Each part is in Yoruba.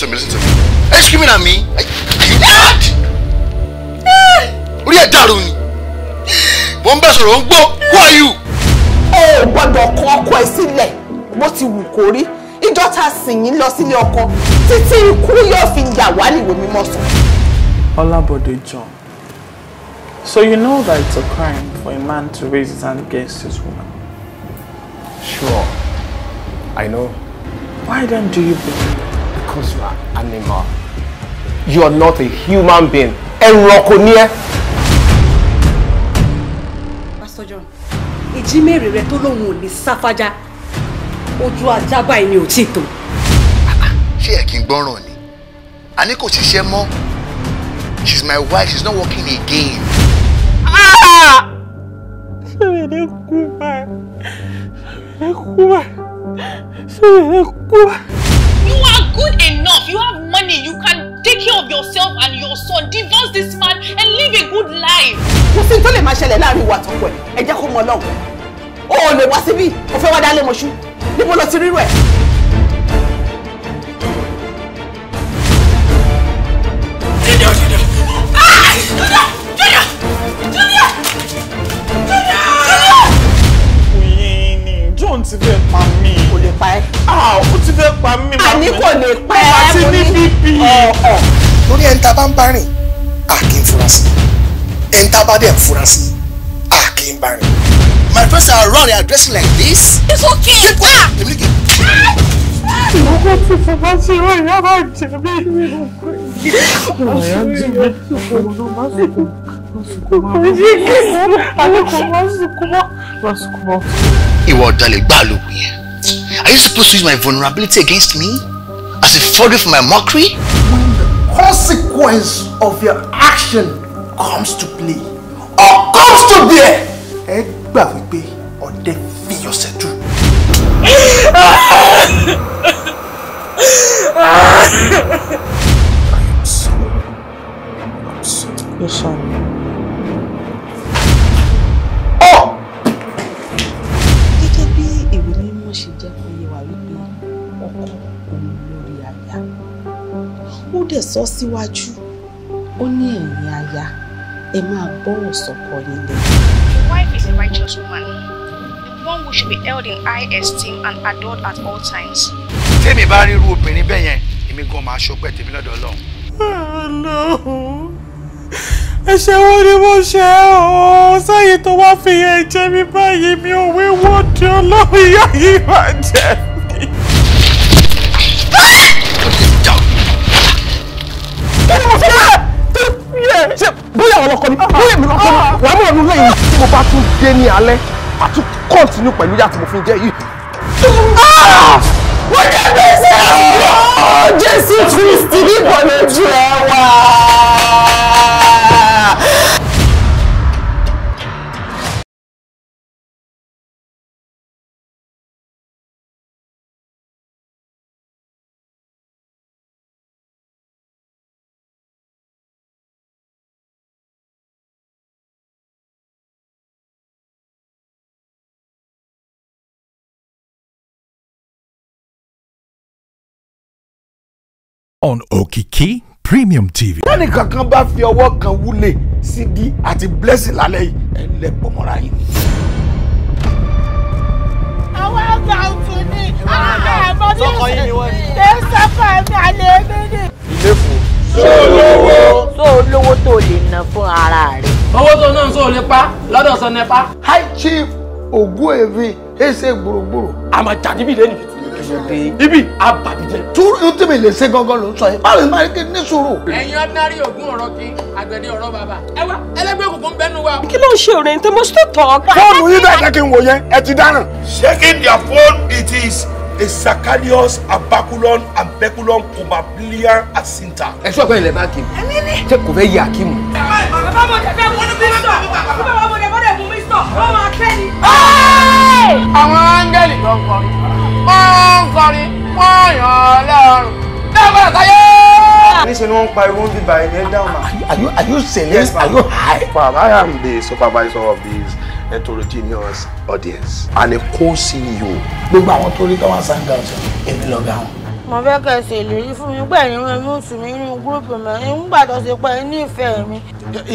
to me, listen to me. Are you screaming at me? Are you mad? Orí ẹ̀ dàrú ni. Mo ń bá sọ̀rọ̀ ń gbọ́. Who are you? Ó gbọ́dọ̀ kọ ọkọ ẹ sílẹ̀ bó ti wù kó rí. Ìjọ ta sìn yín lọ sílé ọkọ títí ikú yóò fi yà wá níwèé mímọ́ sọ. Ọlábọ̀dé John, so you know that it's a crime for a man to raise his hand against his woman? Sure, I know. Why then do you believe? Because you are animal. You are not a human being. Ẹranko ni Pastor John, ìjímèrè rẹ tó lóun ò ní sáfájá. Ojú ni ò tí tó. Ṣé ẹ kì í gbọ́ràn ni? Àní kò ṣiṣẹ́ mọ́. She's my wife, she's not working again. Ah! mi ní kú báyìí? Ṣé mi ní kú báyìí? Ṣé mi ní kú yourself and your son divorce this man and live a good life. kò sí tó lè máa ṣẹlẹ̀ láàrin ìwà àtọkọ ẹ̀ ẹ jẹ́ kó mọ ọlọ́run o ò lè wá síbí o fẹ́ wá dálé mọ́ṣú níbo lo ti rírú ẹ̀. Ah! John ti fẹ́ pa mí. Kò lè pa ẹ́. Ah, ó ti fẹ́ pa mí. Àní kò lè pa ẹ́. Àti ní bíbí. Ọ̀ọ̀ torí ẹni tá a bá ń bá rìn a kì í fura sí ẹni tá a bá dẹ̀ ń fura sí a kì í bá rìn. My friends are around they are dressing like this. It's okay. Get back. Let me get. Ìwọ́n ti fọwọ́ sí ìwọ ìyá bá jẹ mí. Ìwọ̀n ìyá jẹ mí. Ìwọ̀n má sùkú. Má sùkú mọ́. Ìwọ ọ̀dàlẹ̀ gbá ló wù yẹn. Are you supposed to use my vulnerability against me as a foil for my mockery? consequence of your action comes to play or comes to bear. ẹ gbà wípé ọdẹ fi ọ̀sẹ̀ jù. Yes, sorry. dẹ̀ sọ síwájú ó ní ẹ̀yin aya ẹ máa gbọ́rọ̀ sọ̀kọ yín lẹ́yìn. wife is a righteous woman, the one who should be held in high esteem and adored at all times. tèmi bá rí irú obìnrin bẹ́ẹ̀ yẹn èmi gan máa ṣọpẹ́ tèmi lọ́dọ̀ Ọlọ́run. Ọlọ́run ẹ̀ṣẹ̀ wo ni mo ṣe ọ sẹ́yìn tó wá fi ẹ̀jẹ̀ mi báyìí mi ò wéwọ́ di Ọlọ́run yá yí máa jẹ. kí ni mo fẹ́ wá ṣe bóyá àwọn ọkọ ni bóyá èmi lọkọ ni wàá mọ̀ nínú lẹ́yìn tí mo bá tún dé ní alẹ́ a tún kọ́ntínú pẹ̀lú yàtí mo fi jẹ́ yìí. mo jẹ́ gbèsè ọ̀ọ́ Jésù Kristi nígbà lójú ẹ wá. on Okiki Premium TV. lẹ́nì kankan bá fi ọwọ́ kan wúlé sídi àti blessing lálẹ́ yìí ẹ̀ ń lẹ pọ̀mọ́ra yìí. àwọn àgbà òtún ni àmọ́ bí ṣe ń sọ́kọ̀ ẹ̀mí àlẹ́ mi ni. ìlẹ́kùn sólówó. sólówó tó lè ná fún ara rẹ̀. owó tó náà sóò lè pa lọ́dọ̀ sọ nípa. high chief Ogun Evi ese gbùrùgbùrù. àmàjà níbí lẹ́nu dé ibi abàbíjẹ. túrú yóò tẹ̀mí lè ṣe gángan ló ń sọ yìí báwo ni máa ní sùúrù. ẹ̀yin ordinary ogun ọ̀rọ̀ kí àgbẹ̀dẹ ọ̀rọ̀ bàbá ẹ wá ẹlẹ́gbẹ́ òkùnkùn bẹ́nu wa. kí ló ń ṣe òrè ntẹ́ mo shaking their phone it is a Sacarius abaculon abeculon probabilian asinta. ẹ sọ pé ilẹ̀ bá kí mi. ẹ̀mí ni. ṣé kò fẹ́ yà kí bàbá mo tẹ fẹ́ mú mi sọ bàbá mo tẹ fẹ́ mú mi sọ wọ́n máa kẹ́ ni. àwọn áńgẹ́lì tó wọ́n ń kọrin wọ́n yàn lọ́rùn dábàá sáyé. níṣẹ́ ni wọ́n ń pa irun bíbá ẹ̀ ẹ̀ dáhùn ma. are you are you selling yes, are you high. Pam, I am the supervisor of this heterogeneous audience and a co-CEO. gbogbo àwọn tó rí tọ́wọ́ sanga ọ̀sán èmi lọ́gàá wọn mo fẹ́ kẹ́ ṣe ìlérí fún mi pẹ̀lú ẹ̀mí oṣù mi nínú gúrúùpù mi nígbà tó ṣe pẹ́ ní ìfẹ́ mi.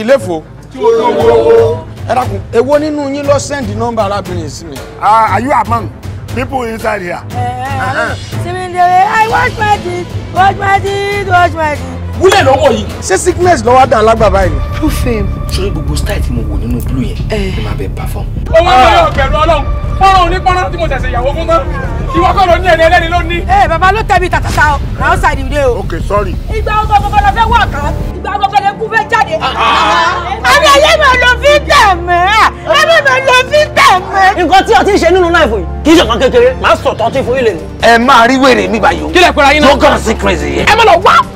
ìléfò tí o lówó ẹ dákun èwo nínú yín ló sẹ́ndì nọ́mbà arábìnrin sí mi. Ah, are you among people inside here. Uh -huh. Uh -huh. I wash my teeth, wash my teeth, wash my teeth wúlẹ̀ lọ́wọ́ yìí. ṣé sickness lọ́wọ́ dàn lágbà báyìí ni. ó fẹ́. sórí gbogbo style tí mo wò nínú blue yẹn eh. ni màá bẹ perform. owó ọmọ ah. yóò bẹ̀rù ọlọ́run fọ́nrán onípọ́nrán tí mo ṣẹ̀ṣẹ̀ yàwó fún mọ́ ìwọ kọ́ ló ní ẹni ẹlẹ́ni ló ní. ẹ eh, bàbá ló tẹ̀bi tàtàtà o round side ìdè o. ok sorry. ìgbà ọgbà gbogbo la fẹ́ wà kán ìgbà gbogbo la kú fẹ́ jáde. Ah, ah, àmì ayé mi ò lo fi tẹ̀ mẹ́ àmì mi ò lo fi tẹ̀ mẹ́. nǹkan tí o ti ń ṣe nínú láìfò yìí kì í ṣe kan kékeré màá sọ tọ́tí fún ilé mi. ẹ máa rí wèrè mi báyìí o. kílẹ̀ pẹ̀lú ayé náà. tó kàn sí crazy yẹn. ẹ má lọ wá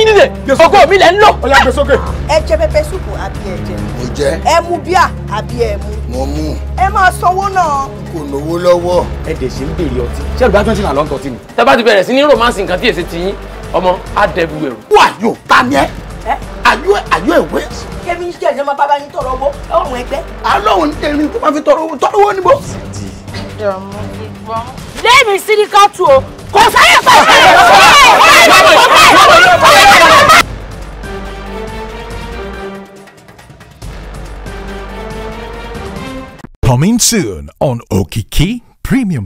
yín nílẹ̀ ọkọ mi lẹ̀ ń lọ. ọlá gbé sókè. ẹ jẹ pẹpẹ súpù àbí ẹ jẹ. mo jẹ. ẹ mu bíà àbí ẹ mu. mo mú. ẹ máa sanwó náà. kò lówó lọ́wọ́. ẹ dẹ̀ ṣe ń béèrè ọtí ṣé àlùbá tó ń tìǹà lọ́ńtọ́ tì mí. tẹ́ ti bẹ̀rẹ̀ sí ní rọ̀mánsì nǹkan tí èsì ti yín ọmọ á dẹ̀bù ẹ̀rù. wà yóò ta ni ẹ àjọ àjọ ìwé. kémi ń jẹ́ ìjọba bàbá yín tọrọ owó ọ̀rùn lẹ́mi sí Coming soon on Okiki Premium.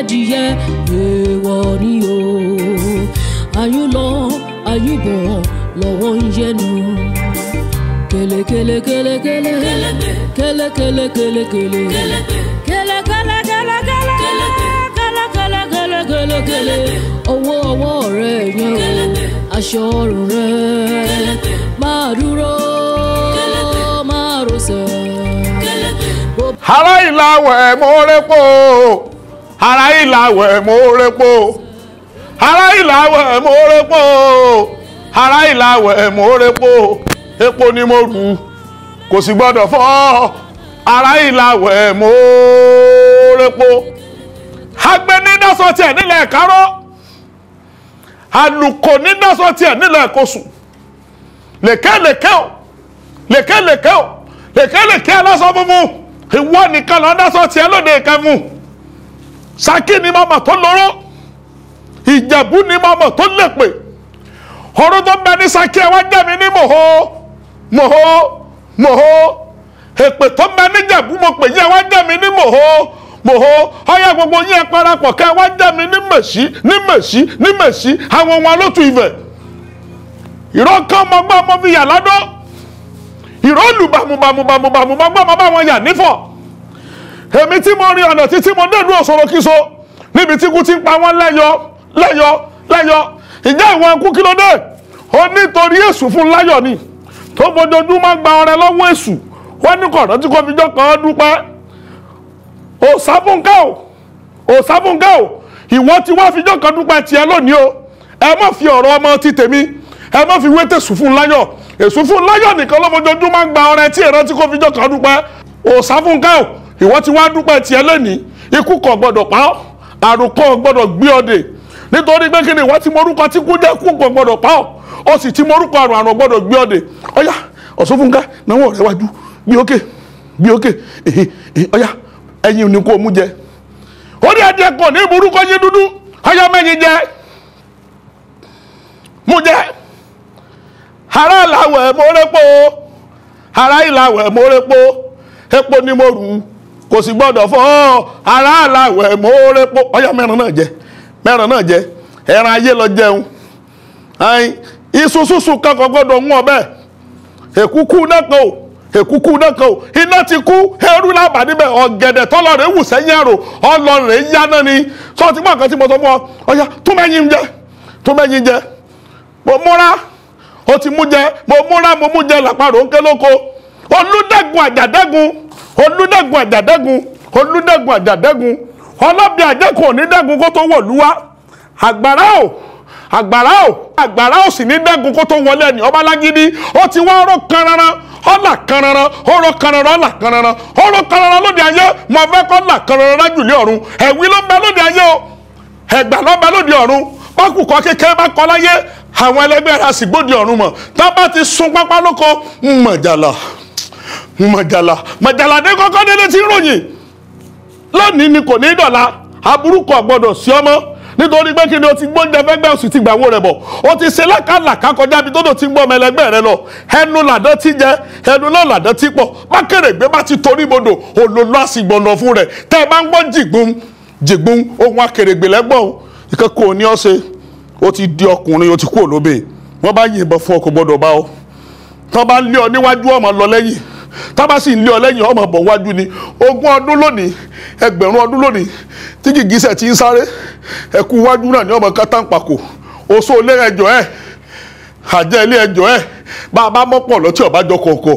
adìyẹ èèwọ̀ ni o ayún lọ ayún bọ̀ lọ́wọ́ ń yẹnu kele kele kele kele kele kele kele kele kele kele kélekélé owó ọwọ́ rẹ̀ yẹn o aṣọ ọrùn rẹ̀ máa dúró máa rọṣẹ̀. aláìláwẹ̀ mọ́rẹ́pọ̀. ara ìlàwẹ̀ mo po ara ìlàwẹ̀ mo po ara ìlàwẹ̀ mo po epo ni mo rù kò sì gbọ́dọ̀ fọ́ ara ìlàwẹ̀ mo rẹ́pò agbẹnidọ́sọ tiẹ̀ nílẹ̀ kárọ́ àlùkò nídọ́sọ tiẹ̀ nílẹ̀ kóṣù lèkélèké o leke o leke aláṣọ funfun ìwọ nìkan lọ́dọ́sọ tiẹ̀ lóde ìkẹfún. Ṣakí ni mama mọ̀ tó lóró Ìjẹ̀bú ni mama mọ̀ tó lèpè ọ̀rọ̀ tó bẹ ní Ṣakí ẹ wá jẹ́ mi ní mòho mòho mòho èpè tó bẹ ní Ìjẹ̀bú mo pè yín ẹ wá jẹ́ mi ní mòho mòho ọyá gbogbo yín ẹ parapọ̀ kẹ́ ẹ wá jẹ́ mi ní mèsì ní mèsì ní mèsì àwọn ọmọ alótú ibẹ̀ ìrọ́kàn ọmọ gbọ́ ọmọ fi yà ládọ́ ìrọ́lù bàmùbàmùbàmùbàmù ọgbọ́n èmi tí mo rí ọ̀nà títí mo dẹ́nu òṣòro kíso níbi tí kú ti ń pa wọ́n lẹ́yọ lẹ́yọ lẹ́yọ ìjà ìwọ̀n kú kí ló dé ó nítorí èṣù fún láyọ̀ ni tó mojoojúmọ́ gba ọrẹ lọ́wọ́ èṣù wọ́n ní kọ̀ọ̀dọ́ tí kò fi jọ kàn án dúpẹ́ òsáfúnká o òsáfúnká o ìwọ tí wọ́n fi jọ kàn dúpẹ́ tiẹ̀ lónìí o ẹ má fi ọ̀rọ̀ ọmọ ti tèmi ẹ má fi wété èṣù fún láyọ̀ èṣù fún láyọ̀ nìkan ló mojoojúmọ́ gba ọrẹ tí ìrántí kò fi jọ kàn dúpẹ́ òsáfúnká o ìwọ tí wọ́n á dúpẹ́ tiẹ̀ lónìí ikú gbọ́dọ̀ pa ọ́ gbọ́dọ̀ gbé nítorí pé kí ni ìwọ tí morúkọ tí kú jẹ́ kú gbọ́dọ̀ pa ọ́ ó sì ti morúkọ àrùn àrùn gbọ́dọ̀ gbé ọ dè ọ̀yá náwó ọ̀rẹ́ wájú gbé òkè gbé ni kò mú jẹ ó ní kò sì gbọ́dọ̀ fọ́ ara àlàwẹ̀ mọ́ọ́rẹ́ pọ̀ ọyá mẹ́ran náà jẹ mẹ́ran náà jẹ ẹran ayé lọ jẹun isususu kankan gbọ́dọ̀ ń wọ̀ bẹ́ẹ̀ èkúkú náà kan o èkúkú náà kan o iná ti kú eérú lábàá níbẹ̀ ọ̀gẹ̀dẹ̀ tọ́lọ̀ wù sẹ́yìn àrò ọlọ yá náà ni sọ ti gbọ́ nǹkan tí mo sọ fún ọ ọyá tó mẹ́yìn jẹ tó mẹ́yìn jẹ mo múra o ti mú jẹ mo múra mo mú jẹ làpárò ń lóko olùdẹ́gun àjàdẹ́gun olùdẹ́gun àjàdẹ́gun olùdẹ́gun àjàdẹ́gun ọlọ́bì àjẹkùn onídẹ́gun kó tó wọ̀lú àgbàrá o àgbàrá o àgbàrá ò sì ní dẹ́gun kó tó wọlé ẹni ọba ti wá ọlà ọlà lóde ayé mo fẹ́ kọ́ o ẹ̀gbà ló ń bẹ lóde ọ̀run kékeré bá kọ́ láyé àwọn ẹlẹgbẹ́ ọ̀run mọ̀ mọ̀jàlá mọ̀jàlá dé kọ́kọ́ dédé tí ń ròyìn lónìí ni kò ní dọ̀la aburú kò gbọ́dọ̀ sí ọmọ nítorí pé kíni o ti gbóúnjẹ fẹ́gbẹ́ oṣù ti gbàwó rẹ̀ bọ̀ o ti ṣe lákàlàkà kọjá bí tó ti gbọ́ ọmọ ẹlẹgbẹ́ rẹ lọ ẹnu làdán ti jẹ ẹnu náà làdán ti pọ̀ mákèrègbé bá ti torí bodò òlòlò àsìgbọ̀nà fún rẹ̀ tẹ́ ẹ bá ń gbọ́ jìgbón jìgbón ohun akèrègbè lẹ́gbọ̀n ìkẹ́kọ̀ọ́ òní ọ̀sẹ̀ o ti di ọkùnrin o ti kú òlóbè wọ́n bá yìnbọn fún ọkọ̀ gbọ́dọ̀ bá ọ tán bá lé ọ níwájú ọmọ lọ lẹ́yìn tábà sì ń lé ọmọ bọ̀ ni ogún ọdún lónìí ẹgbẹ̀rún ọdún lónìí tí gìgísẹ̀ ti ń sáré ẹkú ní ọmọ kátàǹpàkò oṣó ilé ẹjọ́ ẹ̀ àjẹ́ ilé ẹjọ́ ẹ̀ bá a bá mọ́pọ̀ lọ́tí kọ̀ọ̀kọ̀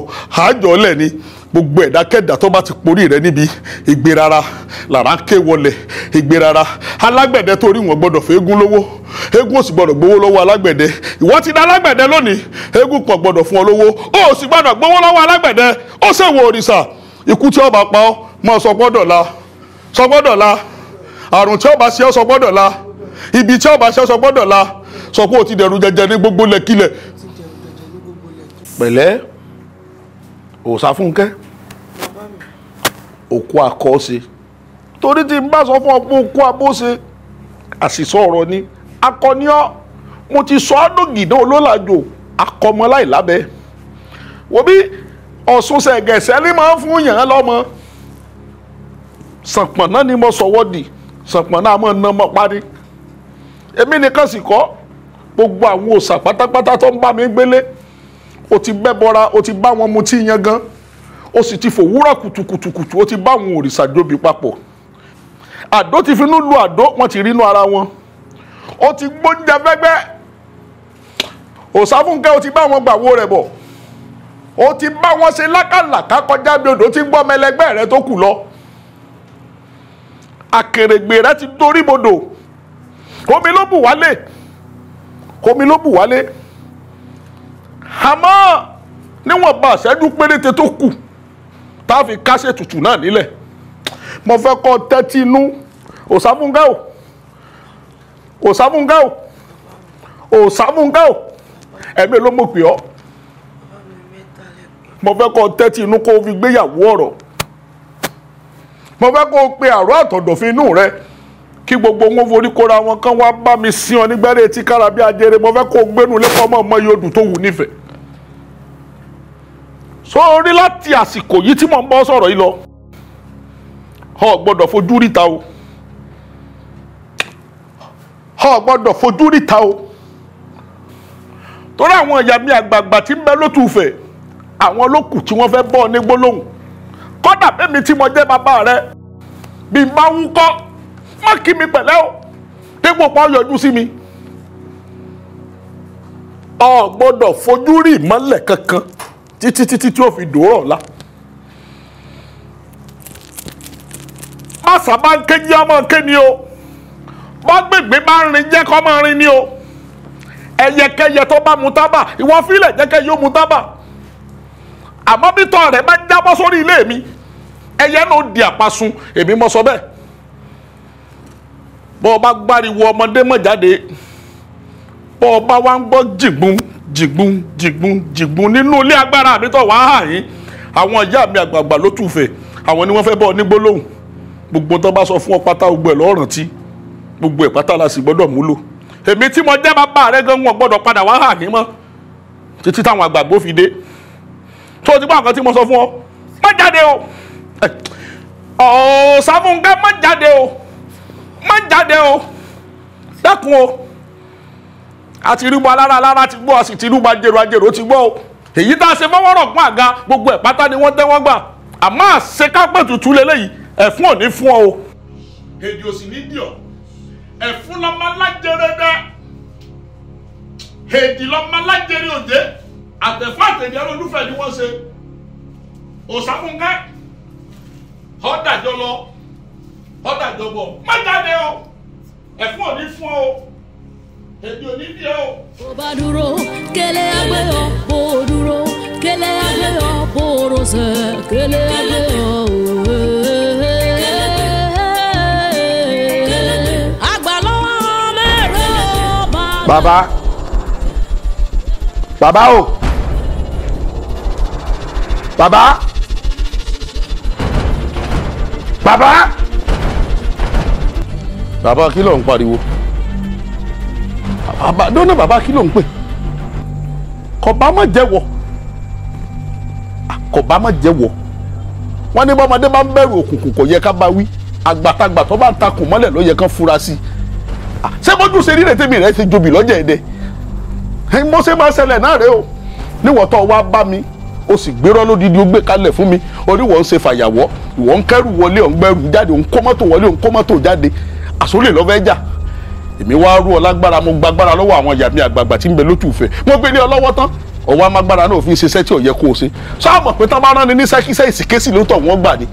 gbogbo ẹ̀dákẹ́dà tó bá ti porí rẹ níbi ìgbérara làrá ń ké wọlé ìgbérara alágbẹ̀dẹ tó rí wọn gbọ́dọ̀ fẹ́ eégún lówó eégún ò sì gbọ́dọ̀ gbowó lọ́wọ́ alágbẹ̀dẹ ìwọ ti dá alágbẹ̀dẹ lónìí eégún kò gbọ́dọ̀ fún ọ lówó ó sì gbọ́dọ̀ gbowó lọ́wọ́ alágbẹ̀dẹ ó sì wọ òrìṣà ikú tí ó pa ọ́ mọ́ sọ gbọ́dọ̀ la sọ gbọ́dọ̀ la àrùn tí ó ṣe ọ́ sọ gbọ́dọ̀ la ibi tí ó ṣe ọ́ sọ gbọ́dọ̀ la sọ pé ó ti dẹ̀rù jẹjẹ ní gbogbo lẹ́kílẹ̀ pẹ̀lẹ́ òòsà òkú akọ́ṣe torí tí n bá sọ fún ọ pé òkú abóṣe àṣìṣọ ọ̀rọ̀ ni akọniọ́ mo ti sọ ọ́ dògìdó olólàjò akọmọláì lábẹ́ wo bí ọ̀sùn ṣẹ̀gẹ̀ṣẹ̀ ni máa ń fún yàn án lọ́mọ sànpọ̀nà ni mo sọ̀wọ́ dì sànpọ̀nà àmọ́ ná mọ́ parí èmi nìkan sì kọ́ gbogbo àwọn òòṣà pátápátá tó ń bá mi gbélé o ti bẹ́ bọ́ra o ti bá wọn mu tí yan gan ó sì ti fòwúrọ̀ kùtùkùtùkùtù ó ti bá àwọn òrìṣà jóbi papọ̀ àdó ti finú lu àdó wọn ti rínú ara wọn ó ti gbóúnjẹ fẹ́gbẹ́ òsáfúnkẹ́ ó ti bá wọn gbàwó rẹ̀ bọ̀ ó ti bá wọn ṣe lákàlàkà kọjá bí odò tí ń gbọ́ mẹlẹgbẹ́ rẹ tó kù lọ àkèrègbè rẹ ti dorí bodò omi ló bù wálé omi ló bù wálé àmọ́ níwọ̀nba àṣẹ́jú péréte tó kù tá a fi kásẹ̀ tutù náà nílẹ̀ mo fẹ́ kọ́ tẹ́tí inú òsàmúngá o òsàmúngá o òsàmúngá o ẹ̀mí ló mọ̀ pé ọ́ mo fẹ́ kọ́ tẹ́tí inú kó o fi gbéyàwó ọ̀rọ̀ mo fẹ́ kó o pe àrò àtọ̀dọ̀fin inú rẹ kí gbogbo wọn forí kóra wọn kán wá bá mi sí ọ nígbẹ́rẹ́ etí kára bí ajere mo fẹ́ kó o gbénu lẹ́kọ́ ọmọ ọmọ yodù tó wù nífẹ̀ẹ́ sórí láti àsìkò yìí tí mò ń bọ́ sọ̀rọ̀ yìí lọ ọ gbọ́dọ̀ fojú ríta o ọ gbọ́dọ̀ fojú ríta o torí àwọn ìyá mi àgbààgbà tí ń bẹ lótùfẹ̀ àwọn olókù tí wọ́n fẹ́ bọ́ ní gbólóhùn kódà bẹ́mi tí mo jẹ́ bàbá rẹ bí n bá ń kọ́ má kí mi pẹ̀lẹ́ o dípò pa yọjú sí mi ọ gbọ́dọ̀ fojú rí ìmọ́lẹ̀ kankan títí títí tí ó fi dòórọ̀ la. má sábà ń ké jẹ́ ọmọ ké ni o bá gbègbè bá ń rin jẹ́ kọ́ máa rin ni o ẹyẹkẹyẹ tó bá mu tábà ìwọ fílẹ̀ jẹ́kẹ́ yóò mu tábà àmọ́ bí tọ́ rẹ̀ bá jábọ́ sórí ilé mi ẹyẹ náà di àpasun èmi mọ́ sọ bẹ́ẹ̀ bọ́ bá gbáriwo ọmọdé mọ̀ jáde bọ́ ọ bá wá ń gbọ́ jìgbún jìgbún jìgbún jìgbún nínú ilé agbára àbí tó wàá hàn yín àwọn ìyá mi àgbààgbà ló tù fẹ̀ àwọn ni wọ́n fẹ́ bọ́ ọ ní gbólóhùn gbogbo tó bá sọ fún ọ pátá gbogbo ẹ̀ lọ́rùn tí gbogbo ẹ̀ pátá la sì gbọ́dọ̀ múlò èmi tí mo jẹ́ bàbá rẹ gan wọn gbọ́dọ̀ padà wá hàn yín mọ́ títí táwọn àgbàgbó fi dé tó o ti gbọ́ nǹkan mo sọ fún ọ má jáde o ọ̀ọ́ sáfúngá má jáde o má jáde o dákun o àti rúbọ alára alára ti gbọ́ àsì ti rúbọ ajérò ajérò ti gbọ́ o èyí tá a ṣe fọwọ́rọ̀ gbọ́n àga gbogbo ẹ̀ pátá ni wọ́n tẹ́wọ́ gbà àmọ́ àṣekápẹ́ tuntun lélẹ́yìí ẹ̀fún ò ní fún ọ o. èdè òsì ní dìọ̀ ẹ̀fún lọ́mọ alájẹrẹdẹ èdè lọ́mọ alájẹrẹ òde àtẹ̀fọ́ àtẹ̀dẹ́ olólùfẹ́ ni wọ́n ṣe òsàfúnkẹ́ ọ̀dàjọ lọ ọ̀dàjọ bọ̀ má jáde o ẹ̀fún ò ní fún ọ èmi ò bí ọ. bó bá dúró kẹlẹ́ àgbẹ̀ ọ̀ bó dúró kẹlẹ́ àgbẹ̀ ọ̀ bó rọ̀ṣẹ̀ kẹlẹ́ àgbẹ̀ ọ̀ baba baba o baba baba baba kí ló ń pariwo bàbá dọ́nà bàbá kí ló ń pè kọ̀bá má jẹ́wọ́ kọ̀bá má jẹ́wọ́ wọ́n ní bọ́mọdé bá ń bẹ̀rù òkùnkùn kò yẹ ká bá wí àgbàtagbà tó bá ń takùn mọ́lẹ̀ ló yẹ ká fura sí ṣé bójú ṣe rí rètèmi rẹ ṣe jobi lọ́jà ẹ̀dẹ̀ mo ṣe máa ṣẹlẹ̀ náà rẹ o níwọ̀n tó wá bá mi o sì gbérọ́ lódìdí o gbé kalẹ̀ fún mi oníwọ̀n ń ṣe fàyàwọ́ ìwọ̀n ń kẹ́rù wọlé ò ń gbẹ́rù jáde ò ń wọlé ò ń jáde àsólè lọ́fẹ́ jà èmi wá rú ọ lágbára mo gbàgbára lọ́wọ́ àwọn ìyá mi àgbààgbà tí ń bẹ lójú ìfẹ́ mo gbé ní ọ lọ́wọ́ tán ọwọ́ amágbára náà fi ń ṣiṣẹ́ tí ò yẹ kó o ṣe sọ àmọ̀ pé tá a bá rán ni ní sẹ́kísẹ́ ìsìkésì ló tọ̀ wọ́n gbà ni.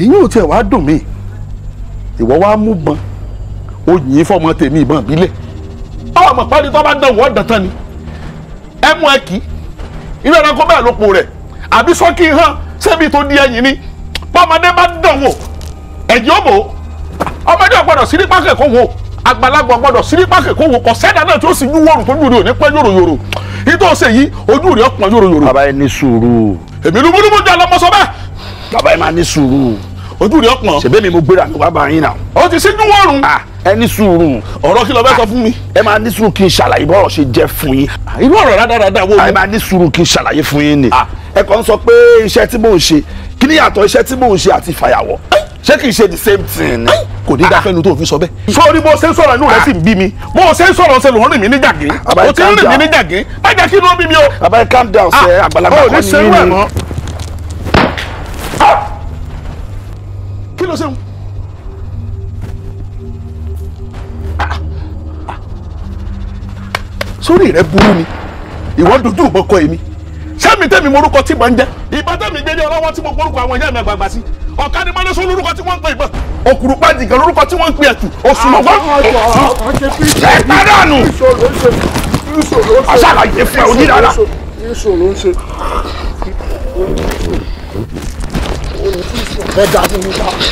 èyí ò tiẹ̀ wá dùn mí ìwọ wá mú bọn ó yìn fọmọ tèmi ìbọn ìbílẹ̀ àwọn àmọ̀ pálí tó bá dán wọ́n dán tán ni ẹ mú ẹ kì í ilé ẹranko bẹ́ẹ̀ ló po rẹ̀ àbí sọ́kì hàn sẹ́bi tó di ẹ̀yìn ni bọ́mọdé bá dán wò ẹ̀yìn ó ọmọdé ọgbọ́dọ̀ sí ní pákẹ́ kó wo àgbàlagbà ọgbọ́dọ̀ sí ní pákẹ́ kó wo kọ sẹ́dá náà tí ó sì ní wọ́ọ̀rù tó lùdì òní pẹ́ yòròyòrò ìtò ṣe yìí ojú rẹ̀ ọ̀pọ̀ yòròyòrò. bàbá yẹn ní sùúrù. èmi ló múlùmú jẹ́ ọlọ́mọ sọ bẹ́ẹ̀. bàbá yẹn máa ní ojú rẹ̀ ọ̀pọ̀. ṣèbí mi mo gbéra mi wá bá yín náà. ó ti ṣíjú wọ́ọ̀rùn. ẹ ní sùúrù. ọ̀rọ̀ kí ló fẹ́ sọ fún mi. ẹ máa ní sùúrù kí n ṣàlàyé bọ́rọ̀ ṣe jẹ́ fún yín. irú ọ̀rọ̀ rádaràda wo. ẹ máa ní sùúrù kí n ṣàlàyé fún yín ni. ẹ kàn sọ pé iṣẹ́ tí mò ń ṣe kí ni yàtọ̀ iṣẹ́ tí mò ń ṣe àti fàyàwọ́ ṣé kìí ṣe the same thing ni. kò ní dáa ah! fẹ́nu tó fi sọ bẹ́ẹ̀. sórí bó ṣe ń sọ̀rọ̀ inú rẹ̀ ah! sì ń bí mi bó ṣe ń sọ̀rọ̀ ṣe lòún rìn mí ní jàgé o ti ń rìn mí ní jàgé má jẹ́ kí inú bí mi o. bàbá calm down ah! sẹ́ àgbàlagbà kọ́ ni mí ni. kí ló ṣe ń. sórí rẹ burú mi ìwọ dojú ìbọn kọ èmi sẹ́mi tẹ́mi morúkọ tí mo ń jẹ́ ìbá tẹ́mi gbé ní ọlọ́wọ́ tí mo gbórúkọ àwọn ìyá mi àgbààgbà sí ọ̀ka ni mọ́lẹ́sọ lórúkọ tí wọ́n ń pè ìbọn òkùrù pàjìgà lórúkọ tí wọ́n ń pè ẹ̀tù òsùnmọ̀gbọ́n. ṣe tádànù aṣàlàyé fún ẹ onídàára.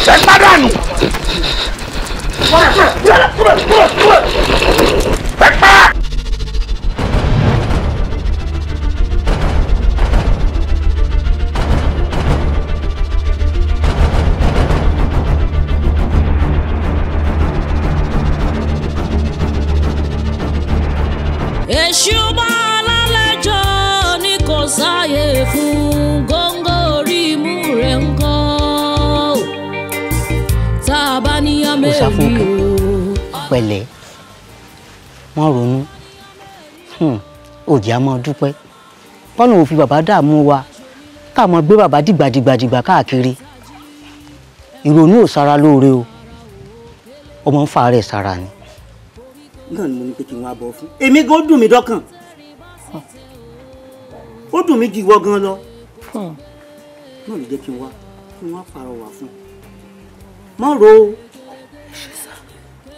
ṣe tádànù. ẹ pa. fúnkẹ pẹ̀lẹ́ wọn ronú hmm. òjì á máa dúpẹ́ bọ́lá òun fi bàbá dààmú wa ká máa gbé bàbá dìgbàdìgbàdìgbà káàkiri ìrònú ò ṣara lóore o ọmọ ń fa ara ẹ̀ sára ni. náà ni mo ní pé kí n wá bọ fún. èmi gan dùn mí dọ́kàn ó dùn mí ju ìwọ gan lọ náà hmm. ló jẹ́ kí n wá kí n wá pàrọwà fún un ro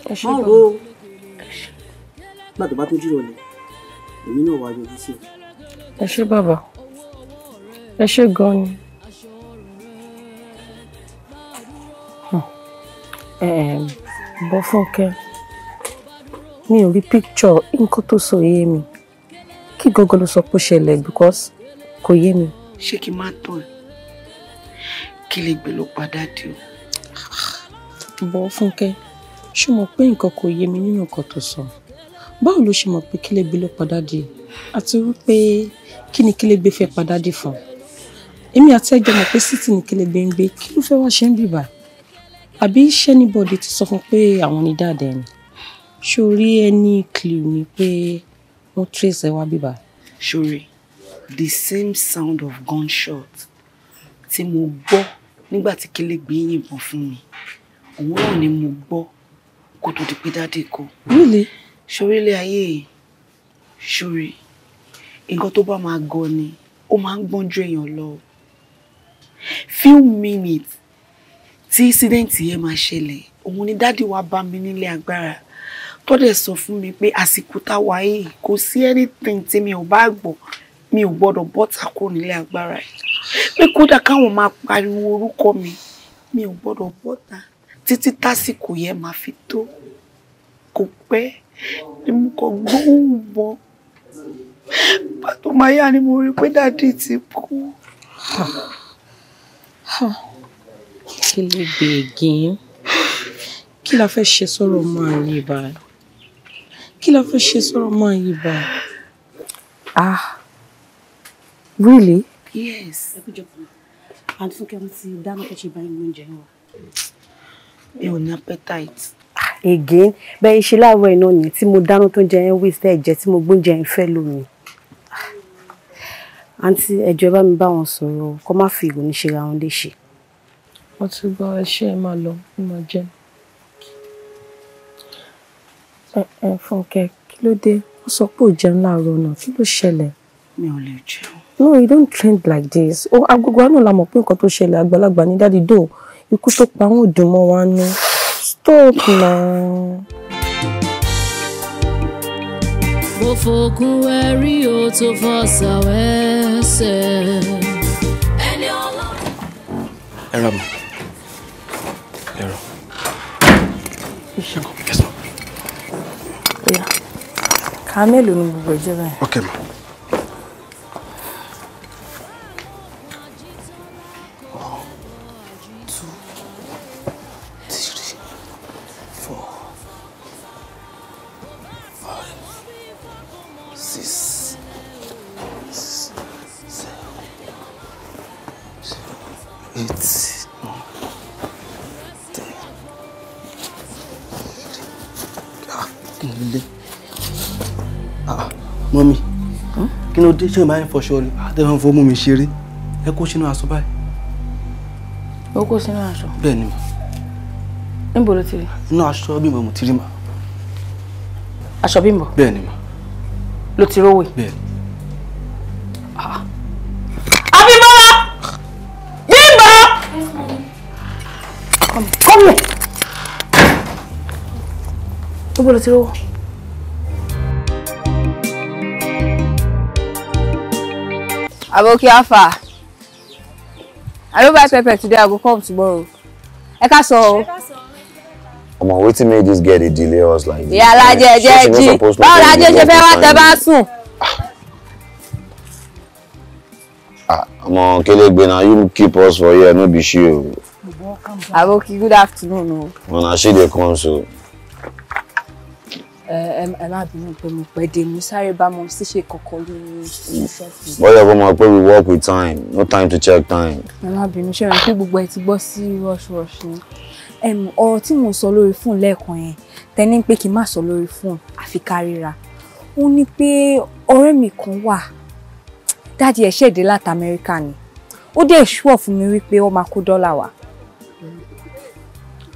má ro o nígbà tó bá tó dìrọ̀ lẹ̀ èmi náà wá yọjú sí ẹ. ẹ ṣé bàbá ẹ ṣé gan ni. Hmm. bọ́ fúnkẹ́ mi ò rí píkṣọ nǹkan tó sọ yé mi kí gọ́gọ́ sọ pé ó ṣẹlẹ̀ because kò yé mi. ṣé kí n má tán ẹ kí lè gbé ló padà dé o. bọ́ fúnkẹ́ ṣé mo pé nǹkan kò yé mi nínú nǹkan tó sọ báwo ló ṣe mọ̀ pé kílégbe ló padà dé àti wípé kí ni kílégbe fẹ́ padà dé fún èmi àti ẹgbẹ́ mọ̀ pé sítì ni kílégbe ń gbé kí ló fẹ́ wá ṣe ń bìbà àbí iṣẹ́ níbọ̀dé ti sọ fún pé àwọn ni dáadáa ni ṣorí ẹni clue ni pé wọ́n trace ẹ wá bìbà. ṣorí the same sound of gunshot tí mo gbọ́ nígbà tí kílégbe yìnbọn fún mi òun náà ni mo gbọ́ kó tó di pé dáàdì kú. nílé. sórílẹ̀ ayé yìí sórí nǹkan tó bá máa gan ni ó máa ń gbọ́n ju èèyàn lọ few minutes tí ìsídẹ́ǹtì yẹn máa ṣẹlẹ̀ òun ni dáàdì wa bá mi nílé agbára tó dẹ̀ sọ fún mi pé àsìkò táwa yìí kò sí anything tí mi ò bá gbọ́ mi ò gbọ́dọ̀ bọ́ta kó nílé agbára yìí pé kódà káwọn máa pariwo orúkọ mi mi ò gbọ́dọ̀ bọ́ta títí tásìkò yẹn máa fi tó kò pẹ́ ni mo kàn gbóhùn mọ́ pàtó máa yá ni mo rí pé dádì ti kú. kí ló gbé egin kí la fẹ́ ṣe sọ̀rọ̀ máa yí ibà kí la fẹ́ ṣe sọ̀rọ̀ máa yí ibà. ah really. yes. ẹ kú jọ pé àǹtí fúnkẹ́ wọn ti dáná fẹ́ ṣe báyìí lóúnjẹ wọn mi ò ní appetite. again bẹ́ẹ̀ ṣe láàárọ̀ iná ni tí mo dáná tó jẹ yẹn waste ẹ̀jẹ̀ tí mo gbóúnjẹ yẹn fẹ́ lómi. àǹtí ẹjọ́ ẹ bá mi bá wọn sọ̀rọ̀ kó má fi ìrònú ṣe ra wọn léṣe. wọ́n ti gbọ́ ẹṣẹ́ ẹ máa lọ ó máa jẹ́. ẹ ẹ Fúnkẹ́ kí ló dé wọ́n sọ pé ò jẹun láàárọ̀ náà kí ló ṣẹlẹ̀. mi ò lè jẹun. no you don't trend like this. ó agogo àánú la mọ̀ pé nǹkan tó ṣẹlẹ̀ àgbàlagbà ní dáàdi dóò ikú tó pa wọn ò mọ́ wa nú stop na. mo fòkun ẹrí o tó fọ sàwẹ́sẹ̀. ẹ ra mi ẹ rọ. kẹsàn-án. kàá mélòó ni gbogbo ìjọba yẹn. ok ma. ọmọdé ṣe máa ń fọṣọ ni àtẹ̀wọ̀n ń fọmú mi ṣeré ẹ kó sínú aṣọ báyìí. ó kó sínú aṣọ. bẹ́ẹ̀ ni mà. níbo ló ti rí. inú aṣọ bímbọ mo ti rí mà. aṣọ bímbọ. bẹ́ẹ̀ ni mà. ló ti rówó bẹ́ẹ̀ ni. Ah. Abímbọ́lá bímbọ. kọ́mi. níbo ló ti rówó. Aboki Alpha. I don't buy pepper today, I will come tomorrow. Eka so. Come on, wetin make this girl dey delay us like this? Yeah, la je je ji. Báwo la je ṣe fẹ́ wá tẹ bá sùn? Ah, ah ọmọ Kelegbe na you keep us for here, no be she o. Aboki, good afternoon o. Una she dey come so ẹ má bínú pé mo pẹ́ dé mo sáré bá mo sì ṣe kọ̀kọ́ lórí ṣọ́ọ̀fù. bọ́lá ìbọn máa pé we work with time no time to check time. ẹ má bínú ṣe rẹ̀ pé gbogbo ẹ ti gbọ́ sí rush rush ni ọ̀rọ̀ tí mo sọ lórí fóònù lẹ́ẹ̀kan yẹn tẹ́ni pé kí n má sọ lórí fóònù àfi ká ríra ó ní pé ọ̀rẹ́ mi kan wà dáàdi ẹ̀ ṣẹ̀dé láti amẹ́ríkà ni ó dẹ̀ ṣúọ̀ fún mi wípé ó máa kó dọ́là wá.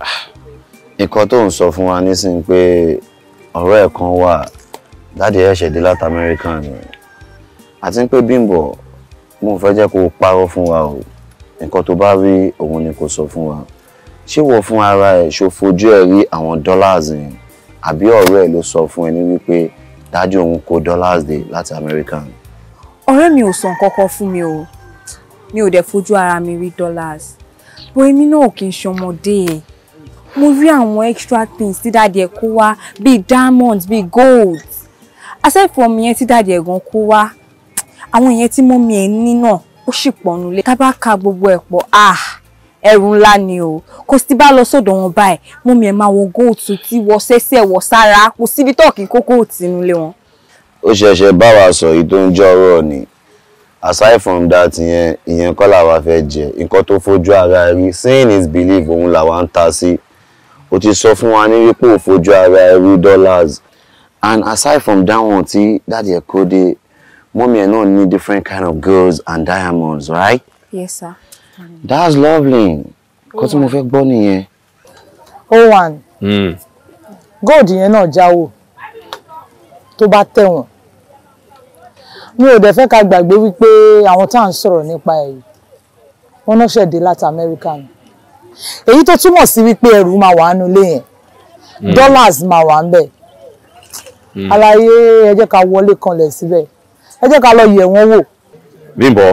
Ah, nǹkan tó ń sọ fún wa nísìnyí pé ọ̀rẹ́ ẹ̀ kan wà dáàdì ẹ̀ ṣẹ̀dé láti amẹ́ríkà ni àti pé bímbọ̀ mo fẹ́ jẹ́ kó o parọ́ fún wa o nǹkan tó bá rí òun ni kò sọ fún wa ṣé wọ́n fún ara ẹ̀ ṣó fojú ẹ̀ rí àwọn dollars yẹn àbí ọ̀rẹ́ ẹ̀ ló sọ fún ẹ ní wípé dájú òun kó dollars dé láti amẹ́ríkà ni. ọ̀rẹ́ mi ò sọ nǹkan kan fún mi o mi ò dẹ̀ fojú ara mi rí dollars bó èmi náà kì í ṣọmọdé yẹn mo rí àwọn extra things tí dáàdì ẹ̀ kó wá bíi diamonds bíi gold aside from yẹn tí dáàdì ẹ̀ gan kó wá àwọn ìyẹn tí mọ́mí ẹ̀ ní náà ó sì pọ̀ nulẹ̀ tá bá ka gbogbo ẹ̀ pọ̀ ah ẹrù ńlá ni o kò sì bá lọ sọ́dọ̀ wọn báyìí mọ́mí ẹ̀ máa wọ góòtù tí wọ sẹ́sẹ̀ wọ sára kò síbi tọ́ọ̀kì kókó òtínúlé wọn. ó ṣẹ̀ṣẹ̀ bá wa sọ èyí tó ń jẹ́ ọ̀rọ̀ ni aside from that ìyẹn ìyẹn kọ́ làwa fẹ́ jẹ nǹkan tó fojú ara rí seeing is belief òun làwa ń ta sí o ti sọ fún wa ní wípé ò fojú ara ẹ dollars and aside from that one tí dáàdì ẹ kó dé mọ́mí ẹ náà different kind of girls and diamonds right. yes sir. that's lovely kó tí mo fẹ́ gbọ́ nìyẹn. o one. Hmm. gold yẹn náà jáwọ́ tó bá tẹ̀wọ̀n mi ò dẹ̀ fẹ́ ká gbàgbé wípé àwọn tá à ń sọ̀rọ̀ nípa ẹ̀ yìí wọ́n náà ṣẹ̀dé láti amẹ́ríkà ni èyí tó túmọ̀ sí wípé ẹrù máa wà nínú ilé yẹn hmm. dollars máa wà níbẹ̀ àlàyé hmm. ẹ jẹ́ ká wọlé kanlẹ̀ síbẹ̀ ẹ jẹ́ ká lọ yẹ̀ wọ́n wò. Bímbọ́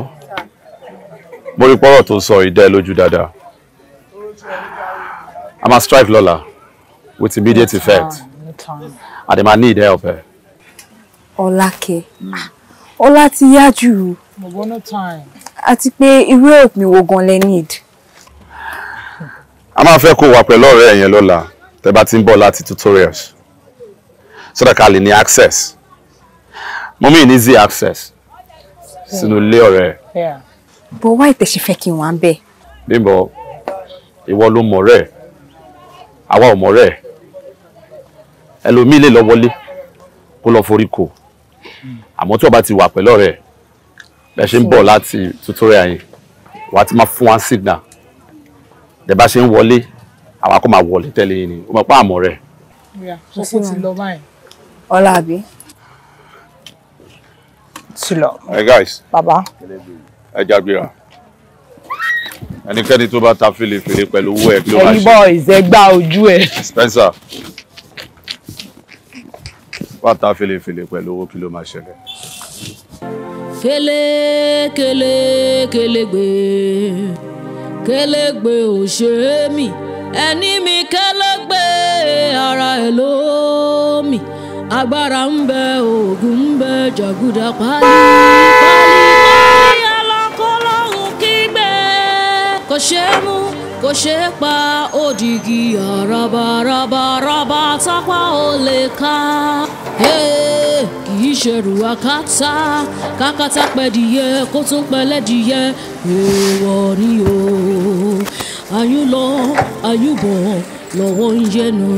mo rí pọ́rọ̀ tó ń sọ ìdá ẹ lójú dáadáa a máa strike lọ́la with immediate effect a dẹ̀ máa ní ìdá ọ̀fẹ́. Ọlákẹ́ ọlá ti yá jù àti pé irú òpin wo gan lẹ need a máa fẹ́ kó wà pẹ̀lú ọ̀rẹ́ yẹn lọ́la tẹ́ bá ti ń bọ̀ láti tutorials so that ká lè ní access mo mí ní easy access sínú ilé ọ̀rẹ́ ẹ̀. bó wá ìtẹ̀sí fẹ́ kí n wà ń bẹ̀. bímbọ ìwọ ló mọ̀rẹ́ ẹ̀ àwa ò mọ̀rẹ́ ẹ̀ ẹlòmíì lè lọ wọlé kó lọ forí kò àmọ́ tí o ti wà pẹ̀lú ọ̀rẹ́ ẹ̀ ṣe ń bọ̀ láti tutorial yẹn wàá ti máa fún wa signal tẹ bá ṣe ń wọlé àwa kò máa wọlé tẹ̀lé yín ni o mọ̀ pé àmọ̀ rẹ̀. ọlá àbí. ti lọ. ẹ guys. bàbá. ẹ jágbéra ẹnikẹ́ni tó bá ta fèlèfèlè pẹ̀lú owó ẹ̀ kí ló máa ṣe. ẹyin boys ẹ gba ojú ẹ. Spencer wá ta fèlèfèlè pẹ̀lú owó kí ló máa ṣẹlẹ̀. fèlè kèlè kélégbé ò ṣe é ẹni mi kélégbé ara ẹ̀ ló mì agbára ń bẹ oògùn ń bẹ jàgùdà pálí pálí ọlọ́kọ́lọ́hún kígbe kò ṣe é mú kò ṣe é pa òdìgí àràbàràbàràbà tápá ò lè ká. Hey ṣerú akátá kákátá pẹ̀dìyẹ kó tún pẹlẹ́dìyẹ èèwọ̀ ni o àyùn lọ àyùn bọ̀ lọ́wọ́ ń yẹnu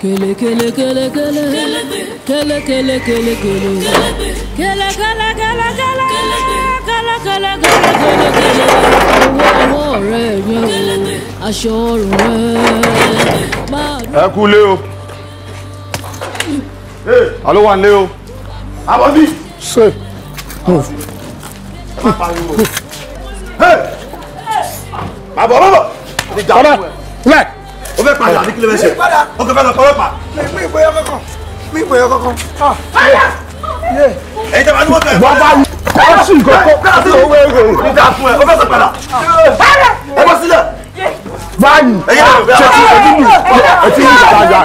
kele kele kele kele kele kele kele kele kele kele kele kele kẹlẹkẹlẹkẹlẹkẹlẹ owó ọwọ́ rẹ yẹn o aṣọ ọrùn rẹ. ẹ kú lé o alo wa nle o. abosi. ṣe move. bàbá bàbá. padà lẹ. o fẹ́ padà ní kílẹ̀ ṣe o kò fẹ́ lọ kọ́lọ́pàá. mi ìgbóyà kankan mi ìgbóyà kankan. Ah. ẹ̀yin tẹ́ bá ní wọ́n tẹ̀. wọ́n bá wù kọ́sùn kọ́kọ́. kọ́sùn kọ́kọ́. o fẹ́ sọ padà. padà. ẹ bọ́ sílẹ̀ báyìí ṣe ti ojú mi ẹtí yìí ṣàjà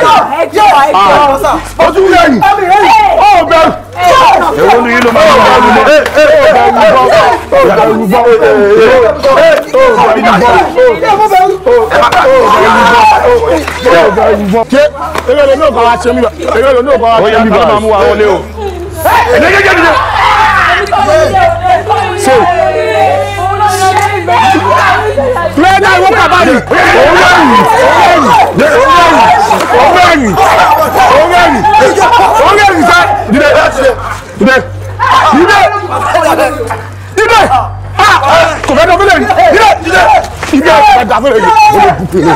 rẹ ojú mi lẹ́yìn ó bẹ̀rù èwo ni yín ló máa ń bá ọdún mọ́ ó bẹ̀rù bọ́ ó bẹ̀rù bọ́ ṣé eré lónìí ò bá wa ṣe mí bá eré lónìí ò bá wa ṣe mí bá máa mú wa wọlé o. ṣe dá ìwọ kàbá ni. owó ẹ̀yìn owó ẹ̀yìn owó ẹ̀yìn owó ẹ̀yìn sẹ́ dìde dìde dìde dìde kò fẹ́ dọ̀ fúnlẹ̀ dìde dìde dìde kò fẹ́ dọ̀ fúnlẹ̀ dìde.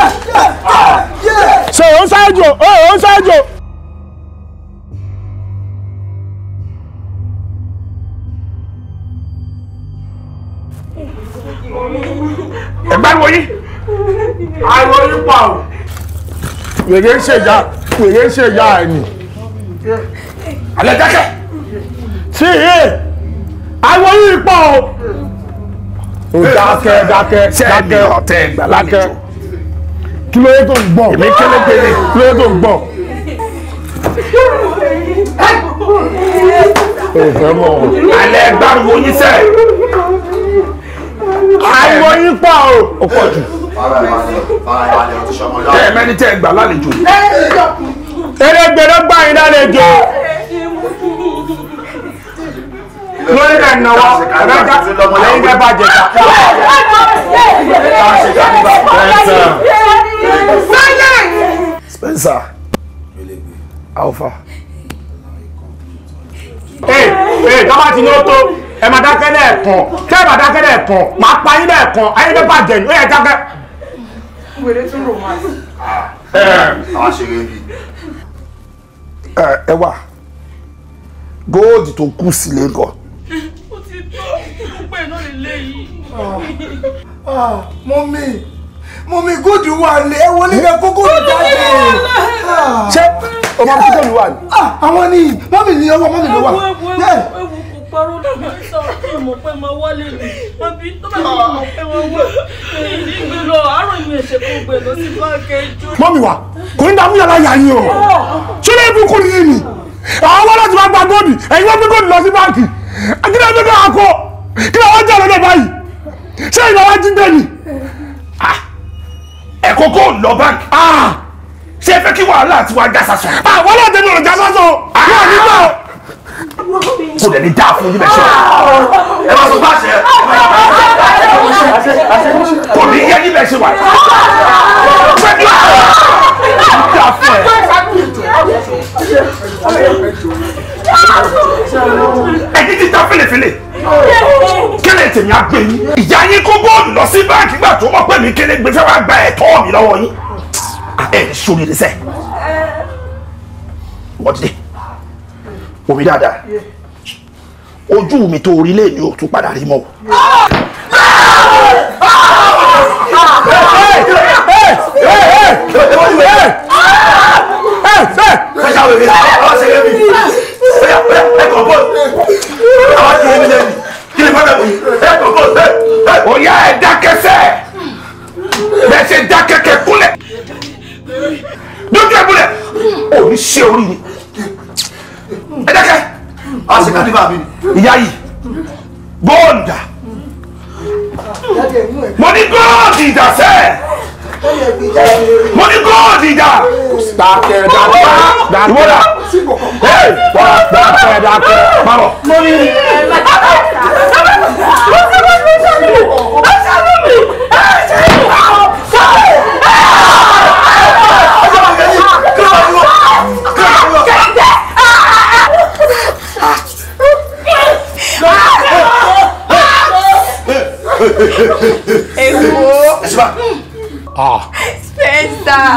ṣé o ń ṣáájú o ń ṣáájú. gbariwo yín ariwo yín pa o. wèrè ń ṣe ìyá wèrè ń ṣe ìyá ẹ̀ nì. alẹ́ dákẹ́ sí i ariwo yín pa o. dákẹ́ dákẹ́ dákẹ́ ọ̀tẹ́ ìgbàlálejò kí ló yẹ tó ń gbọ́. èmi kélé péré kí ló yẹ tó ń gbọ́. òfẹ́ mọ̀ ọ́. yín sẹ́ẹ̀ àwọn yín pọ̀ o ò pọ̀ jù. bẹ́ẹ̀ tẹ́ ẹ gbà lálejò. erégbèrè gbà yín lálejò. lórí ẹ̀ náwó ẹ̀rẹ́jà ẹ̀yìn bẹ́ẹ̀ bá jẹ ká. Spencer Alpha. ee ee dábàá ti ní o tó ẹ máa dákẹ́ lẹ́ẹ̀kan tẹ́ ẹ máa dákẹ́ lẹ́ẹ̀kan máa pa yín lẹ́ẹ̀kan ayé bẹ́ẹ̀ bàjẹ́ ní ó yẹ dákẹ́. wèrè tún rò wọn. ẹ ẹ ẹ wà góòdì tó kù sí lẹ́gọ̀. ó ti tó púpọ̀ iná lè léyìí. Ah, ah, mọ́mí mọ́mí góòdì wà lé ẹ wọlé ẹ kókó ìdájọ́ ṣé ọmọ góòdì wà ní. Ah, àwọn ni mọ́mí ni ọwọ́ mọ́mí ló wà parọ́ lọ́mọ sọ pé mo pẹ́ máa wọlé ni àbí tó bá yẹ mo pẹ́ máa wọ ní ìgbé lọ àárọ̀ ìwé ẹ̀ṣẹ̀ kò gbẹ lọ sí báńkì ẹjọ́. mọ́mí wa kò ní dààmú yàrá yà yín o ṣé lè bú kú ni yín ni àwọn wọn láti máa gba góòdì ẹ̀yin wọn gbé góòdì lọ sí báńkì akíndé ẹgbẹ́ kan àkọ kí ni àwọn jẹ́ ọ̀rọ̀ náà báyìí ṣé ìnáwó jíǹde ni ah, ẹ̀kọ́ kò lọ báńkì ah, ṣé ẹ fẹ́ kí wàhálà àti wàá já sásọ. àwọn ọlọ́ọ̀dẹ́ ni ọ̀rọ̀ já sásọ ah. yóò nígbà kò dẹ̀ ní dáa fún yín bẹ̀ ṣe ẹ má sọ bá ṣe kò ní yẹ yín bẹ̀ ṣe wà yìí dáa fún ẹ. ẹ̀yin ti ta fèlèfèlè kẹlẹ tèmi á gbé yín ìyá yín kó góòlù lọ sí báńkì gbà tó wọ́n pè mí kéré gbé fẹ́ wá gba ẹ̀tọ́ mi lọ́wọ́ yín ẹ̀ sórí rẹ sẹ́ wọ́n ti dé omi dáadáa ojú mi tó orílẹ̀ èdè ò tún padà rí mọ́. Oya ẹ dákẹ́sẹ̀, bẹ́ẹ̀ ṣe dákẹ́kẹ́ kúnlẹ̀, dójú ẹ òní ṣe orí ni ẹ dẹ́kẹ́ a sì ká nípa mi ni. ìyá yìí góòlù dà mo ní góòlù ìdà sẹ́ẹ̀ mo ní góòlù ìdà. dákẹ́ dákẹ́ ìwọ dà dákẹ́ dákẹ́ bàbọ̀. mo ní. Èwo. Ẹ̀sìnbà. Spencer.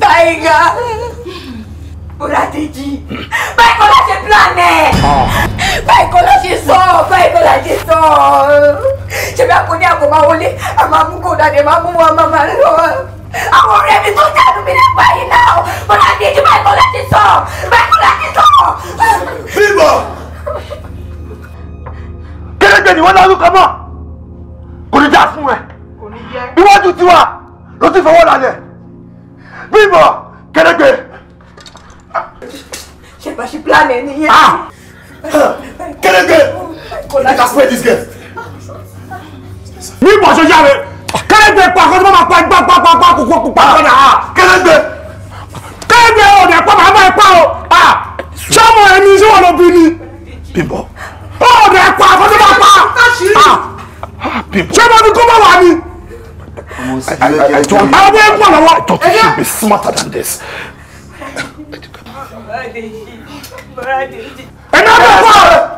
Tiger. Bọ́ládéjì. Báyìí kọ́ la ṣe plan ẹ̀. Báyìí kọ́ la ṣe sọ. Báyìí kọ́ la ṣe sọ. Ṣé a akọni àgọ́ máa wọlé? A máa mú kó dàdé, máa mú wọn, máa máa lọ. Àwọn ọ̀rẹ́ mi tó jáde mi nípa yìí náà. Bọ́ládéjì báyìí kọ́ la ṣe sọ. Báyìí la ṣe sọ méje ni wọ́n dárúkọ mọ́ kò ní dá fún ẹ iwájú tiwa ló ti fọwọ́ lálẹ́ bímọ kéréje. ṣe bá ṣe plan ẹ nìyẹn. kéréje you can spray this girl. ní ìbọ̀sọ̀ yára kéréje pàkó tí wọ́n máa pa igbá pápápá kókó pupa kọ́nà kéréje kéréje ò ní ẹ̀pọ̀ màmá ẹ̀pọ̀ o sọ́mọ ah! ẹni sọ́wọ́n lọ bí ni. bímbọ ó rẹ̀ pa àfọ́jú bá pa ah. ṣé mo ní kó má wà ní. àwọn ọmọ ẹgbẹ́ lọ́wọ́. I thought you should be smarter than this. ẹ náà bẹ̀ fọ́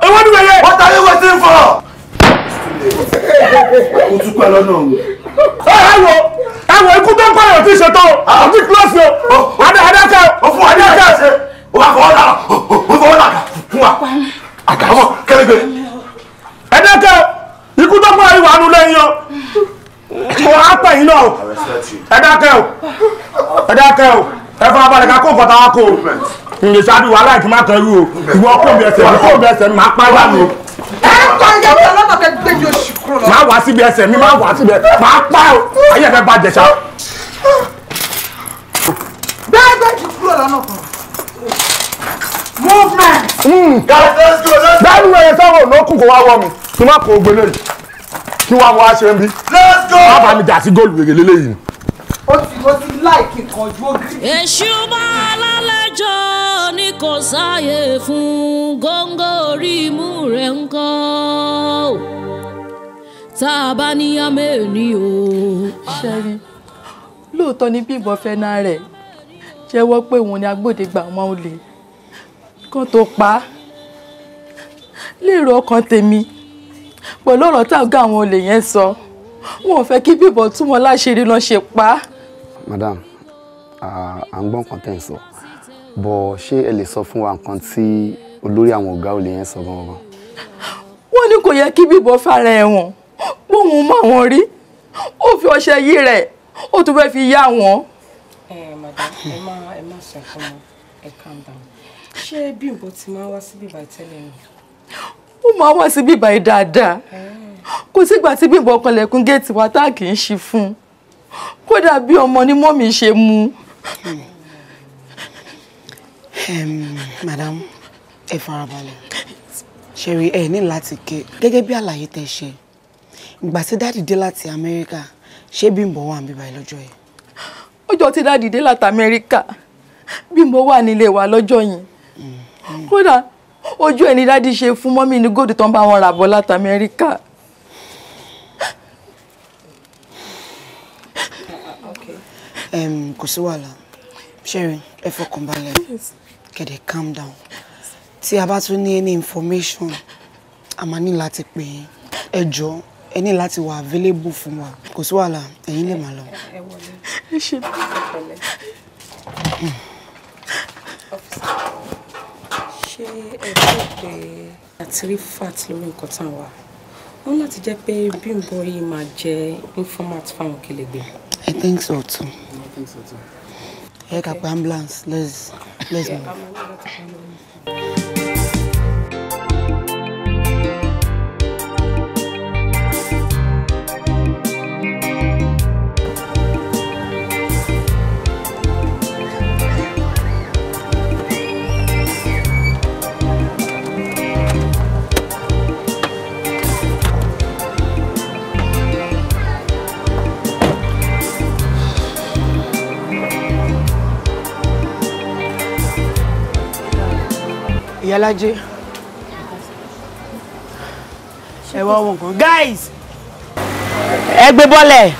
ewé ni wẹ̀yẹ. What are you waiting for? o tún pẹ́ lọ́nà o. ẹ wo ẹ wo ikú tó ń pààyàn ah. ti ṣètò o ti kílọ̀sì o adákẹ́ o fún adákẹ́ o wà fọwọ́ dà o fọwọ́ dà fún wa àdàmọ kẹrẹgbẹ ẹdẹkẹ ikú tó pọ̀ ìwà nù lẹ́yìn o kò á pẹ yín náà ẹdẹkẹ o ẹdẹkẹ o ẹ fọ abalẹ ká kó nǹkan tá a kó ìyè sáájú wàhálà ìkí má o ìwọ kó mi ẹsẹ̀ mi kó mi ẹsẹ̀ mi má pa ìyá mi o. ẹ kọ́ ìyá mi ọlọ́mọ fẹ́ gbẹ́jọ́ ṣùkúrò lọ. má wá síbi ẹsẹ̀ mi má wá síbi ẹsẹ̀ má pa ayé ẹ fẹ́ bàjẹ́ ṣá. dáàbò wẹ̀rẹ̀ sọ̀rọ̀ lókùn kó wá wọ̀ mi kí n má kó gbélé yìí kí wá wá ṣe ń bí. bàbá mi jà sí góòlù wèrè lélẹ́yìí ni. ó ti ó ti láìkì kan ju ogiri. èṣù máa lálejò ni kò sáàyè fún góńgó orí imú rẹ̀ ń kọ́ tá a bá níyá mẹ́rin o. ṣẹ́rin lóòótọ́ ni bí ìbọn fẹ́ náà rẹ̀ jẹ́wọ́ pé òun ni agbódegbà ọmọ olè kó tó pa á lérò ọkàn tèmi pẹ̀lú ọ̀rọ̀ tá a gá àwọn olè yẹn sọ wọn ò fẹ́ kí bíbọ̀ túmọ̀ láṣìírí lọ ṣe pa á. madam à ń gbọ́ nǹkan tẹ̀ ń sọ bọ̀ ṣé ẹ lè sọ fún wa nǹkan tí olórí àwọn ọ̀gá olè yẹn sọ gangan. wọ́n ní kò yẹ kí bíbọ̀ fara ẹ̀wọ̀n bóun mọ àwọn rí ó fi ọṣẹ yí rẹ̀ ó tún fẹ́ fi yá wọn. ẹ eh, madam ẹ má ẹ má sọ fún mi ẹ calm down ṣé Bímbọ́ ti máa wá síbí báyìí tẹ́lẹ̀ ni. ó máa wá síbí báyìí dáadáa eh. kò sígbà tí Bímbọ́ kanlẹ̀kùn géètì wa tá kì í ṣí fún kódà bí ọmọ ní mọ́mì ṣe mu. madam ẹ farabalẹ̀ ṣeré ẹ ní láti ké gẹ́gẹ́ bí àlàyé tẹ ṣe ìgbà tí dáàdì dé láti Amẹ́ríkà ṣé Bímbọ́ wà ń bíbá ẹ lọ́jọ́ yẹn. ọjọ́ tí dáàdì dé láti Amẹ́ríkà Bímbọ́ wà nílé wa lọ́jọ́ yẹn kódà ojú ẹni dádì ṣe fún mọ́mí ní góòdù tó ń bá wọn rà bọ̀ láti Amẹ́ríkà. kò sí wàhálà Sharon ẹ fọkàn balẹ̀ kẹ̀dẹ̀ calm down tí a bá tún ní any information a máa ní láti pè é ẹ jọ̀ọ́ ẹ ní láti wà available fún wa kò sí wàhálà ẹ̀yin lè máa lọ. ẹ ṣe bí ọ̀pẹ̀lẹ̀ ṣé ẹ fẹ́ pé àti rí fat lórí nǹkan tá à wà wọ́n láti jẹ́ pé Bímbọ́ yìí máa jẹ́ informat fáwọn Kélégbé. I think so too. I think so too. ẹ kà pé ambulance let's let's move. ìyálájé ẹ wá wọn kan guys ẹ gbé bọ́lẹ̀.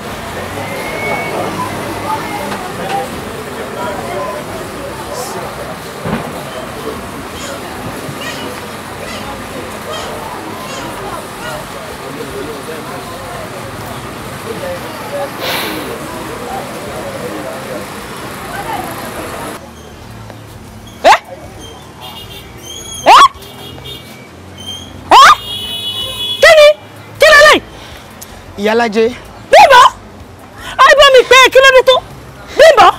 ìyálájé. bímbọ́ ọgbọ́n mi pé kí ló dé tó bímbọ́.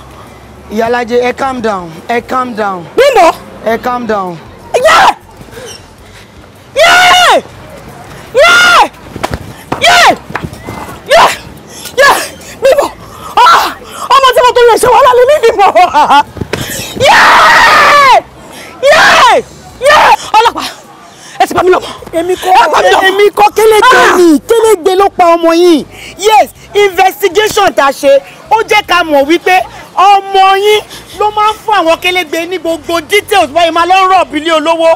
ìyálájé ẹ calm down ẹ calm down. bímbọ́. ẹ calm down. yẹ́ẹ̀ yẹ́ẹ̀ yẹ́ẹ̀ yẹ́ẹ̀ yẹ́ẹ̀ yẹ́ẹ̀ bímbọ́ ah! ọmọ tí mo tó lè ṣe wàhálà lè ní bímbọ́. yẹ́ẹ̀ yẹ́ẹ̀ yẹ́ẹ̀ ọlọ́pàá ti bá mi lọ. èmi kọ́ ah, èmi kọ́ kélégbé ah. ni kélégbé ló pa ọmọ yìí yes investigation tá a ṣe ó jẹ́ ká mọ̀ wípé ọmọ yín ló máa ń fún àwọn kélégbé ní gbogbo details báyìí máa lọ ń rọ̀ bílé olówó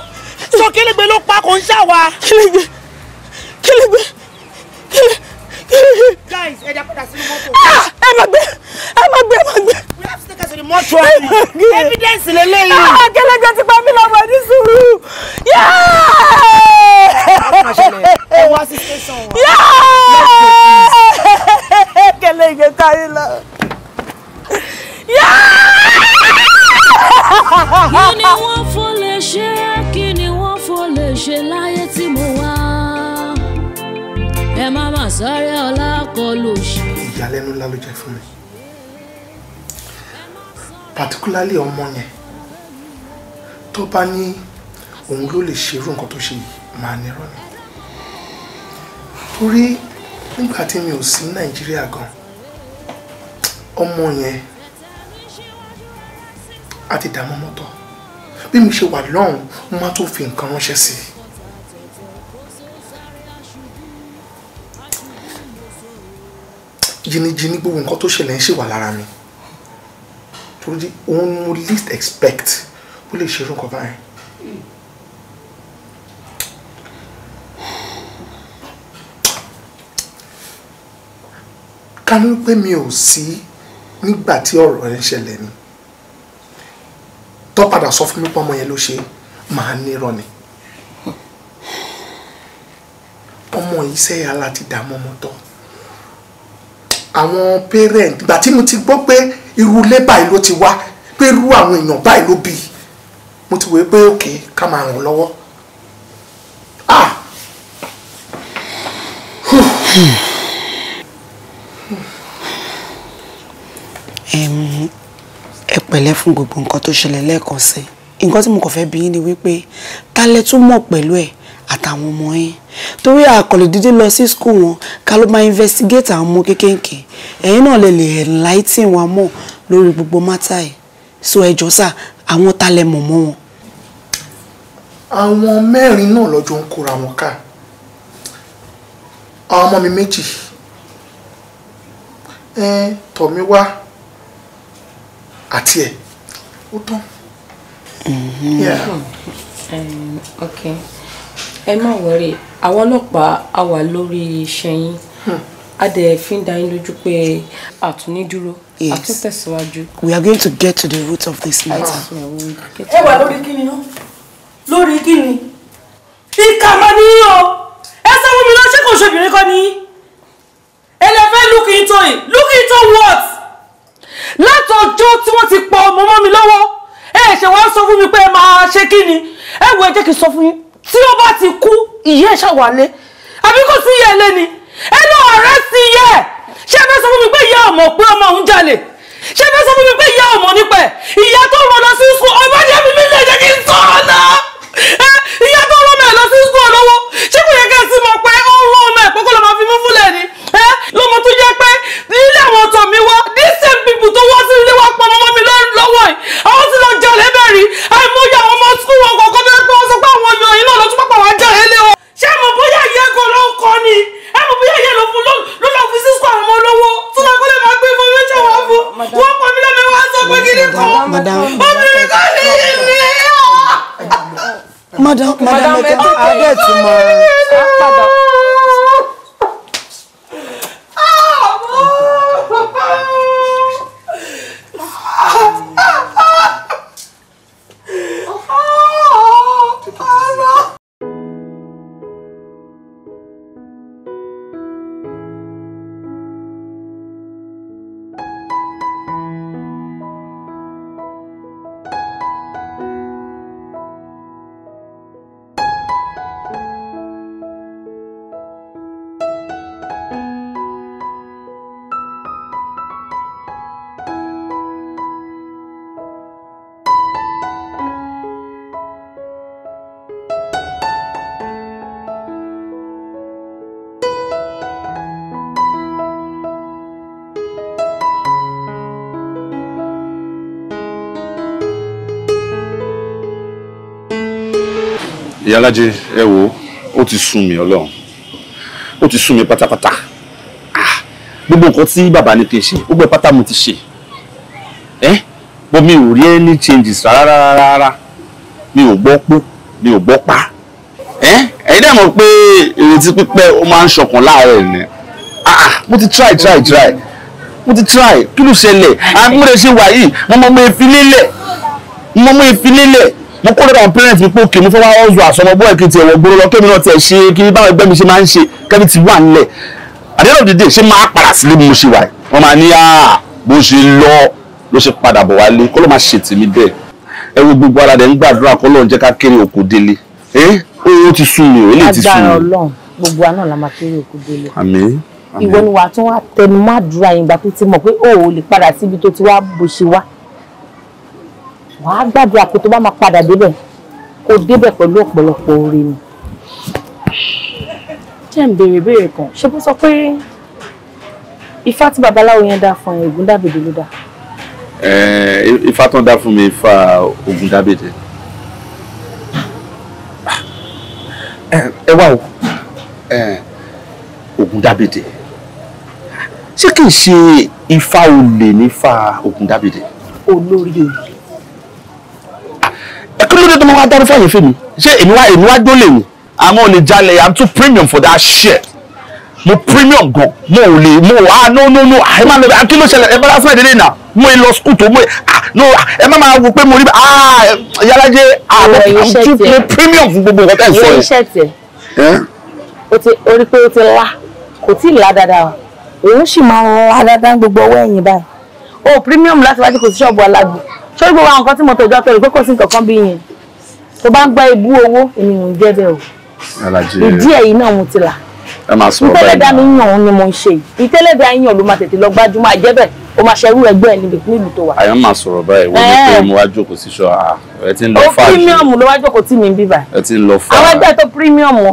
so kélégbé ló pa kò ń ṣàwà. kélégbé particularly ọmọ yẹn tó bá ní òun ló lè ṣerú nǹkan tó ṣe máa nírọ́ ni torí nígbà tí mi ò sí nàìjíríà gan ọmọ yẹn á ti dààmú mọ́tò bí mi ṣe wà lọ́hùn mo máa tó fi nǹkan ránṣẹ́ sí i. jìnnìjìnnì gbogbo nǹkan tó ṣẹlẹ̀ ń ṣèwà lára mi. Foríjì òun mo least expect ó lè ṣe irúkọ báyìí. ká ló pé mi ò sí nígbà tí ọ̀rọ̀ ẹ̀ ń ṣẹlẹ̀ ni tó padà sọ fún mi pé ọmọ yẹn ló ṣe máa nírọ̀ ni ọmọ yìí sẹ́yà láti dààmú ọmọ tọ́ àwọn parent gbà tí mo ti gbọ́ pé irú ilé báyìí ló ti wá pé irú àwọn èèyàn báyìí ló bí mo ti wòye pé òkè ká máa ràn lọ́wọ́. Ah! ẹ pẹ̀lẹ́ fún gbogbo nǹkan tó ṣẹlẹ̀ lẹ́ẹ̀kan sí nǹkan tí mo kàn fẹ́ bi yín ni wípé ta lẹ tún mọ̀ pẹ̀lú ẹ̀ àtàwọn ọmọ yín torí àkọlù dídí lọ sí skul wọn ká ló máa investigate àwọn ọmọ kékèké ẹ̀yin náà lè lè enlighten wa mọ̀ lórí gbogbo mátà ẹ̀ so ẹjọ́ sà àwọn ta lẹ mọ̀ mọ́ wọn. àwọn mẹ́rin náà lọ́jọ́ ń kóra wọn ká àwọn ọmọ mi méjì tọ̀míwá àti ẹ̀ ó tán. Mm-hmm. Hmm. Um, okay ẹ má wọrí àwọn ọlọ́pàá á wà lórí iṣẹ́ yín hmm. a dẹ̀ fi ń dá lójú pé àtúnídúró àtúntẹ̀síwájú. we are going to get to the root of this matter. Ah, ẹ wà lórí kí ni lórí kí ni ìkà ní o ẹ sọ mi lọ ṣé kò ṣèbìnrin kan ní ẹ lè fẹ́ look into it look into what tí wọ́n ti pọ̀ ọmọ mi lọ́wọ́ ẹ ṣe wá sọ fún mi pé ẹ máa ṣe kí ni ẹ wo ẹ jẹ́ kí n sọ fún yín tí ó bá ti kú ìyá ẹ̀ ṣàwálé àbí kò sí ìyá ẹ̀ lẹ́ni ẹ lọ ọ̀rẹ́ sí ìyá ẹ̀ ṣé ẹ fẹ́ sọ fún mi pé ìyá ọmọ pé ọmọ òun jalè ṣé ẹ fẹ́ sọ fún mi pé ìyá ọmọ nípa ẹ̀ ìyá tó rọ lọ sí sùn ọmọ jẹ́ mi nílé jẹ́ kí n sọ̀rọ̀ náà ìyá tó rọ mẹ́ẹ̀ lọ sí sùn olówó ṣé kò yẹ kẹ́ ẹ sí mọ̀ pé ó rọ ọmọ ẹ̀ pé kó lọ máa fi mú fúnlẹ̀ ni lọ́mọ tó jẹ́ pé nílé àwọn ọ̀tọ̀ mi wá d same people tó wá sí ilé wa pa ọmọ mi lọ́wọ́ yìí àwọn tí lọ jalè bẹ̀rẹ̀ àìmọye àwọn ọmọ sukùl wọn kọ̀ọ̀kan tó yẹ pé wọ́n sọ pé àwọn èèyàn yìí náà lọ́tún pápá wa jalè lé wọn. ṣé mo bóyá ìyá ẹ̀kọ́ ló ń kọ́ ni ẹ mo bóyá ìyá ló fún ló fi sí sukùl àwọn ọmọ olówó tó lọ kọ́lé máa gbé fún méjì wá fún wọn pa mí lọ́mọ wá sọ pé kí madam madam ìyálájẹ ẹ wo ó ti sún mi Ọlọ́run ó ti sún mi pátápátá ah, gbogbo nǹkan tí bàbá ní kí n ṣe gbogbo ẹ pátá mo ti ṣe ẹ bọ mi ò rí any changes rárá rárá mi ò gbọ́ pé mi ò gbọ́ pa ẹ ẹ̀yin dẹ̀ pé ìrètí pípẹ́ ó máa ń ṣọkàn láàárọ̀ ẹ̀nẹ́ ah, ah, mo ti try try try mo ti try kí ló ṣẹlẹ̀ àmúrẹ̀ṣẹ̀ wà yìí mo mọ̀ mo fi lélẹ̀ mo mọ̀ mo fi lélẹ̀ mo kó lọ́dọ̀ àwọn parents mi pé òkè mo fẹ́ wá ọ̀zọ̀ àsọmọgbọ́ ẹ̀ kí n ti ẹ̀wọ̀ gbóró lọ kémi náà ti ẹ̀ ṣe kí báwọn ẹgbẹ́ mi ṣe máa ń ṣe kẹ́mi ti wà nílẹ̀ at the end of the day ṣé máa padà sílé bí mo ṣe wà wọ́n máa ní à ah, bó ṣe lọ ló ṣe padà bọ̀ wálé kó ló máa ṣe tèmi bẹ́ẹ̀ ẹ wo gbogbo ara rẹ̀ ń gbàdúrà kó lọ́n jẹ́ ká kéré òkú délé ẹ eh? ó ti sùn mí ò wàá gbàdúrà pé tó bá máa padà débẹ̀ kó débẹ̀ pẹ̀lú ọ̀pọ̀lọpọ̀ oore ni. jẹ́ ń béèrè béèrè kan ṣé bó sọ pé ifá tí babaláwo yẹn dá fún ẹ Ògún Dábèdè ló dá. ifá tó ń dá fún mi ifá Ògún Dábèdè. ẹ wá o Ògún Dábèdè ṣé kìí ṣe ifá olè nífà Ògún Dábèdè. olórí olè ẹ kí ló dé tó máa wá dárúfà yẹn fún mi ṣé èmi wá èmi wá dólè wò àwọn ò lè jalè i'm too premium for that shit mo premium gan mo ò lè mo ah no no no ah, ẹ má lọ bẹ ah, kí ló ṣẹlẹ̀ ẹ bá lásán ìdílé náà mo lọ school tó mo ah no ah, ẹ má máa wò pé mo rí ah yálàjẹ àbọ̀ i'm too premium fún gbogbo nǹkan tẹ̀ ń sọ yẹn. ìwé iṣẹ́ tiẹ̀ o ti orí pé o ti la kò tí ì la dáadáa wa òun sì máa ń la dáadáa gbogbo ọwọ́ ẹ̀yìn báyìí o premium láti wájú kò sí ṣọ́ọ̀bù alágbó ṣé gbogbo àwọn nǹkan tí mo tọjọ pẹ̀lú pé kò sí nǹkan kan bí yẹn tó bá ń gbọ́ ibú owó èmi mò ń jẹ́ bẹ́ẹ̀ o ìdí ẹ̀yìn náà mo ti là ìtẹ́lẹ̀dá mi yàn òun ni mo ń ṣe ìtẹ́lẹ̀dá yàn ló máa tètè lọ gbájúmọ́ àjẹ́bẹ̀ o máa ṣerú ẹgbẹ́ ẹ̀ níbi nílùú tó wà. àyàn máa sọ̀rọ̀ báyìí wọ́n ní pé mo wá jókòó sí ṣọ́ ẹ ti ń lọ fáàjì. o pírímíọ̀mù ló wá jókòó tí mi ń bíbà. ẹ ti ń lọ fáàjì. àwọn ẹgbẹ́ tó pírímíọ̀mù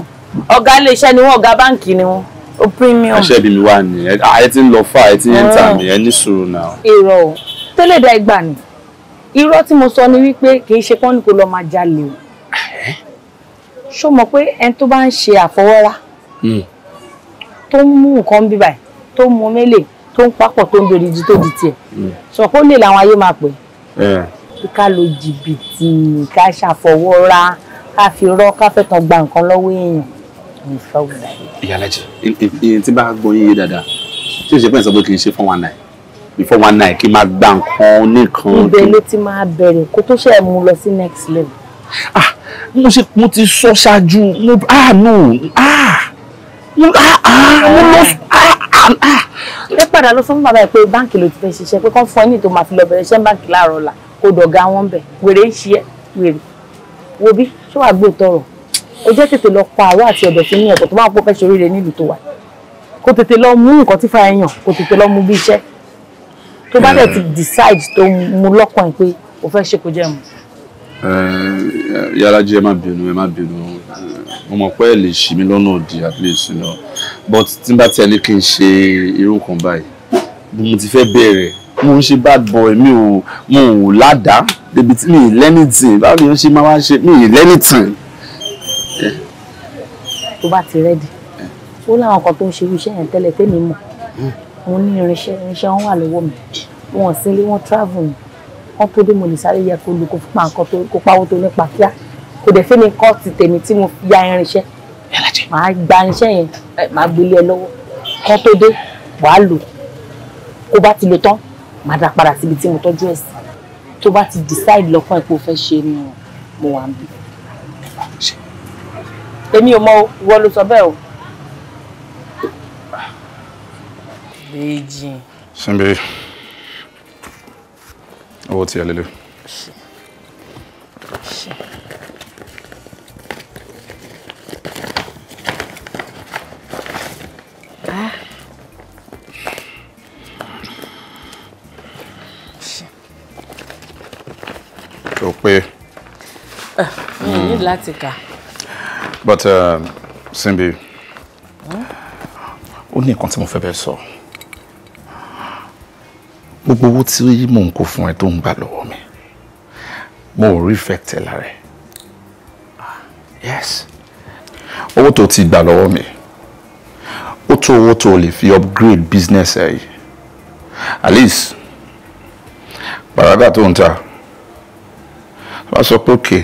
ọ̀gá iléeṣẹ́ ni wọ́n ọ̀gá báǹkì ni wọ́n o premium. àṣẹ ibi mi wà ní ẹ ti ń lọ fáà ẹ ti ń tà mí ẹ ní sùúrù náà. èrò tẹ́lẹ̀dá ni irọ́ tí mo sọ ni wípé kì í ṣe kán ní kó lọ máa jalè o ṣó mọ̀ pé ẹni tó bá ń ṣe àfọwọ́rá hmm. tó ń mú nǹkan bí báyìí tó ń mu mélè tó ń papọ̀ tó ń bèrè ju tó di tiẹ̀ hmm. sọ pé ó lè làwọn ayé máa pè é ká lo jìbìtì ká ṣàfọwọ́rá ká fi rọ́ ká fẹ́ tán gba nǹkan lọ́wọ́ èèyàn ìfẹ́ wò dáa. ìyálàjì tí bá gbọ́ yín yé dáadáa tí o ṣe pẹ́ sọ pé kì í ṣe fún wa náà before one night kí n máa gba nǹkan nìkan. ibẹ̀ ló ti máa bẹ̀rẹ̀ kó tó ṣe mú lọ sí next level. ah mo ṣe mo ti sọ ṣáájú mo ah no ah mo ah ah mo lọ ah, ah ah. ẹ padà lọ sọ fún bàbá ẹ pé báǹkì ló ti fẹ́ ṣiṣẹ́ pé kán fún ẹ ní tó máa fi lọ bẹ̀rẹ̀ iṣẹ́ báǹkì láàárọ̀ ọ̀la kó dọ̀gá wọn bẹ̀ wèrè ń ṣe wèrè wo bí ṣé wàá gbé tọrọ o jẹ́ tètè lọ pa àwọ̀ àti ọ̀dọ̀ sí ní ẹ̀kọ́ tó máa pọ̀ fẹ́ ṣoríire nílùú tó wà kó tètè lọ mú nǹkan tí fa ẹyàn kó tètè lọ mú bí iṣẹ́ tó bá dẹ̀ eh, ti decide tó mú lọ́kàn pé o fẹ́ ṣe kó jẹ́ mu. Eh, yàrá jẹ́ ẹ má bínú ẹ má bínú eh, mo mọ̀ pé ẹ lè ṣì mí lọ́nà òdì at least lọ but tí n bá tiẹ̀ ní kí n ṣe irú nǹkan báyìí mo ti fẹ́ bẹ̀rẹ̀ mo ń ṣe bad boy mi ò mo ò ládàá débi tí mi ì lẹ́nìtìn báwo ni ó ṣe máa wá ṣe mi ì lẹ́nìtìn. tó bá ti rẹ́dì ó láwọn kan tó ń ṣe iṣẹ́ yẹn tẹ́lẹ̀ tẹ́mi mọ̀ hmm mo ní irinṣẹ́ irinṣẹ́ wọn wà lọ́wọ́ mi wọn sí ilé wọn travel ni wọn tó dé mo lè sáré yẹ kó lu kó pa nǹkan tó kó pawó tó nípa kíá kò dẹ̀ fẹ́ mi kọ́ ti tèmi tí mo ya irinṣẹ́ màá gba irinṣẹ́ yẹn màá gbélé ẹ lọ́wọ́ kán tó dé wàá lò kó bá ti lò tán màá dá padà síbi tí mo tọ́jú ẹ̀ sí tó bá ti decide lọ́kàn ẹ̀ pé o fẹ́ ṣe ni mo wà ń bì. èmi ò mọ ìwọ sọ bẹ́ẹ̀ o. méjì. Simbi owó tiẹ̀ lélẹ̀. tó pé. mi ò ní láti kà. but um, Simbi o hmm? ní nǹkan tí mo fẹ́ bẹ́ẹ̀ sọ. So gbogbo owó tí mò ń kó fún ẹ tó ń gbà lọ́wọ́ mi mo ò rí fẹ́ lára ẹ̀ yes owó tó ti gbà lọ́wọ́ mi ó tó owó tó lè fi upgrade business ẹ yìí at least parada tó ń ta wọ́n sọ pé okay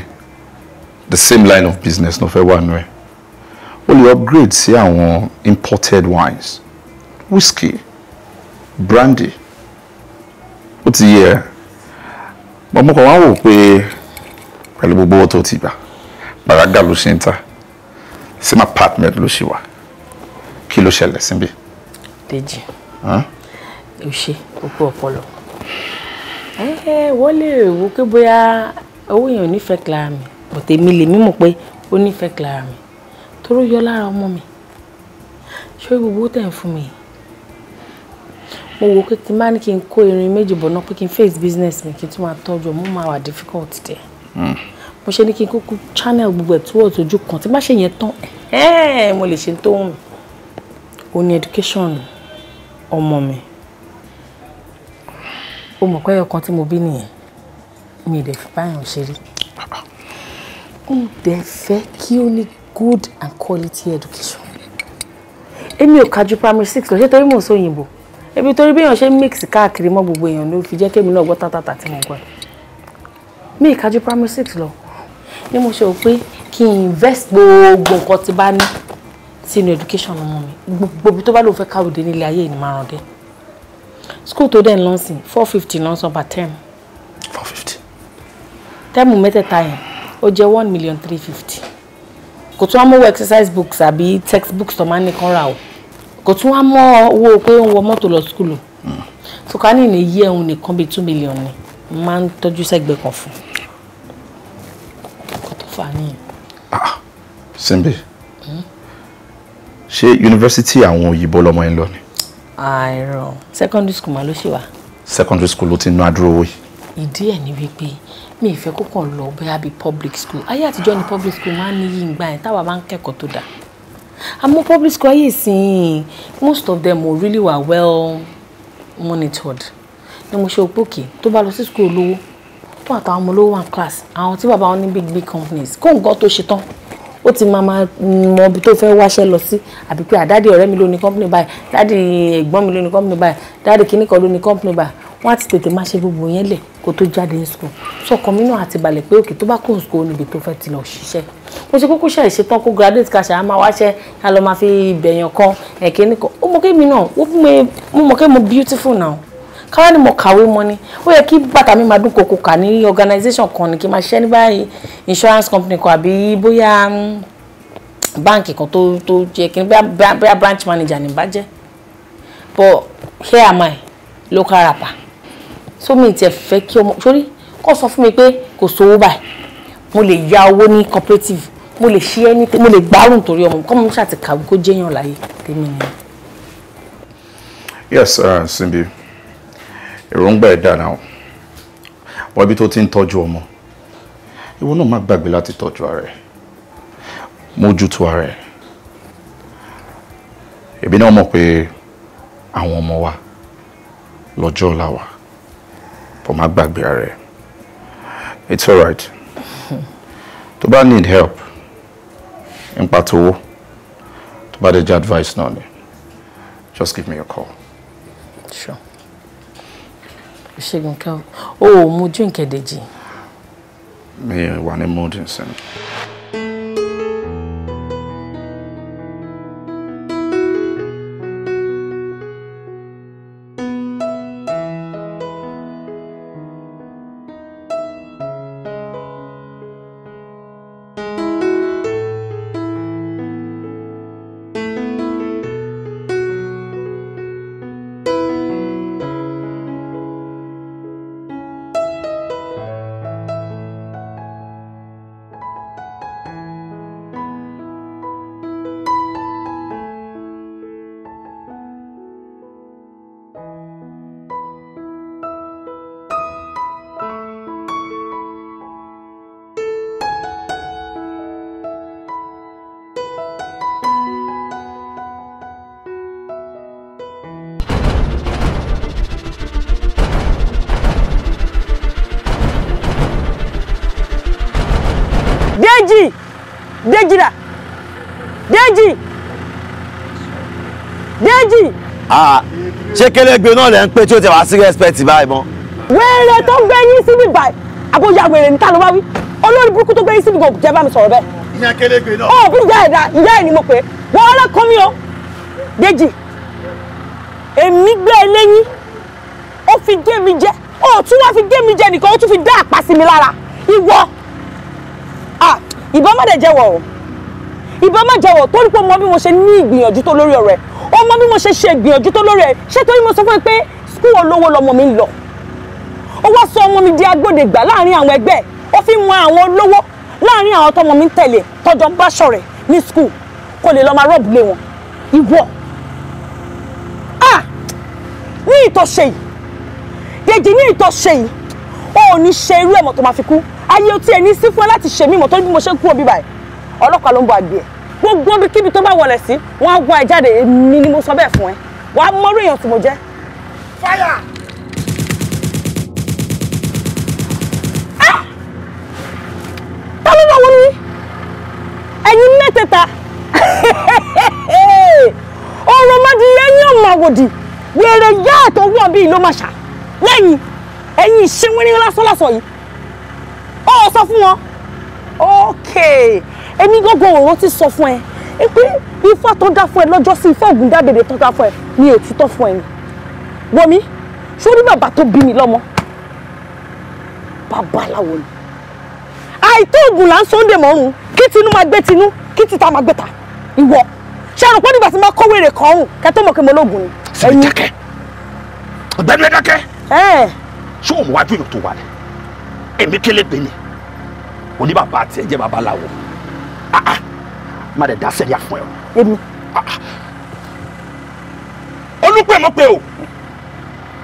the same line of business ló fẹ́ wà nù ẹ̀ ó lè upgrade sí àwọn imported wines whiskey brandy ó ti yẹ mọ mọ kàn wá wò pé pẹ̀lú gbogbo owó tó ti gbà gbàràgà ló ṣe ń ta sima apartment ló ṣe wà kí ló ṣẹlẹ̀ síbi. Dèjì o ṣe òkú ọpọlọ wọ́n lè wo pé bóyá owó yẹn ò nífẹ̀ẹ́ Clara mi bọ̀tẹ̀ mi lè mímọ̀ pé ó nífẹ̀ẹ́ Clara mi toró yọ lára ọmọ mi ṣé gbogbo tẹ̀ ń fún mi yìí mo wò pé kí n má ní kí n kó irin méjì bọ̀ náà pé kí n face business mi kí n tún máa tọ́jú ọmọ máa wà difficult dẹ̀ hmm. mo ṣe ní kí n kúkú channel gbogbo ẹ̀ towards ojú kan tí n bá ṣe yẹn tán mo lè ṣe tó wù mí o ní education ọmọ mi o mọ̀ pé ọkàn tí mo bí nìyẹn mi ì dẹ̀ fi báyọ̀ ṣeré n dẹ̀ fẹ́ kí o ní good and quality education èmi ò kájú primary six lọ ṣé torí mò ń sọ òyìnbó ebi torí bí èèyàn ṣe ń mix káàkiri mọ́ gbogbo èèyàn ló fi jẹ́ kémi náà gbọ́ tátàtà tí mo gbọ́ mi ìkájú primary six lọ ni mo ṣe rò pé kí n invest gbogbo nǹkan tí bá ní sínú education ọmọ mi gbogbo ibi tó bá lóun fẹ́ káwé dé nílé ayé ni màá ràn school tó dẹ̀ ń sí four fifty lọ sọ per term. four fifty. tẹ́ẹ̀mù mẹ́tẹ̀ẹ̀ta yẹn ó jẹ́ one million three fifty kò tún wá mọ́wọ́ exercise books àbí textbooks tó máa ń nìkan rà o kò tún wá mọ́ owó pé ó ń wọ mọ́tò lọ skulu tukani ní yí ẹ̀hún nìkan bíi two million ni máa ń tọ́jú sẹ́gbẹ́ kan fún kò tó fà nìyẹn. Ah, Simbi ṣé yunifásitì àwọn òyìnbó lọmọ yẹn lọ ni. àìrọ secondary school mà ló ṣì wà. secondary school ló ti ná àdúró owó yìí. ìdí ẹ̀ ni wípé mi ìfẹ́ kó kàn lọ bóyá bíi public school ayé àtijọ́ ni public school máa ń níyì ìgbà yẹn táwa máa ń kẹ́kọ̀ọ́ tó dáa àmọ́ public school ayé ìsìn most of them were really were well monitored ni mo ṣe òpókè tó bá lọ sí school olówó tó àtàwọn ọmọ olówó one class àwọn tí bàbá wọn ní big big companies kó nǹkan tó ṣe tán ó ti máa máa mọ ibi tó fẹ́ wáṣẹ́ lọ sí àbí pé àdáde ọ̀rẹ́ mi ló ní company buy dáàdì ẹ̀gbọ́n mi ló ní company buy dáàdì kìnnìkan ló ní company buy. wọ́n á ti tètè máa ṣe gbogbo yẹn lẹ̀ kó tó jáde ní school so ọkàn mi náà àti balẹ̀ pé òkè tó bá kún school níbi tó fẹ́ ti lọ ṣiṣẹ́ mo ṣe kókó ṣe ìṣetán kó graduate kàṣà á máa wáṣẹ́ á lọ máa fi bẹ̀yàn kan ẹ̀kẹ́ nìkan ó mọ̀ kí mi náà ó fún mi mo mọ̀ kí mo beautiful now káwá ni mo kàwé mọ́ ni ó yẹ kí bàtà mi máa dún kà ní organisation kan ni kí n máa ṣiṣẹ́ ní báyìí insurance company kan àbí bóyá mm, báǹkì kan tó tó jẹ kí n bóyá branch manager ní bá jẹ́ but here am I local rapper so mi tiẹ̀ fẹ́ kí ọmọ sórí kó sọ fún mi pé kò sówó báyìí mo lè ya owó ní cooperative mo lè ṣe ẹni mo lè gbárùn torí ọmọ kọ́ mo ṣáà ti kàwé kó jẹ́yàn láyé tèmi ni. yes uh, Simbi èròǹgbà ẹ̀ dà náà wọ́n ibi tó ti ń tọ́jú ọmọ ìwọ náà má gbàgbé láti tọ́jú ara ẹ̀ mójútó ara ẹ̀ èmi náà mọ̀ pé àwọn ọmọ wa lọ́jọ́ ọ̀la wa For my gbàgbé ara ẹ it's alright tó bá need help In pàtó owó tó bá dé advice náà just give me a call. sure ṣègùn kan o ò mu drink ẹ̀dẹ̀jì. mi ò wà ní mood ṣé kélégbé náà lẹ ń pé tí ó ti wá sí respect báyìí mọ́. wẹ́rẹ́ tó gbé yín síbi báyìí àbójà wèrè níta ló wá wí olórí burúkú tó gbé yín síbi kò jẹ́ bá mi sọ̀rọ̀ bẹ́ẹ̀. ìyá kélégbé náà. ó bí ìyá ẹ̀ dá ìyá ẹ̀ ni mo pè é wọ́n ọlọ́kan mi o Déjì èmi gbé e lẹ́yìn ó fi gé mi jẹ ó tún wá fi gé mi jẹ nìkan ó tún fi dá àpá sí mi lára ìwọ ìbọn má dẹ̀ jẹ́wọ́ ìbọn má jẹ́wọ́ torí pé mo bí mo ṣe ní ìgbìyànjú tó lórí ọ̀rọ̀ ẹ̀ ó mọ bí mo ṣe ṣe ìgbìyànjú tó lórí ẹ̀ ṣé torí mo sọ fún ẹ pé skul olówó lọmọ mi lọ ó wá sọ ọmọ mi di agbódegbà láàrin àwọn ẹgbẹ́ ó fi mọ àwọn olówó láàrin àwọn tọmọ mi ń tẹ̀lé tọjọ́ ń bá ṣọ̀rẹ́ ní skul kó lè lọ máa rọ́ọ̀bù lé wọn ìwọ ah ní ìtọ́ṣe yìí dèjì ní ìtọ́ṣe yìí ó ò ní ṣe irú ẹ̀mọ́ tó máa fi kú ayé tí ẹni sí fún ẹ láti ṣe mímọ́ tó ní bí mo ṣe ń kú òbí báyìí ọlọ́pàá ló ń bọ àgbẹ̀ ẹ̀ gbogbo bí kíbi tó bá wọlé sí wọ́n á wá ẹ jáde èmi ni mo sọ bẹ́ẹ̀ fún ẹ wàá mọ́rú èèyàn tí mo jẹ́. fire. Ah! tọ́lú lọ́wọ́ mi ẹ̀yin mẹ́tẹ̀ẹ̀ta ọ̀rọ̀ mádìyẹ yín ọ̀mà wòdì wèrè yá àtọ̀ wọ̀ bíi ló máa ṣà lẹ́yìn ẹ̀yin ìṣẹ́wérí lásánlásán yìí ó sọ fún wọn Okay èmi gángan òró ti sọ fún ẹ ẹ pé ifá tó dá fún ẹ lọ́jọ́ sí ifá ògùn dábèdè tó dá fún ẹ ní ètútọ́ fún ẹ ni wọmi sórí bàbá tó bí mi lọ́mọ babaláwo ni àìtó ògùn là ń sọ́ndè mọ́rùn kí tinú máa gbé tinú kí tìta máa gbé ta ìwọ ṣe àrùn pọ́n nígbà tí máa kọ́wé rè kọ́rùn kẹtó mọ̀ kí mo lóògùn ni. sọ̀rọ̀ dákẹ́ ọ̀gbẹ́ni ẹ dákẹ́ ṣé òun wájú yòó tó wà ní èmi kélé pé ni oníbàbá àti ẹ̀jẹ̀ babaláwo. má dẹ̀ dá sẹ́ríà fún ẹ o. èmi. olùpẹ̀ mọ̀ pé o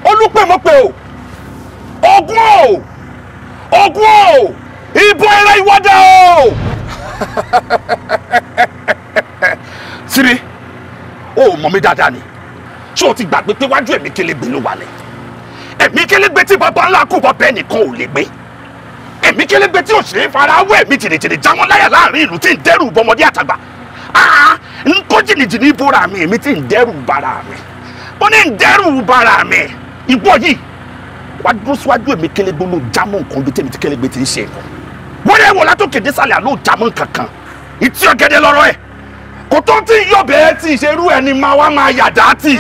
olùpẹ̀ mọ̀ pé o ogun o ogun o ìbọn ẹ̀rọ ìwọ́dà o. siri o mọ̀ mi dáadáa ni ṣé o ti gbàgbé pé wájú ẹ̀mí kélégbé ló wà lẹ̀ ẹ̀mí kélégbé tí baba ńlá kò bọ́ bẹ́ẹ̀ nìkan ò lè gbé ẹ̀mí kélébé tí òṣèré fara wọ ẹ̀mí tìrìtìrì jáwọn láyà láàrin ìlú tí ń dẹ́rù bọmọdé àtàgbà n kó jìnnìjìnnì bóra mi èmi tí ń dẹ́rù bara mi ó ní ń dẹ́rù bara mi ìwọ yìí wá dúró síwájú èmi kélébé ló jámọ́ nǹkan bí tèmi tí kélébé ti ń ṣe nǹkan wọ́n rẹ̀ wọ̀ látòkè désàlẹ̀ àló jámọ́ kankan ìtì ọ̀gẹ̀dẹ̀ lọ́rọ̀ ẹ̀ kò tó tí yọ bẹ́ẹ̀ tí ìṣerú ẹni máa wá máa yàdá tì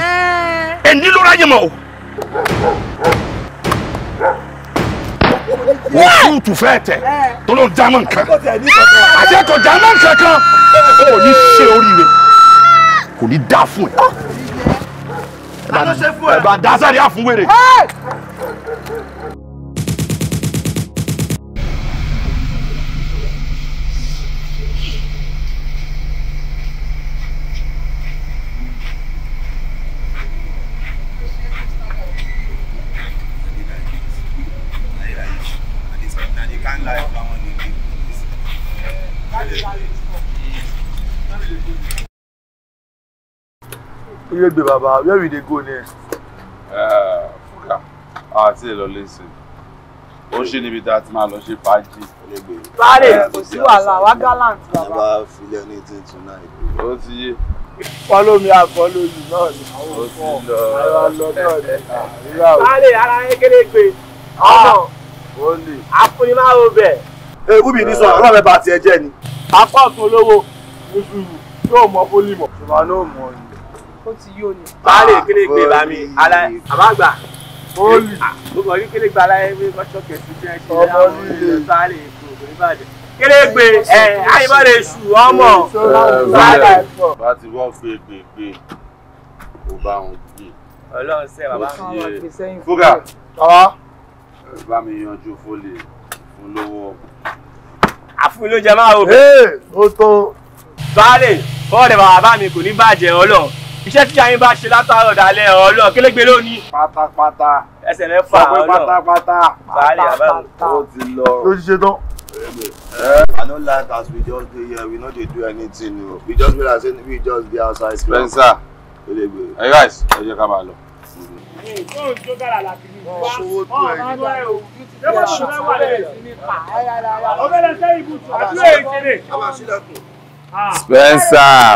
ẹ̀ nílò ráyè mọ́ o wò súùtù fẹ́ tẹ̀ tó ló ń dámọ̀ nǹkan àti ẹ̀kọ́ dámọ̀ nǹkan kan kò ní ṣe oríire kò ní dá fún ẹ. ẹ bá dá sáré àfúnwèrè. iregbe baba where we dey go next. Eh, fúgà àti ìlọlẹ ṣe ó ṣe níbi tá a ti máa lọ ṣe fàájì iregbe. láre eh, kò sí wàhálà wá gallant baba. bàbá filẹ̀ ní ten tonight. ó ti yé. follow me and follow you náà ni àwọn ọmọ ara lọ náà ni ìyá o. láre ara kékeré gbé ọ̀nà àfúnimáwo bẹ̀. ewúbi ní sọ eh. ọ̀rọ̀ mẹ́ba tiẹ̀ jẹ́ ni. apá ọ̀tún olówó ní sùúrù yóò mọ fólímọ̀. ṣùgbọ́n náà mọ̀ ni ó ti yó ni. baálé kílè gbé bá mi ala ah, àbágbà bóòlù ah, gbogbo ọdún kílè gba aláyẹ bí kọ́ṣọ́ kẹsì jẹ́ ṣe àwọn olùdó baálé èkó ìbàdàn kílè gbé ẹ ayébáde ṣù ọmọ baálé. bá ti wọ́n gbé gbé gbé kó bá wọn gbé. ọlọ́run sẹ́ bàbá mi yé fúgà bá mi yanjú fólè fún lówó. àfún ló máa wò. ó tó. baálé bọ́ọ̀dẹ̀ bàbá mi kò ní bàjẹ́ ọlọ́run iṣẹ́ tí ayin bá ṣe látàárọ̀ dalẹ̀ ọlọ́ kélégbé lónìí. pátápátá ẹsẹ̀ mẹ́fà ọlọ́ pátápátá pátápátá ó ti lọ. ló ti ṣe tán. I no like as we just dey here we no dey do anything o we just be like say we just dey outside. spencer ẹ guys ẹ jẹ ká máa lọ. fóònù tó dára làbí mi wá ọ̀hún ọ̀hún ẹ̀ o ṣé wọ́n ti fẹ́ wà Spencer.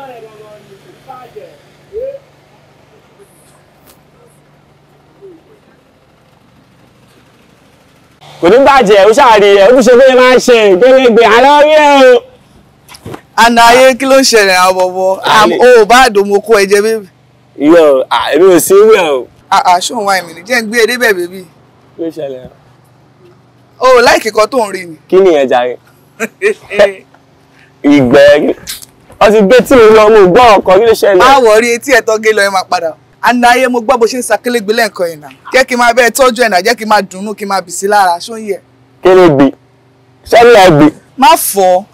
kò ní bàjẹ́ ó ṣàrí ẹ̀ ó ṣe fẹ́ máa ṣe ìgbélégbé àlọ́rí ẹ̀ o. àdáyé kí ló ń ṣẹlẹ̀ àwọn o ò bá àdòmó kó ẹ̀jẹ̀ bébì. iyọ èmi ò sí wíwẹ̀ o. àṣọ wa ìmìlì jẹ́ ń gbé edé bẹ̀ ló ṣẹlẹ̀. o ò láìkí tó ń rí ni. kí ni ẹ jàre. ìgbẹ́ ọ ti gbé tí mi lọ mo gbọ́ ọkọ kí ló ṣẹlẹ̀. má wọ̀ rí etí ẹ̀tọ́ gé lọ ẹ máa padà àná ayé mo gbọ́ bó ṣe ń sakélégbé lẹ́ǹkan ẹ̀ náà jẹ́ kí n máa bẹ́ẹ̀ tọ́jú ẹ̀ náà jẹ́ kí n máa dùnnú kí n máa bì sí lára ṣó ń yẹ. kíni gbì sẹ́ni ẹ̀ gbì. má fọ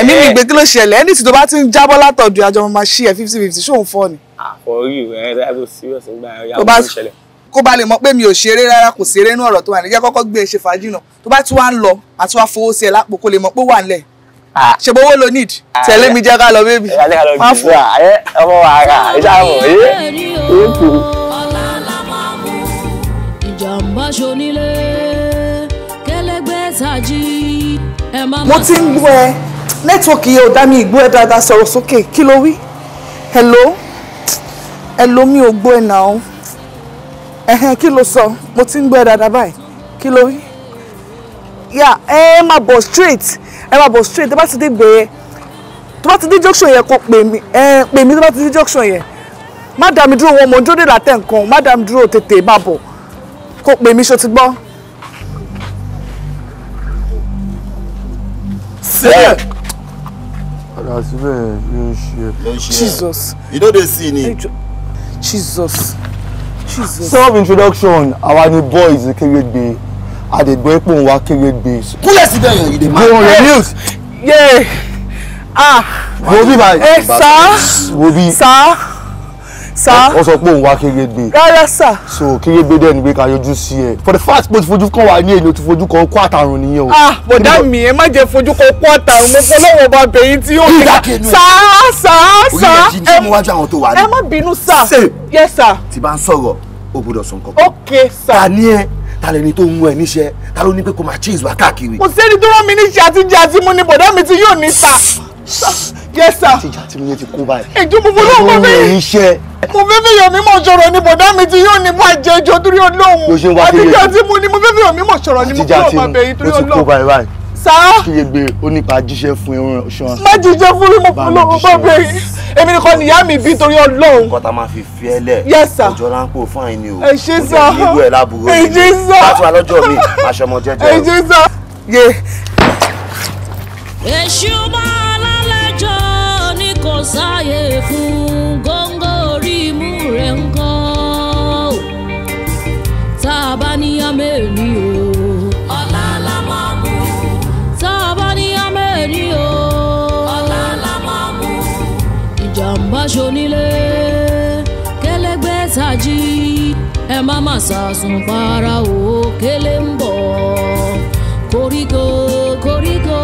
ẹ̀mí mi eh. gbé kí ló ṣẹlẹ̀ ẹni tí tó bá ti ń jábọ́ látọ̀dọ̀ àjọ mo máa ṣí ẹ̀ fifty fifty ṣóun fọ́ ni. àkọ́rí rẹ̀ ẹ̀ kó serious gbà ẹ̀ yàgò ló ṣẹlẹ̀ kó ba lè mọ pé mi ò ṣeré rárá kò ṣeré nú ọ̀rọ̀ tó wà ní jẹ́ kọ́kọ́ gbé e ṣe fàájì náà tó bá tún wá ń lọ àti wá fowó sí ẹ lápò kó lè mọ pé wà ń lẹ̀ Ah. ṣe bowó lo need ah, tẹ̀lé mi jẹ́ ká lọ bébì má fò. Ah, ọmọ wa ra ìṣàmù yé é kù. ìjàmbá ṣonílé kẹlẹgbẹ tají ẹ má. mo ti ń gbọ́ ẹ nẹ́tíwọ̀kì yẹn dá mi ìgbọ́ ẹ dáadáa sọ̀rọ̀ sókè kí ló wí hello hello mi ò gbọ́ ẹ nà ó ẹ̀hẹ́n kí ló sọ mo ti ń gbọ́ ẹ dáadáa báyìí kí ló wí. yà ẹ má bọ̀ straight ẹ máa bọ̀ straight tó bá ti dé bẹ̀ẹ́ tó bá ti dé junction yẹn kò pè mí ẹ pè mí tó bá ti dé junction yẹn má dá mi dúró wọn mò ń dúró nǹkan má dá mi dúró tètè máa bọ̀ kò pè mí ṣo ti gbọ́. padà síbẹ̀ ló ń ṣe. Jesus. you no dey ni. Jesus. Jesus. self introduction àwa ni boys kérégbé àdègbò epo ń wá kéré gbé. kúlẹ̀ síbẹ̀ yẹn ìdè máa. gbọ́n rẹ̀ news. yé ah. wo bí báyìí. ẹ eh, sá wo bí. sá sá. wọ́n sọ pé òun wá kéré gbé. rárá sá. so kéré gbé dẹ́nu pé ká yọjú sí ẹ. for the first pé o ti fojú kan wà ní èyí o ti fojú kan kó àtàrùn nìyẹn o. ah bọ̀dá mi ẹ má jẹ́ fojú kan kó àtàrùn mo fọlọ́wọ́ bá bẹ̀yìn tí yóò ní ká. sá sá sá ẹ má bínú sá. yes sir. tí bá ń sọ̀rọ̀ o gbọ́dọ̀ sọ nǹkan kan. ok sir. ta ni ẹ ta lẹni tó ń mú ẹ níṣẹ́ ta ló ní pé kó máa chase wá káàkiri. kò sẹ́ni tó rán mi níṣẹ́ àtijọ́ àti mú ni bọ̀dá mi ti yóò ní sà. yes sir. àtijọ́ àti mú yẹn ti kú báyìí. èjò mo fọlọ́ mo fẹ́ mo fẹ́ fẹ́ yọ̀mí mọ̀ sọ̀rọ̀ ni bọ̀dá mi ti yóò ní bá jẹ́ torí Ọlọ́run àtijọ́ àti mú ni mo fẹ́ fẹ́ yọ̀mí mọ̀ sọ̀rọ̀ ni mo fẹ́ ọ̀ma bẹ̀yìn torí Ọlọ́run sá. kí yegbe onípa jíṣẹ́ fún ẹran ṣan. má jíṣẹ́ fún mi mo fún lọ́wọ́ yìí èmi nìkan nìyá mi bí torí ọlọ́run. nǹkan tá máa fi fi ẹ lẹ̀. yẹ sá ọjọ́ fún àìní o. èṣe sá o jẹ́ ìlú ẹ̀ láburú mi. èṣe sá láti wà lọ́jọ́ mi aṣọ ọmọ jẹjẹ. èṣe sá. ye. èṣù máa lálejò ni kò sáyè fún masasun para o kele ń bọ̀ koríko koríko.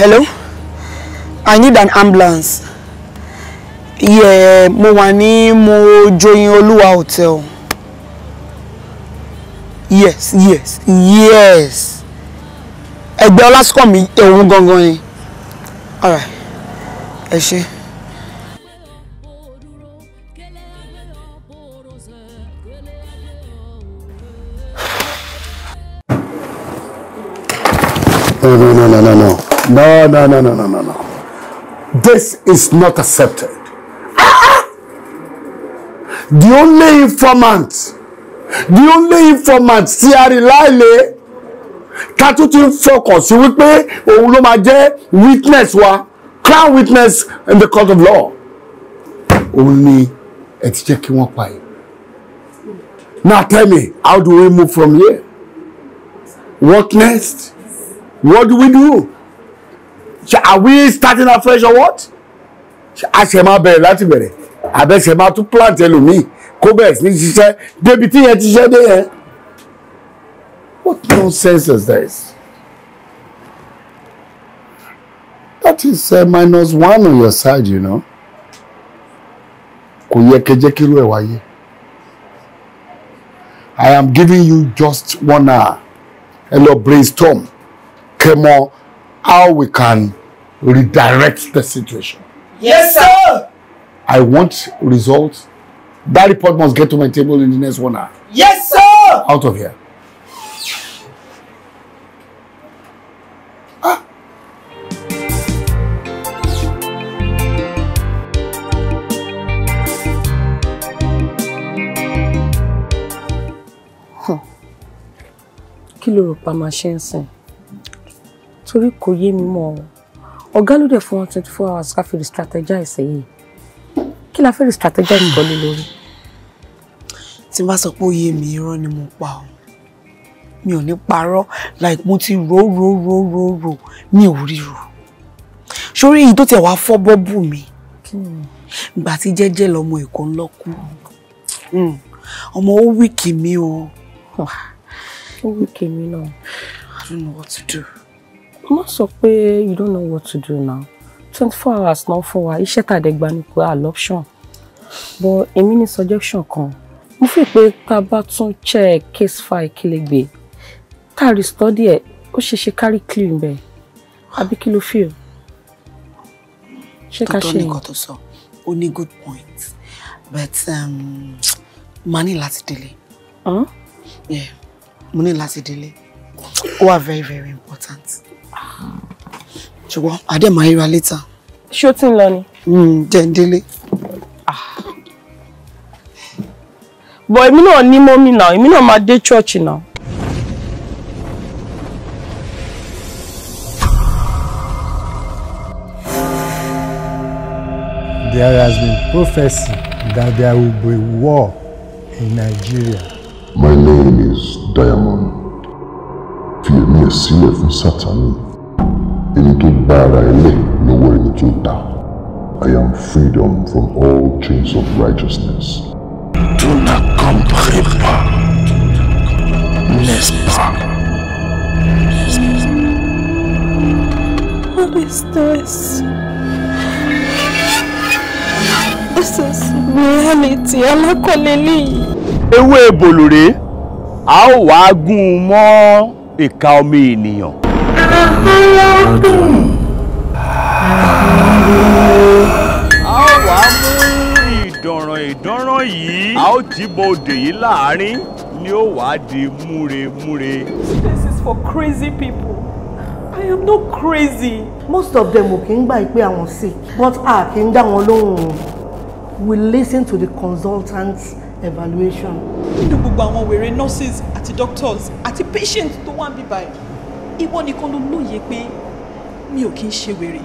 hello i need an ambulance yeah mo wà ní Mojoyin Olúwa hotel yes yes yes ẹgbẹ́ ọlásùkọ̀ mi òun gangan ni ẹ ṣe. No, no, no, no, no, no. No, no, no, no, no, no, no. This is not accepted. Ah! The only informant, the only informant, tí a ká tún ti fọkàn sí wípé òun ló máa jẹ́ witness wa crown witness in the court of law òun ni ẹ ti jẹ́ kí wọ́n pa ẹ̀. now tell me how do we move from here what next what do we do are we starting afresh or what a ṣe máa bẹ̀rẹ̀ láti bẹ̀rẹ̀ àbẹ̀ṣẹ̀ máa tún plant ẹlòmíì kó bẹ̀rẹ̀ sí ní ṣiṣẹ́ débi tí yẹn ti ṣiṣẹ́ dé yẹn. What nonsense is this? That is uh, minus one on your side, you know. I am giving you just one hour. Ẹ lọ brainstorm. Kẹ́ on, how we can redirect the situation. Yes, sir. I want results. That report must get to my table in the next one hour. Yes, sir. Out of here. kí ló rò pa máa ṣe ń sìn torí kò yé mi mọ́ ọ ọ̀gá ló dẹ̀ fún wọn twenty four hours ká fi lè strategize yìí kí la fẹ́ lè strategize nǹkan lé lórí. tí n bá sọ pé ó mi irọ́ ni mo pa ọ́ mi ò ní parọ́ like mo ti rò rò rò rò rò mi ò ríro sórí èyí tó tiẹ̀ wá fọ́ bọ́bù mi ìgbà tí jẹ́jẹ́ lọ́mọ èkó ńlọ́kù hmm. ọmọ ó wíkì mi o fún wíkì mi náà. I don't know what to do. Má sọ pé you don't know what to do now. Twenty four hours náà fún wa, iṣẹ́ tàdẹ́gba ni pé adoption. But èmi ní suggestion kan. Mo fi pé tá a bá case file kílégbé. Tá a rí study ẹ̀, ó ṣe carry clean bẹ́ẹ̀. Àbí kí ló feel? Ṣé ká ṣe yẹn? Tọ́tọ́ nìkan tó good point. But um, money ní láti Huh? Yeah. Money ní láti Who are very very important ṣùgbọ́n àdèmọ̀ ayéra later. ṣé ó ti ń lọ ni. Hmm, jẹ́ ń délé. Ah. bọ̀ èmi náà ní mọ́mí now. èmi náà máa dé church náà. There has been prophecy that there will be war in Nigeria. My name is Diamond. Fear me, sílẹ̀ fún Satan. In tó bá ara ẹ No lọ́wọ́ in tó dà. I am freedom from all chains of righteousness. Tu ne comprends pas, n'est-ce pas? What is this? This is reality. I'm not calling you. ewé ebòlò a ó wàá gún un mọ́ ìka ọmọ ènìyàn. a ó wàá mú ìdànràn ìdànràn yìí a ó tì bọ òdè yìí láàárín ni ó wàá di múremúre. This is for crazy people. I am not crazy. Most of them ò kí ń gbà pé àwọn sick but a kì í dá wọn lóhùn. We listen to the consultants evaluation. nínú gbogbo àwọn wèrè nurses àti doctors àti patients tó wà ń bí báyìí ìwọ nìkan ló lóye pé mi ò kí ń ṣe wèrè.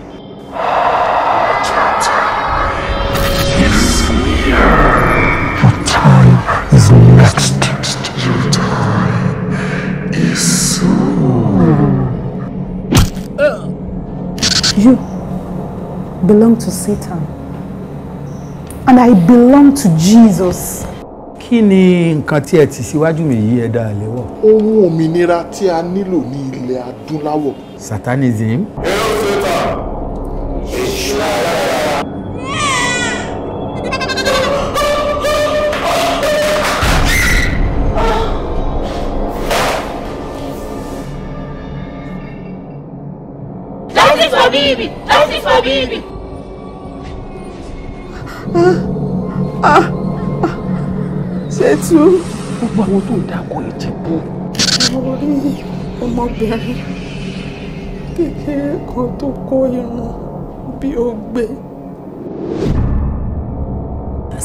Your time is next. Your time You belong to Satan, and I belong to Jesus kí ni nǹkan tí ẹ ti síwájú mi yìí ẹ dáa lẹ́wọ̀. ohun òmìnira tí a nílò ní ilẹ̀ adúláwọ̀. satanism. hell satan èṣù ayára. Habibi! Justice for Habibi! Ah! Ah! tú. gbogbo àwọn tó ń dáko ìjẹ̀bú. mo rí ọmọbìnrin kékeré kan tó kó irun bí ó gbé.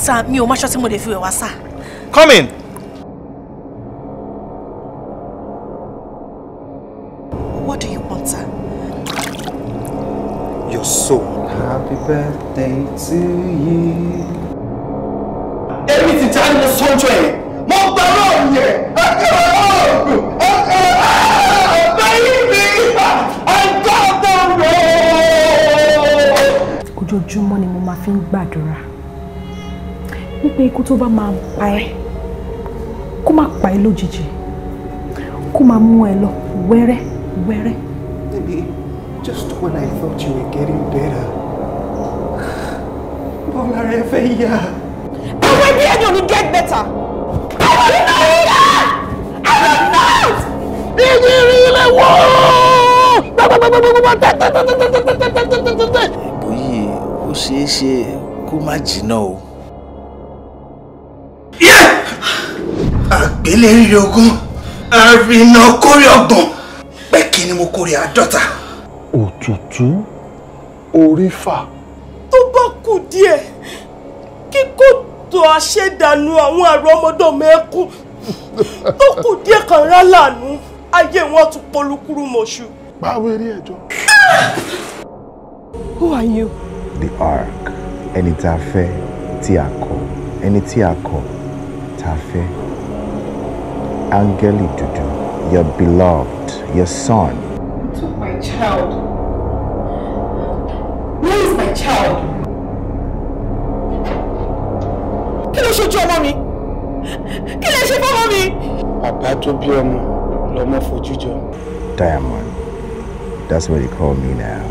sá mi ò máṣọ tí mo lè fi wẹ̀ sá. come What do you want, sir? Your soul. Happy birthday to you tí ó ń jọ ẹ̀ mo gbà lóòrùn yẹn ẹ̀kẹ́rọ̀ lóòrùn ẹ̀kẹ́ ọ̀gbẹ́ yìí ni ẹ̀kọ́ tó wọ̀. ojoojúmọ́ ni mo máa fi ń gbàdúrà wípé ikú tó bá máa pa ẹ́ kó má pa ẹ́ lójijì kó máa mú ẹ lọ wẹ́rẹ́ wẹ́rẹ́. just when I thought you were getting better, Bọ́lá rẹ fẹ́ yá ẹbí ẹbí ò ní get better. I will not hear! I will not! Did you really want? Gbàgbàgbàgbàgbà tẹ́tẹ́tẹ́tẹ́tẹ́tẹ́tẹ́tẹ́tẹ́tẹ́. Bóyí ó ṣeé ṣe kó má jìnnà o. Àgbélé ogún, àrìnà kórè ọgbọ̀n, pẹ́kí ni mo kórè àádọ́ta. Òtútù orí fà. aṣèdànù àwọn ẹ̀rọ ọmọdé mẹ́kù tó kù díẹ̀ kan rá ayé wọn tún polúkúrú mọ̀ṣù. báwo eré ẹjọ. Who are you? The Ark ẹni tá a fẹ́ tí a kọ̀ ẹni tí a kọ̀ tá a fẹ́ áńgẹ́lì dúdú your beloved your son. To my child. bá tó bí ọmọ lọ́mọ fojú Diamond that's what they call me now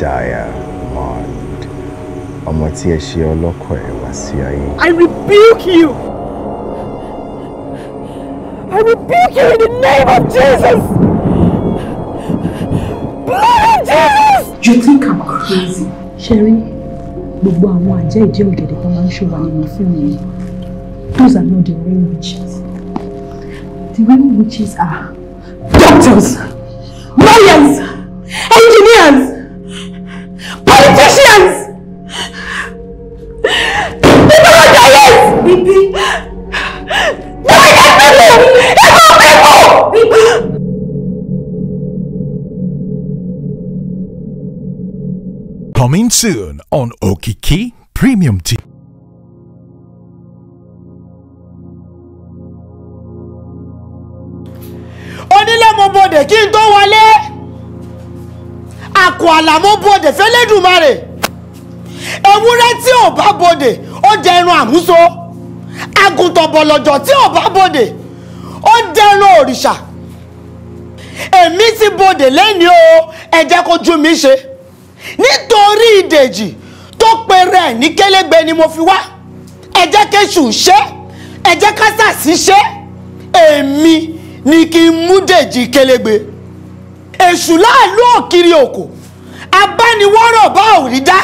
Diamond ọmọ tí ẹ ṣe ọlọ́kọ̀ I rebuke you I rebuke you in the name of Jesus blood of Jesus. You think I'm crazy. Sherry gbogbo àwọn àjẹ́ ìdí ọ̀gẹ̀dẹ̀ kan máa ń ṣòwò nínú fíìmù yìí those are not the real witches. the real witches are ah, doctors, lawyers, engineers, politicians, people who die, Bibi. Bibi. Bibi. Bibi. Coming soon on Okiki Premium TV. onílé mo bòdè kí n tó wọlé àkọ àlà mo bòdè fẹlẹ́dùmarè ewúrẹ́ tí ò bá bòdè ó jẹ ẹran àmúso àgùntàn bọ̀lọ̀jọ̀ tí ò bá bòdè ó jẹ òrìṣà èmi ti bòdè lẹ́ni o ẹ jẹ́ kó mi ṣe nítorí ìdèjì tó pèrè ní kélégbé ni mo fi wá ẹ jẹ́ kéṣù ṣe ẹ jẹ́ kásàsì ṣe èmi ni kí n mú dèjì kélégbé èṣù láàlú òkiri òkò abániwọ́rọ̀ bá ò rí dá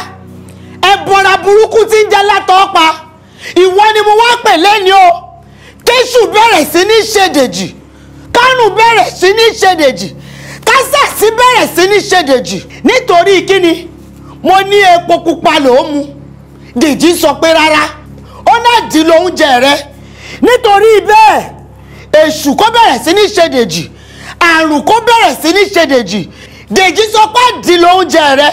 ẹ̀bọ̀ra burúkú tí ń jẹ́ látọ̀ pa ìwọ ni mo wá pè lẹ́ni o kéṣù bẹ̀rẹ̀ sí ní ṣe kánù bẹ̀rẹ̀ sí ní ṣe kásàsì bẹ̀rẹ̀ sí ní ṣe nítorí kíni mo ní epo pupa lòó mu dèjì sọ pé rárá ó náà dì lóúnjẹ rẹ nítorí bẹ́ẹ̀ èṣù kó bẹ̀rẹ̀ sí ní ṣe dèjì àrùn kó bẹ̀rẹ̀ sí ní ṣe dèjì dèjì sọ pé àdì ló ń jẹ rẹ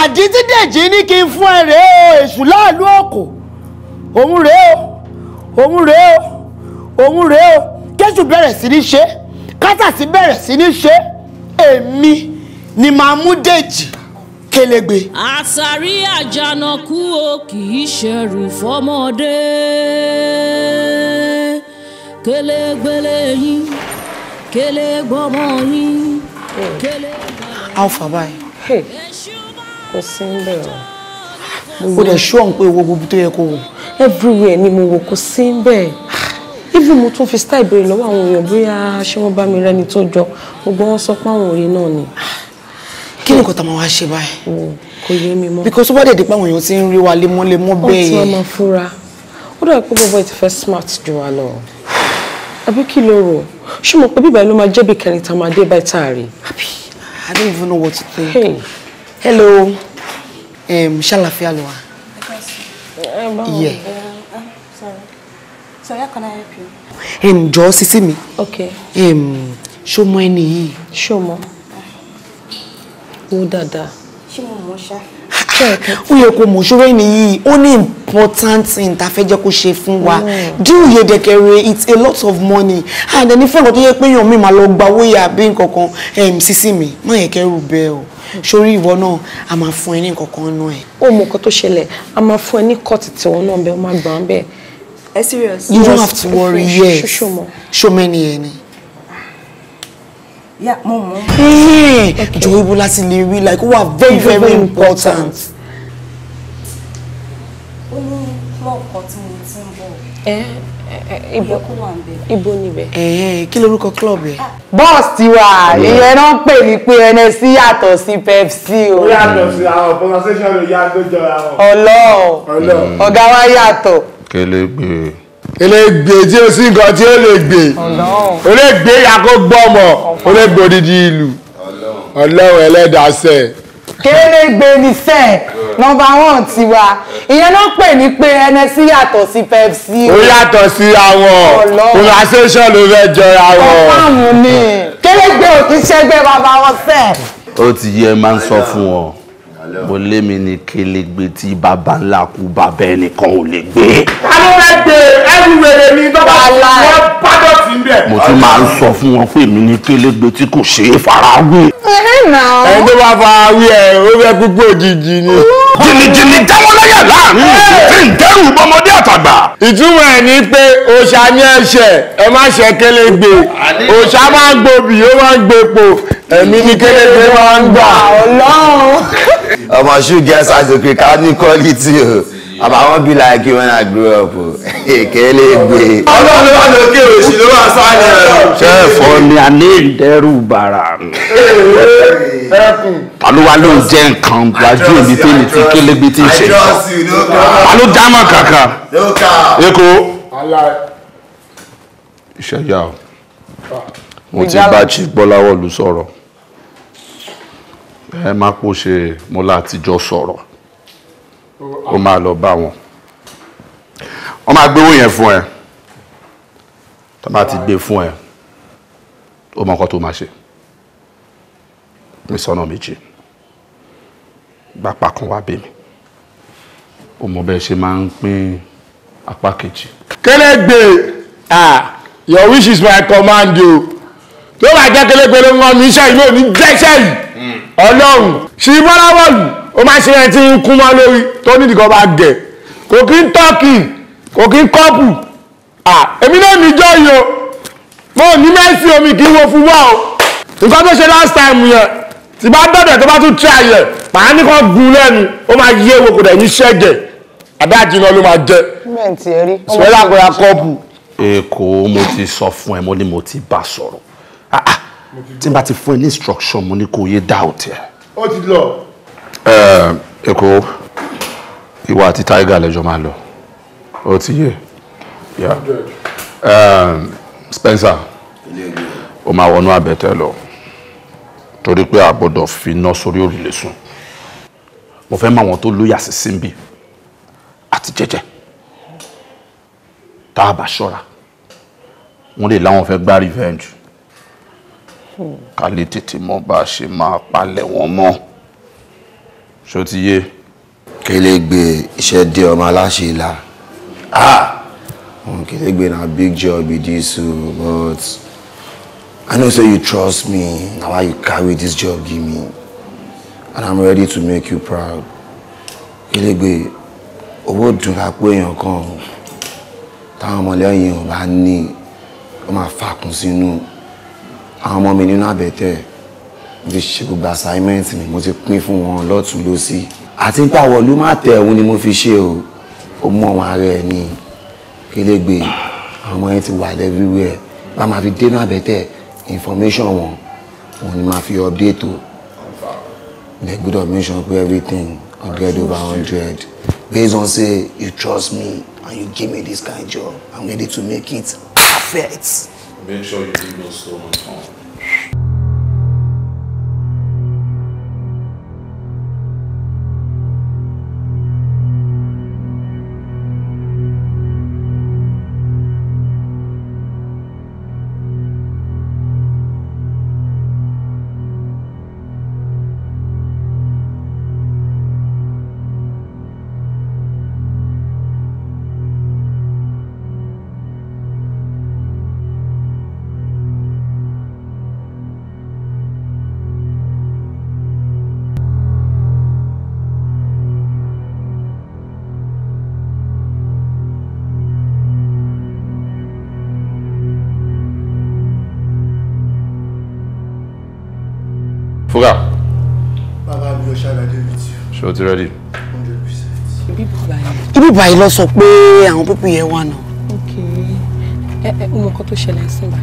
àdì tí dèjì ní kí n fún ẹ rèé o èṣù láàlú òkò òun rèé o òun rèé o òun rèé o kẹ́sù bẹ̀rẹ̀ sí ní ṣe kátàsí bẹ̀rẹ̀ sí ní ṣe èmi ni màá mú dèjì kélégbé. àṣàrí àjànàkú o kì í ṣẹrù fọmọdé kele gbélé yín kele gbọmọ yín kele. alfa báyìí kò sí ń bẹ̀ o. o dẹ̀ ṣọ́ ń pé owó gbogbo tó yẹ kó wò. everywhere ni mo wò kò sí ń even mo tún fi style béèrè lọ́wọ́ àwọn èèyàn bóyá ṣé wọ́n bá mi rẹ́ni tó jọ gbogbo wọn sọ pé àwọn òye náà ni. kí ni nǹkan tá a máa wá ṣe báyìí. kò yé mi mọ́. because somebody bá dẹ̀dẹ̀ pé àwọn èèyàn ti ń rí wa lemọ́lemọ́ bẹ́ẹ̀ yẹn. ó ti wọn máa fura ó dàbí pé bọ́bọ́ ti fẹ́ smart jù wa lọ àbí kí ló rò ṣé mo pé bíbá ló máa jẹ́bi kẹrin tá a máa dé báyìí táàrí. I don't even know what to think. Hey. hello Um, shall I feel ṣàlàfíà ló wà. Um, sorry So how can I help you. ǹjọ́ sisi See me. Okay. Um, show ṣó mọ wo dáadáa. ṣé mo mọ ṣá. ó yẹ kó mọ̀ ṣó ẹni yìí ó important thing ta fẹ́ jẹ́ kó ṣe fún wa do you dekere it's a lot of money and ẹni fún ọ̀gá tó yẹ pé èèyàn mi máa lọ gba owó yà bí nǹkankan sísí mi má yẹ kẹ́rù bẹ́ẹ̀ o sórí ìwọ náà a máa fún ẹ ní nǹkankan nú ẹ. ó mọ nǹkan tó ṣẹlẹ̀ a máa fún ẹ ní kọ́ọ̀tì tiwọn náà bẹ́ẹ̀ máa gbà ń bẹ́ẹ̀. ẹ serious. you don't have to worry yet. yes ṣọmẹ́ni ẹ ni yeah mo mọ. jọ ibo láti lè rí like ó are very very important ó ní lọ́ọ̀kan tí mo ti ń bọ̀. ẹ ibo ibo níbẹ̀. kí lorúkọ club yẹn. bọ́ọ̀s ti wà ìyẹn náà pè ní pé nsc yàtọ̀ sí pepsi o. ó yàtọ̀ sí àwọn pronunciation rẹ̀ yàtọ̀ jọra wọn. ọlọ ọ̀gá wa yàtọ̀. kélégbé elégbè tí ó sí nǹkan tí ó lè gbè olégbè yà kó gbọmọ olégbè odidi ìlú Ọlọ́run ẹlẹdàá sẹ kérégbé ni sẹ́ nọmba one tiwa ìyẹn náà pè ní pé ẹnẹsí yàtọ̀ sí Pepsi. ó yàtọ̀ sí àwọn relaxation ló fẹ́ jọra wọn. ọ̀páàmù ni kérégbé ò kí ṣẹ́gbẹ́ bàbá wọn sẹ́. ó ti yẹ máa ń sọ fún ọ mo lémi ní kélégbé tí baba ńlá kú bàbá ẹnìkan ò lè gbé. a ló fẹ́ gbé ẹrù wèrè mi tó bá fún wọn pádọ̀ sí ń bẹ̀. mo ti máa ń sọ fún wọn fún èmi ní kélégbé tí kò ṣeé farawé. ẹni tó bá farawé ẹ ó fẹ́ gbogbo òjijì ni. jìnnìjìnnì jáwọ́ lọ́yẹ̀ láàrin tí ń dẹ́rù bọ́mọdé àtàgbà. ìtumọ̀ ẹ̀ ni pé òòṣà ni ẹ ṣẹ̀ ẹ má ṣe kélégbé òòṣà máa ń gbòbì ó máa ń gbèpò ẹ̀mí ní kélégbé máa ń gbà. ọmọ ṣùgbọ́n ṣàṣekè ká ní quality o. Baba won't be like you when I grew up. Oh. Kele gbe. Ọlọ́run ló wà lókè òsì ló wà sálẹ̀. Ṣé ẹ̀fọ́ ni a ní ìdẹ́rù bàrà? Ta ló wá ló ń jẹ́ nǹkan gbájú èmi tó ní ti kélégbé tí ń ṣe? Ta ló dámọ̀ kàkà? Eko. Iṣẹ́ yà o. Ah. Mo ti ba Chief Bọ́láwọ́lù sọ̀rọ̀. Ẹ má pòṣe mo láti jọ sọ̀rọ̀ ó máa lọ bá wọn wọ́n máa gbé owó yẹn fún ẹ tó bá ti gbé fún ẹ ó mọ nǹkan tó máa ṣe mi sọ́nà méjì gbapá kan wá bèmí ó mọ bẹ́ẹ̀ ṣe máa ń pín apá kejì. kélégbè ah your wish is my command o tó bá jẹ́ kélégbè ló ń wọ́n mi iṣẹ́ ìlú òní jẹ́ṣẹ́ yìí hmm. ọlọ́run ṣì bọ́lá wọ̀lú ó máa ṣe ẹni tí ń kún mọ́ lórí tó ní ìdìkan bá gẹ̀ kò kí ń tọ́kì kò kí ń kọ́pù èmi náà níjọ́ yìí o mo ní mẹ́sì omi kì í wo fún wọ́ọ̀ nǹkan tó ṣe last time yẹn tí bá dọ̀dọ̀ tó bá tún try yẹn màá ní kàn gun lẹ́nu ó máa yé wo kò dẹ̀ ní ṣẹ́gẹ̀ àdáàjì náà ló máa jẹ́ sọ́yà kò yà kọ́pù. èkó mo ti sọ fún ẹ mo ní mo ti bá sọ̀rọ̀ ah, ah. tí n bá ti fún ẹ ní instruction mo ní kò yé doubt ẹ. ó ti lọ Èkó ìwà àti Tiger lẹ́jọ́ máa lọ ó ti yẹ um, Spencer o máa wọnú àbẹ̀tẹ̀ lọ torí pé a gbọ́dọ̀ fi iná sórí òrùlé sùn mo fẹ́ mọ àwọn tó lóyà sí síbi àti jẹ́jẹ́ tá a bá ṣọ́ra wọ́n lè láwọn fẹ́ gba revenge hmm. ká lè tètè mọ bá a ṣe máa palẹ̀ wọ́n mọ́ ṣó ti yé. kélégbé iṣẹ́ dé ọmọ aláṣẹ ìlà kélégbé na big job be this o but i know say you trust me na why you carry this job give me and i'm ready to make you proud kélégbé owó dùn lápò èèyàn kan táwọn ọmọlẹ́yìn ò bá ní ó máa fàkún sínú àwọn ọmọ mi nínú àbẹ̀tẹ̀ mo ti ṣe gbogbo assignment mi mo ti pín fún wọn lọ́tún lọ́sí àti ń pàwọ̀ ló má tẹ̀ òun ni mo fi ṣe o ó mú àwọn ara ẹ̀ ní kélégbé àwọn ọmọ yẹn ti wà everywhere bá máa fi dénú àbẹ̀tẹ̀ information wọn òun ni máa fi update o they good make sure pé everything get over hundred based on say you trust me and you give me this kind of job i'm ready to make it perfect. make sure you give me so much time. Fúgà. Bàbá mi ò ṣàlàyé ibi tí. Ṣé o ti rẹ́dì? Ibi báyìí lọ sọ pé àwọn pípì yẹn wà náà. Ok, ẹ ẹ mo kọ́ tó ṣẹlẹ̀ sí ìgbà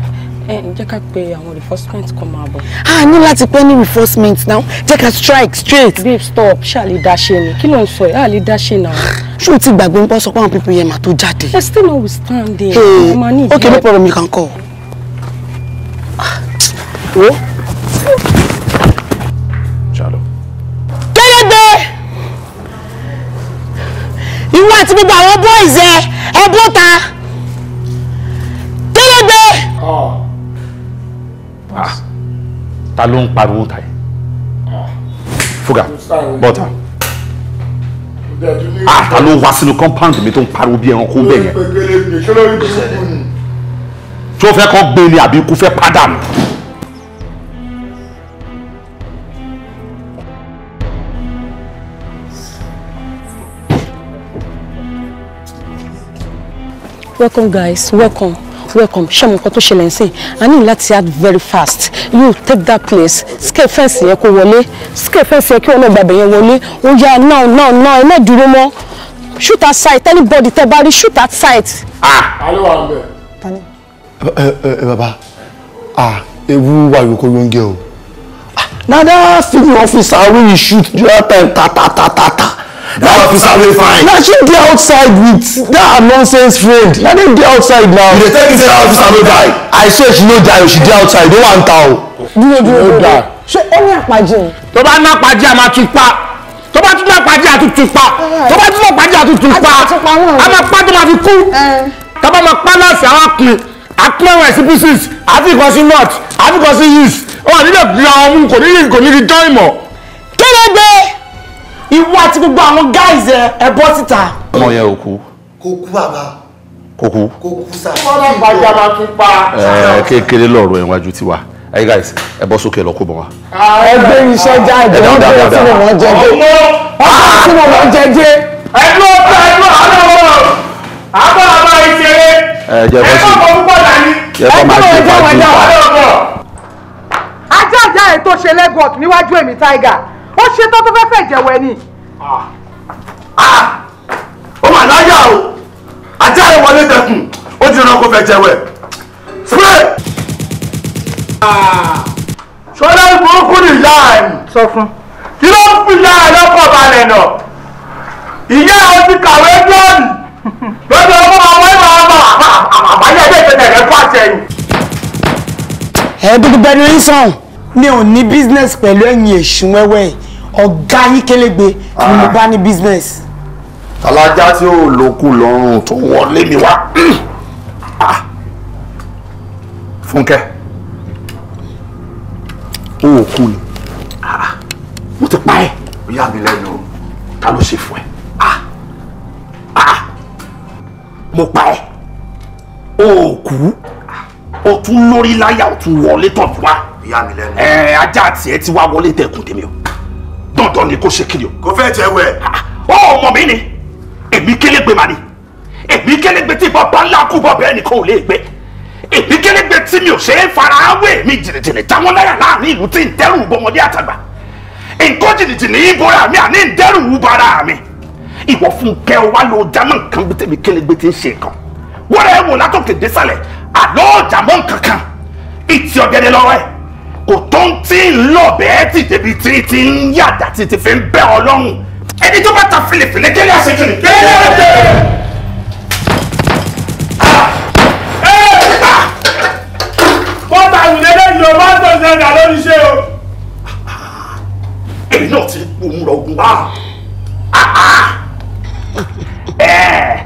jẹ́ ká pe àwọn reinforcement kan máa bọ̀. a ní láti pẹ́ ní reinforcement now jẹ́ ká strike straight. babe stop ṣáà lè dá ṣe ni kí ló ń sọ ẹ̀ á lè dá ṣe náà. ṣé o ti gbàgbé ń bọ́ sọ pé àwọn pípọ̀ yẹn máa tó jáde. ẹ still no we stand there. ok no problem you can call. Ah. wo ìwọ àti gbogbo àwọn boys ẹ ẹ bọ́ta Kélébé. Ah. Ah. ta ló ń pariwo ta yìí fúgà bọ́ta ah, ta ló wá sínú compound mi tó ń pariwo bí ẹranko bẹ́ẹ̀ yẹn tó fẹ́ kọ́ gbé ni àbí ikú fẹ́ pádà mi. welcome guys welcome welcome ṣé mo nǹkan tó ṣẹlẹ̀ nsìn i need láti act very fast you take that place scale fence yẹn kó wọlé scale fence yẹn kí wọn náà gbàgbẹ́ yẹn wọlé ó yá now now now ẹ má dúró mọ́ shoot at sight anybody tẹ bá rí shoot at sight. alo wa n bẹ. tani. ẹ ẹ baba ah ewu wa yòókó ló ń gé o ah, na that senior officer wey you shoot during time ta ta ta ta ta that one fit sabi fine. na she dey outside with that her nonsense friend na dem dey outside now. you dey tell me say that one fit sabi die. i swear she no die o she dey outside no wan ta o. you dúró dúró ṣé ó ní àpàjẹ. tó bá ná àpàjẹ a máa tún pa tó bá tún ná àpàjẹ a tún tún pa tó bá tún ná àpàjẹ a tún tún pa a máa pa tó máa fi kú tó bá pa náà àwọn akun akun ẹ̀wọ̀n sí pieces àfi sí north àfi kan sí east wọn àti ilé ìgbìyànjú kò ní kò ní rí jọ́ ìmọ̀. kí ló dé ìwọ àti gbogbo àwọn guys ẹ ẹ bọ́ síta. ọmọ yẹn ò kú. kò kú bàbá. kò kú. kò kú sá. wọ́n bá bàjá máa tún pa. ẹ kékeré lọ́rọ̀ ẹ̀ wájú tiwa ẹ̀yin guys ẹ bọ́ sókè lọ kó bọ̀ wá. ẹgbẹ́ iṣẹ́ jáde wọ́n bẹ̀rẹ̀ sínú wọn jẹ́jẹ́ wọ́n bẹ̀rẹ̀ ah! sínú wọn jẹ́jẹ́. ẹgbẹ́ ọ̀tá ẹgbẹ́ àbọ̀wọ̀ àbọ̀ àbọ̀ ìṣeré ẹgbẹ́ ọ̀pọ̀ púpọ̀ dání ẹgbẹ́ ọ̀jọ̀ wọn jà wọ́n. ajá ajá ètò ṣe leg work níwájú èmi tiger ó ṣe tó tó fẹ́ fẹ́ jẹ̀wẹ̀ ni. Ah! Ah! ó mà láyà o ajá rẹ̀ wọlé dẹkùn ó ti ràn kó fẹ́ jẹ̀wẹ̀ spray. sọlá ah! ìbòkú ni ìyá ẹ̀ sọ fún. kí ló ń fi ìyá ẹ̀ lọ́kọ̀ balẹ̀ nà ìyá ẹ̀ ti kàwé jọ́ọ̀nù lọ́dọ̀ ọmọ àwọn ẹ̀ máa bá àbáyé ẹgbẹ́ ìṣẹ̀lẹ̀ rẹ̀ fún àtẹ̀yìn. ẹ̀ẹ́dùn bẹ́ẹ̀ ni sàn mi ò ní business pẹ̀lú ẹ̀yin èṣù wẹ́wẹ́ yìí ọ̀gá yín kélégbé ni mo ah. bá ní business. alájá tí ó lókù lọ́rùn tó wọlé mi wá. Ah. fúnkẹ́ ó ò kú ni ah. mo ti pa ẹ́. ó yà lẹ́nu ta ló ṣe fún ẹ. mo pa ẹ́ ó ò kú ó tún lórí láyà ó tún wọlé tọ̀ wá. ó yà mí lẹ́nu. ẹ eh, ajá tiẹ̀ ti wá wọlé tẹ̀kùn tèmi o dandan ni kò ṣe kiri o. kò fẹ́ jẹ wẹ̀. ó mọ̀ mí ni èmi kélégbé ma ni èmi kélégbé tí bàbá ńlá kú bọ̀ bẹ́ẹ̀ ni kò lè gbé èmi kélégbé tí mi ò ṣe é fara wé mi jìnnìjìnnì táwọn náírà láàrin ìlú tí ń dẹ́rù bọmọdé àtàgbà nǹkan jìnnìjìnnì yìí bọ́ra mi àní ń dẹ́rù bara mi ìwọ fún kẹ́ ọ wá lọ jámọ́ nǹkan bí tèmi kélégbé ti ń ṣe nǹkan wọ́n rẹ̀ wò látòkè désàlẹ̀ àlọ́ ọ̀jàmọ́ nǹkan kan ìtì ọ̀gẹ̀dẹ̀ lọ́wọ́ ẹ̀ kò tó ń tí ń lọ bẹ́ẹ̀ tì débi tí tí ń yàdá tí ti fi ń bẹ́ ọ lọ́rùn ẹni tó bá ta filifili kí ni a ṣe kí ni. kẹ́lẹ́ ọ̀dẹ̀. bọ́tà ìrẹ́lẹ̀ yìí ló máa ń tọ́jú ẹ̀dá lórí iṣẹ́ o. Ah! èmi náà ti gbóhùn rọ ogun wá. Ah! Ah! Eh!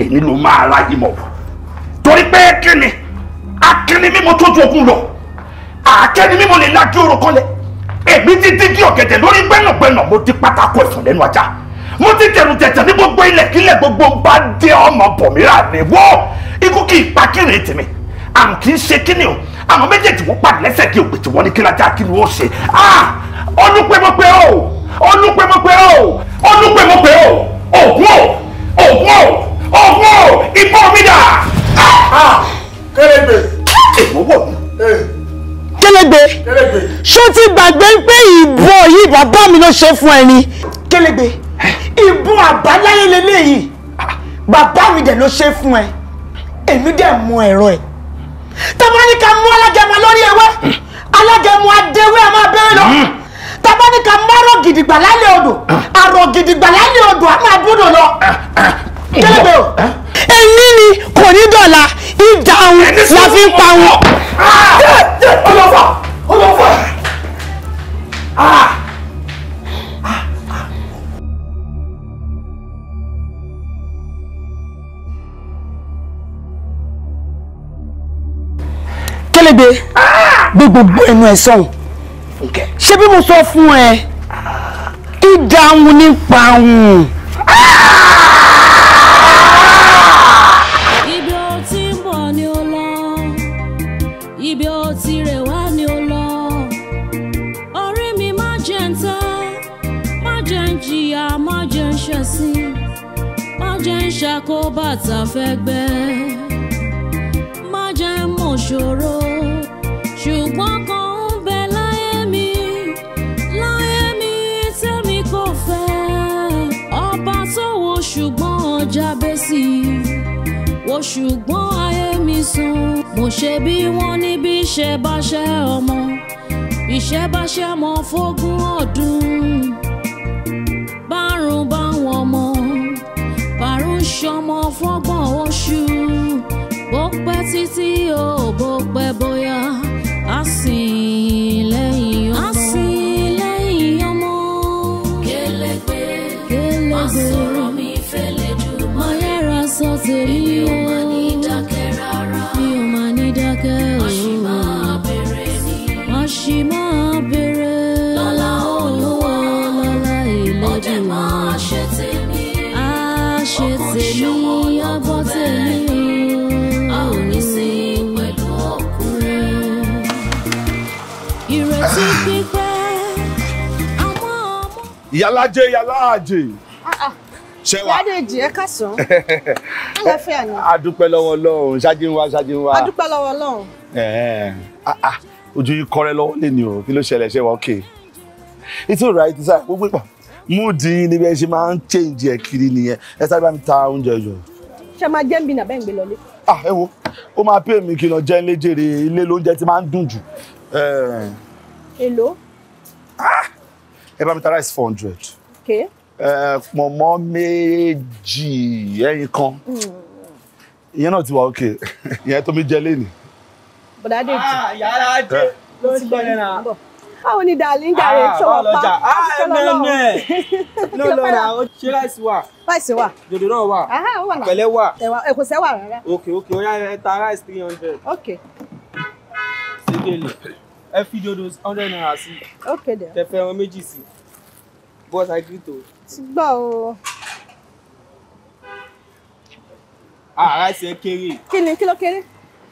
èmi ló máa ráyè mọ̀ torí pé kí ni akínní mímọ́ tó ju ogun lọ àákẹ́ ni mí mo lè lajú oró kan lẹ̀ èmi ti dígí ọ̀gẹ̀dẹ̀ lórí gbẹ́nàgbẹ́nà mo di pátákó ẹ̀fọn lẹ́nu ajá mo ti tẹ̀rù tẹ̀tẹ̀ ní gbogbo ilẹ̀kílẹ̀ gbogbo bá dé ọmọ bòmíràn ni wọ́ ikú kì í pa kírin tèmi àmì kì í ṣe kíni o àwọn méjèèjì wọ́n pàdé lẹ́sẹ̀ kí ògbè tí wọ́n ní kílájà kí ni wọ́n ṣe olùpẹ̀mọ̀pẹ̀ o olùpẹ̀mọ̀pẹ̀ o olùpẹ̀mọ̀pẹ̀ o ògùn o ògùn o ògùn o ìbọn mi dà. kéré gbè. èèwọ̀ wọ̀ mí. Kélégbé ṣó ti gbàgbé pé ìbò yìí bàbá mi ló ṣe fún ẹni. Kélégbé ìbò àbáláyé leléyìí bàbá mi dẹ̀ ló ṣe fún ẹ èmi dẹ̀ mọ ẹ̀rọ ẹ̀ tàbá ní ká mú alágẹmọ lórí ewé alágẹmọ adéwé a máa bẹ́ẹ̀ lọ hmm. tàbá ní ká mú arọ gidigba lálẹ́ odò hmm. arọ gidigba lálẹ́ odò a máa lọ. Eh, eh kílódé o. ẹni ni kò ní dọ̀la ìdá àwọn la fi ń pa wọn. Ah! ọlọ́fà ọlọ́fà. kélébé ah! gbogbo ẹnu ẹ sọhùn ṣé bí mo sọ fún ẹ ah! ìdá àwọn nípa àwọn. ṣùgbọ́n ayé mi sùn mo ṣe bí wọ́n ní bí iṣẹ́ bá ṣe ọmọ iṣẹ́ bá ṣe mọ fógún ọdún bárùn báwọn ọmọ bárùn ṣọmọ fọ́gbọ̀n oṣù bó pẹ́ títí o bó pẹ́ bóyá á sìn lẹ́yìn. ṣe yíyẹ mi ò máa o wọ́n ṣì máa béèrè lọ́la olówó lọ́la ìlẹ́dùnmá a ah, ṣe tèmi ọgbọ́n tèmi a ah. ò ní sí pẹ̀lú ọkùnrin. ìrètí pípẹ́ àwọn ọmọ ṣe wa. Ládèjì ẹ kásán. Àlàáfíà ni. Adúpẹ́ lọ́wọ́ Ọlọ́run, ṣáájú ń wá, ṣáájú ń wá. Adúpẹ́ lọ́wọ́ Ọlọ́run. Ah, ah, ojú yìí kọ́rẹ́ lọ́wọ́ lè ní o, kí ló ṣẹlẹ̀ ṣe wa okay. It's all right, sir, gbogbo ìpà. Múùdì ni bẹ́ẹ̀ ṣe máa ń change ẹ̀ kiri nìyẹn. Ẹ sáré bá mi ta oúnjẹ jọ. Ṣé máa jẹ́ ń nàbẹ́ ń lọlé? Ah ẹ wo, ó máa pè mí kí n lọ jẹ́ ńlé jèrè ilé lóúnjẹ tí máa ń dùn jù. Èló. Ah, ẹ bá mi ta rice four hundred. Okay pọ̀nmọ́ méjì ẹyin kan hmm. ìyẹn náà ti wà òkè ìyẹn tó mi jẹ lẹ́nu. bọ̀dá dèjì. Ah, yàrá dé ló ti gbọ́ yẹn náà báwo ni darling jàre tó ah, wà pa ọlọlọ ah, ló lọ ra ó ṣe láìsí wà láìsí wà dòdò náà wà pẹ̀lẹ́ wà èkó sẹ wà rárá òkè òkè ó yá ẹ ta rice three hundred òkè sídèlè ẹ fi dòdò hundred naira sí tẹfẹ wọn méjì sí bọ́ọ̀sì àgírí tó ti ah o. ráìsì ẹ kéré. kí ni kí ló kéré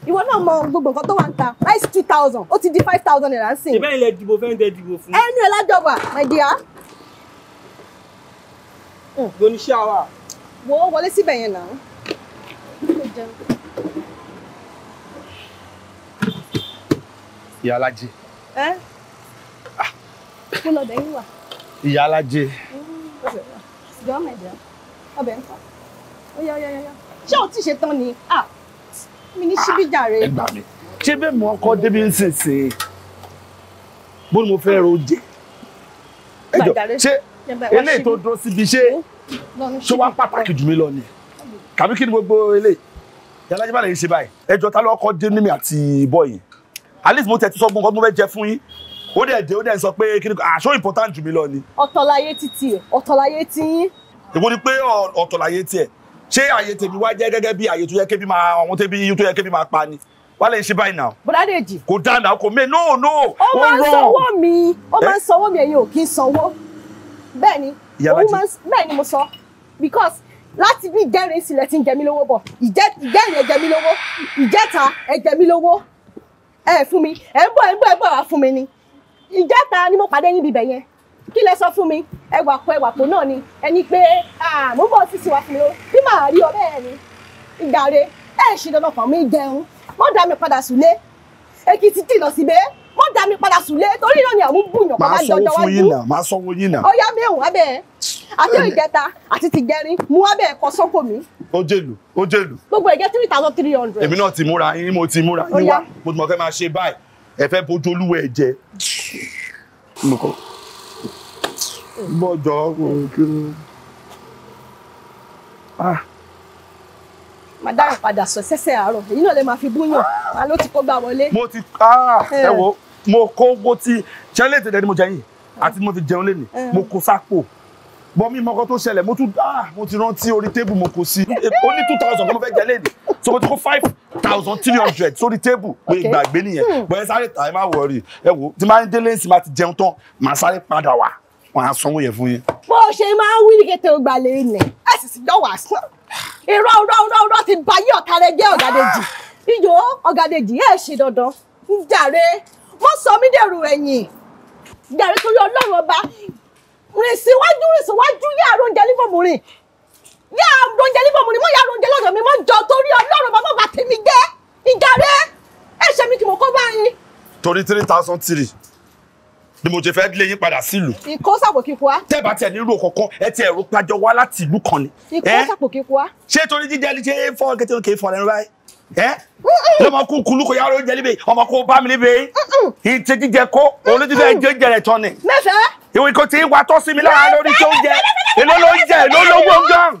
ìwọ náà mọ gbogbo nǹkan tó wà ń ta ráìsì two thousand ó ti di five thousand naira sí. ìbẹ́ ilẹ̀ dìbò fẹ́ ń tẹ dìbò fún. ẹnu ẹ lájọba my dear. lóní hmm, ṣáwà. wo wọlé síbẹ̀ yẹn náà. ìyá alájẹ. ẹ ah. kó lọ bẹ̀ yín wà. ìyá alájẹ. Hmm. Ṣùgbọ́n mẹ̀dá, ọbẹ̀ ń kọ́. Ó yá yá yá. Ṣé o ti ṣe tán ni? À ah, mi ní ṣíbí jàre. Ah, ẹ gbà mí. Ṣé bẹ́ẹ̀ mọ ọkọ débi ń sìn sìn? Bó ni mo fẹ́ ro jẹ? Ẹ jọ ṣé eléyìí tó dúró síbi ṣé ṣé wá pàtàkì jù mí lọ ni? Tàbí kí ni gbogbo eléyìí? Yàrá Jíbálẹ̀ yìí ṣe báyìí. Ẹ jọ ta ló kọ́ dé ní mi àti bọ́ọ̀yì? At least mo tẹ̀ ti sọ gbọ́n kọ́ tó fẹ́ jẹ fún yín ó dẹ̀ dé ó dẹ̀ sọ pé kí ni àṣọ important jù mí lọ ni. ọ̀tọ̀láyé títì ọ̀tọ̀láyé ti yín. èwo ni pé ọ̀tọ̀láyé tiẹ̀ ṣé àyè tèmi wá jẹ́ gẹ́gẹ́ bí àyè tó yẹ kébi máa àwọn tẹ́bí tó yẹ kébi máa pa ni wà lè ṣe báyìí náà. bùrádèjì. kò dáná kò mí no no. ó máa ń sanwó mi ó máa ń eh? sanwó mi ẹ̀yin ò kí ń sanwó bẹ́ẹ̀ ni òun máa ń bẹ́ẹ̀ ni mo sọ because láti bí ìjẹrin sílẹ̀ ti ń jẹ mí lówó bọ̀ ìjẹrin ẹ jẹ mí lówó ìjẹta ẹ jẹ mí lówó ẹ fún mi ẹ ń bọ̀ ẹ ń bọ̀ ẹ ń bọ̀ wá fún mi ni ìjẹta ni mo pàdé yín bíbẹ̀ yẹn kí lẹ sọ fún mi ẹwà pọ ẹwà pọ náà ni ẹni pé mo bọ̀ sísè wá fún mi o bí màá rí ọ bẹ́ẹ̀ ni ìgbàre ẹ ṣe dandan kan mi jẹun wọ́n dá mi padà súlé èkìtì tì lọ síbẹ̀ wọ́n dá mi padà súlé torí náà ni àwọn bùyàn padà jọjọ wá jù máa sanwó yín náà ọyá mẹ́wọ̀n abẹ́ àti ìjẹta àti ti gẹrin mú abẹ́ ẹ̀kọ́ sọ́kò mi. ó jèlù ó jèlù. gbogbo ẹ̀jẹ̀ three thousand three hundred. èmi náà ti múra yín mo ti múra yín wá mo ti mọ̀ fẹ́ máa ṣe báyìí ẹ fẹ́ bójú olúwẹ̀ jẹ. bọ́jọ́ kí ni. Ah. màdàrú padà sọ sẹ́sẹ̀ àárọ̀ èyí náà lè máa fi búyàn màá ló ti kó gbà wọlé. mo ti ah, eh. ẹ wo mo kó owó tí ṣẹlẹ tẹlẹ ni mo jẹ yìí àti mo fi jẹun lé mi eh. mo kó sápò bọ́ mi mọ́kọ́ tó ṣẹlẹ̀ mo tún ah mo ti rántí orí tébù mo kò sí ó ní two thousand mo fẹ́ jẹ léde so mo ti kó five thousand three hundred sórí tébù pé gbàgbé nìyẹn hmm. bọ́ ẹ sáré tà ẹ má wọrí ẹ wò tí máa ń délé ń sì máa ti jẹun tán màá sáré padà wá wọn á sanwó yẹn fún yín. bó o ṣe máa ń wí ní kété o gbàlè ilẹ̀ ẹ sì sì dọ́wọ́ àsán irọ́ irọ́ irọ́ irọ́ ti ba yí ọ̀tá jẹ́ ọ̀gádẹ́jì iyò ọ̀gádẹ́jì ẹ̀ ṣe dandan ń jàre wọ́n sọ mí dẹ̀rù ẹ̀yìn jàre torí ọlọ́run ọba rìn síwájú rìn síwájú yá àrùn oúnjẹ lífọ̀ mú rìn yá àrùn oúnjẹ lífọ̀ mú rìn mọ́ yá àrùn oúnjẹ lọ́dọ̀ mi mọ́ jọ torí ọlọ́run bàbá bàbá tèmi jẹ́ ìjà rẹ ẹ̀ṣẹ̀ mi kì mọ̀ kó báyìí. torí three thousand three ni mo ṣe fẹ́ lé yín padà sílùú. ìkọ́sàpò kíkúá. tẹ́bà tiẹ̀ nílò kọ̀ọ̀kan ẹ ti ẹ̀rọ pàjọ wá láti ìlú kan ni. ìkọ́sàpò kíkúá. ṣé torí jíjẹ ẹni ṣe fọ́ kété kéé fọ́ lẹ́nu báyìí ẹ lọmọ kú kulú kò yàrá oúnjẹ níbẹ̀ ọmọ kó bá mi níbẹ̀ yìí ìtẹ́jíjẹ kó olójúfẹ́ jẹ́ tán ni. mẹ́fẹ̀ẹ́ ìwé kò tí ì wà tọ́ sí mi lára lórí tó ń jẹ èló ló ń jẹ èló lówó ń gan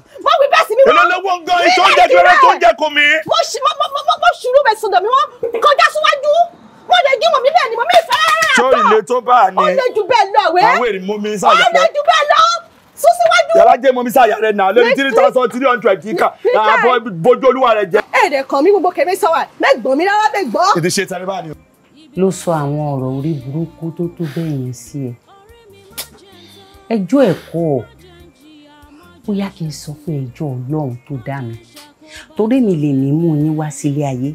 èló lówó ń gan ètò oúnjẹ tó rẹ tó ń jẹ kò mí. mo ṣùrù bẹ̀ sọ̀dọ̀ mi wọ́n kọjá síwájú mo lè gí mọ̀mí bẹ́ẹ̀ ni mọ̀mí ìfẹ́ rárá tó ilé tó bá a ní ó lè ju bẹ́ẹ̀ lọ àwẹ́ àwọn èrè mọ́mí sáyà pọ̀ ó lè ju bẹ́ẹ̀ lọ sún síwájú. yàrá jẹ́ mọ́mí sáyà rẹ̀ náà lórí three thousand three hundred yìí kà àbọ̀ bójú olúwa rẹ̀ jẹ́. ẹ̀ẹ́dẹ̀ kan mi gbogbo kẹ̀mí sọ wà mẹ́gbọ̀n mi rárá mẹ́gbọ̀n. ètò ìṣe tẹ̀lé báyìí. ló sọ àwọn ọ̀rọ̀ orí burúkú tó tó bẹ́ẹ̀ yẹn sí ẹ ẹjọ́ ẹ̀kọ́ bóyá kí n sọ fún ẹjọ́ ọlọ́run tó dá mi torí mi lè mí mú yín wá sílé ayé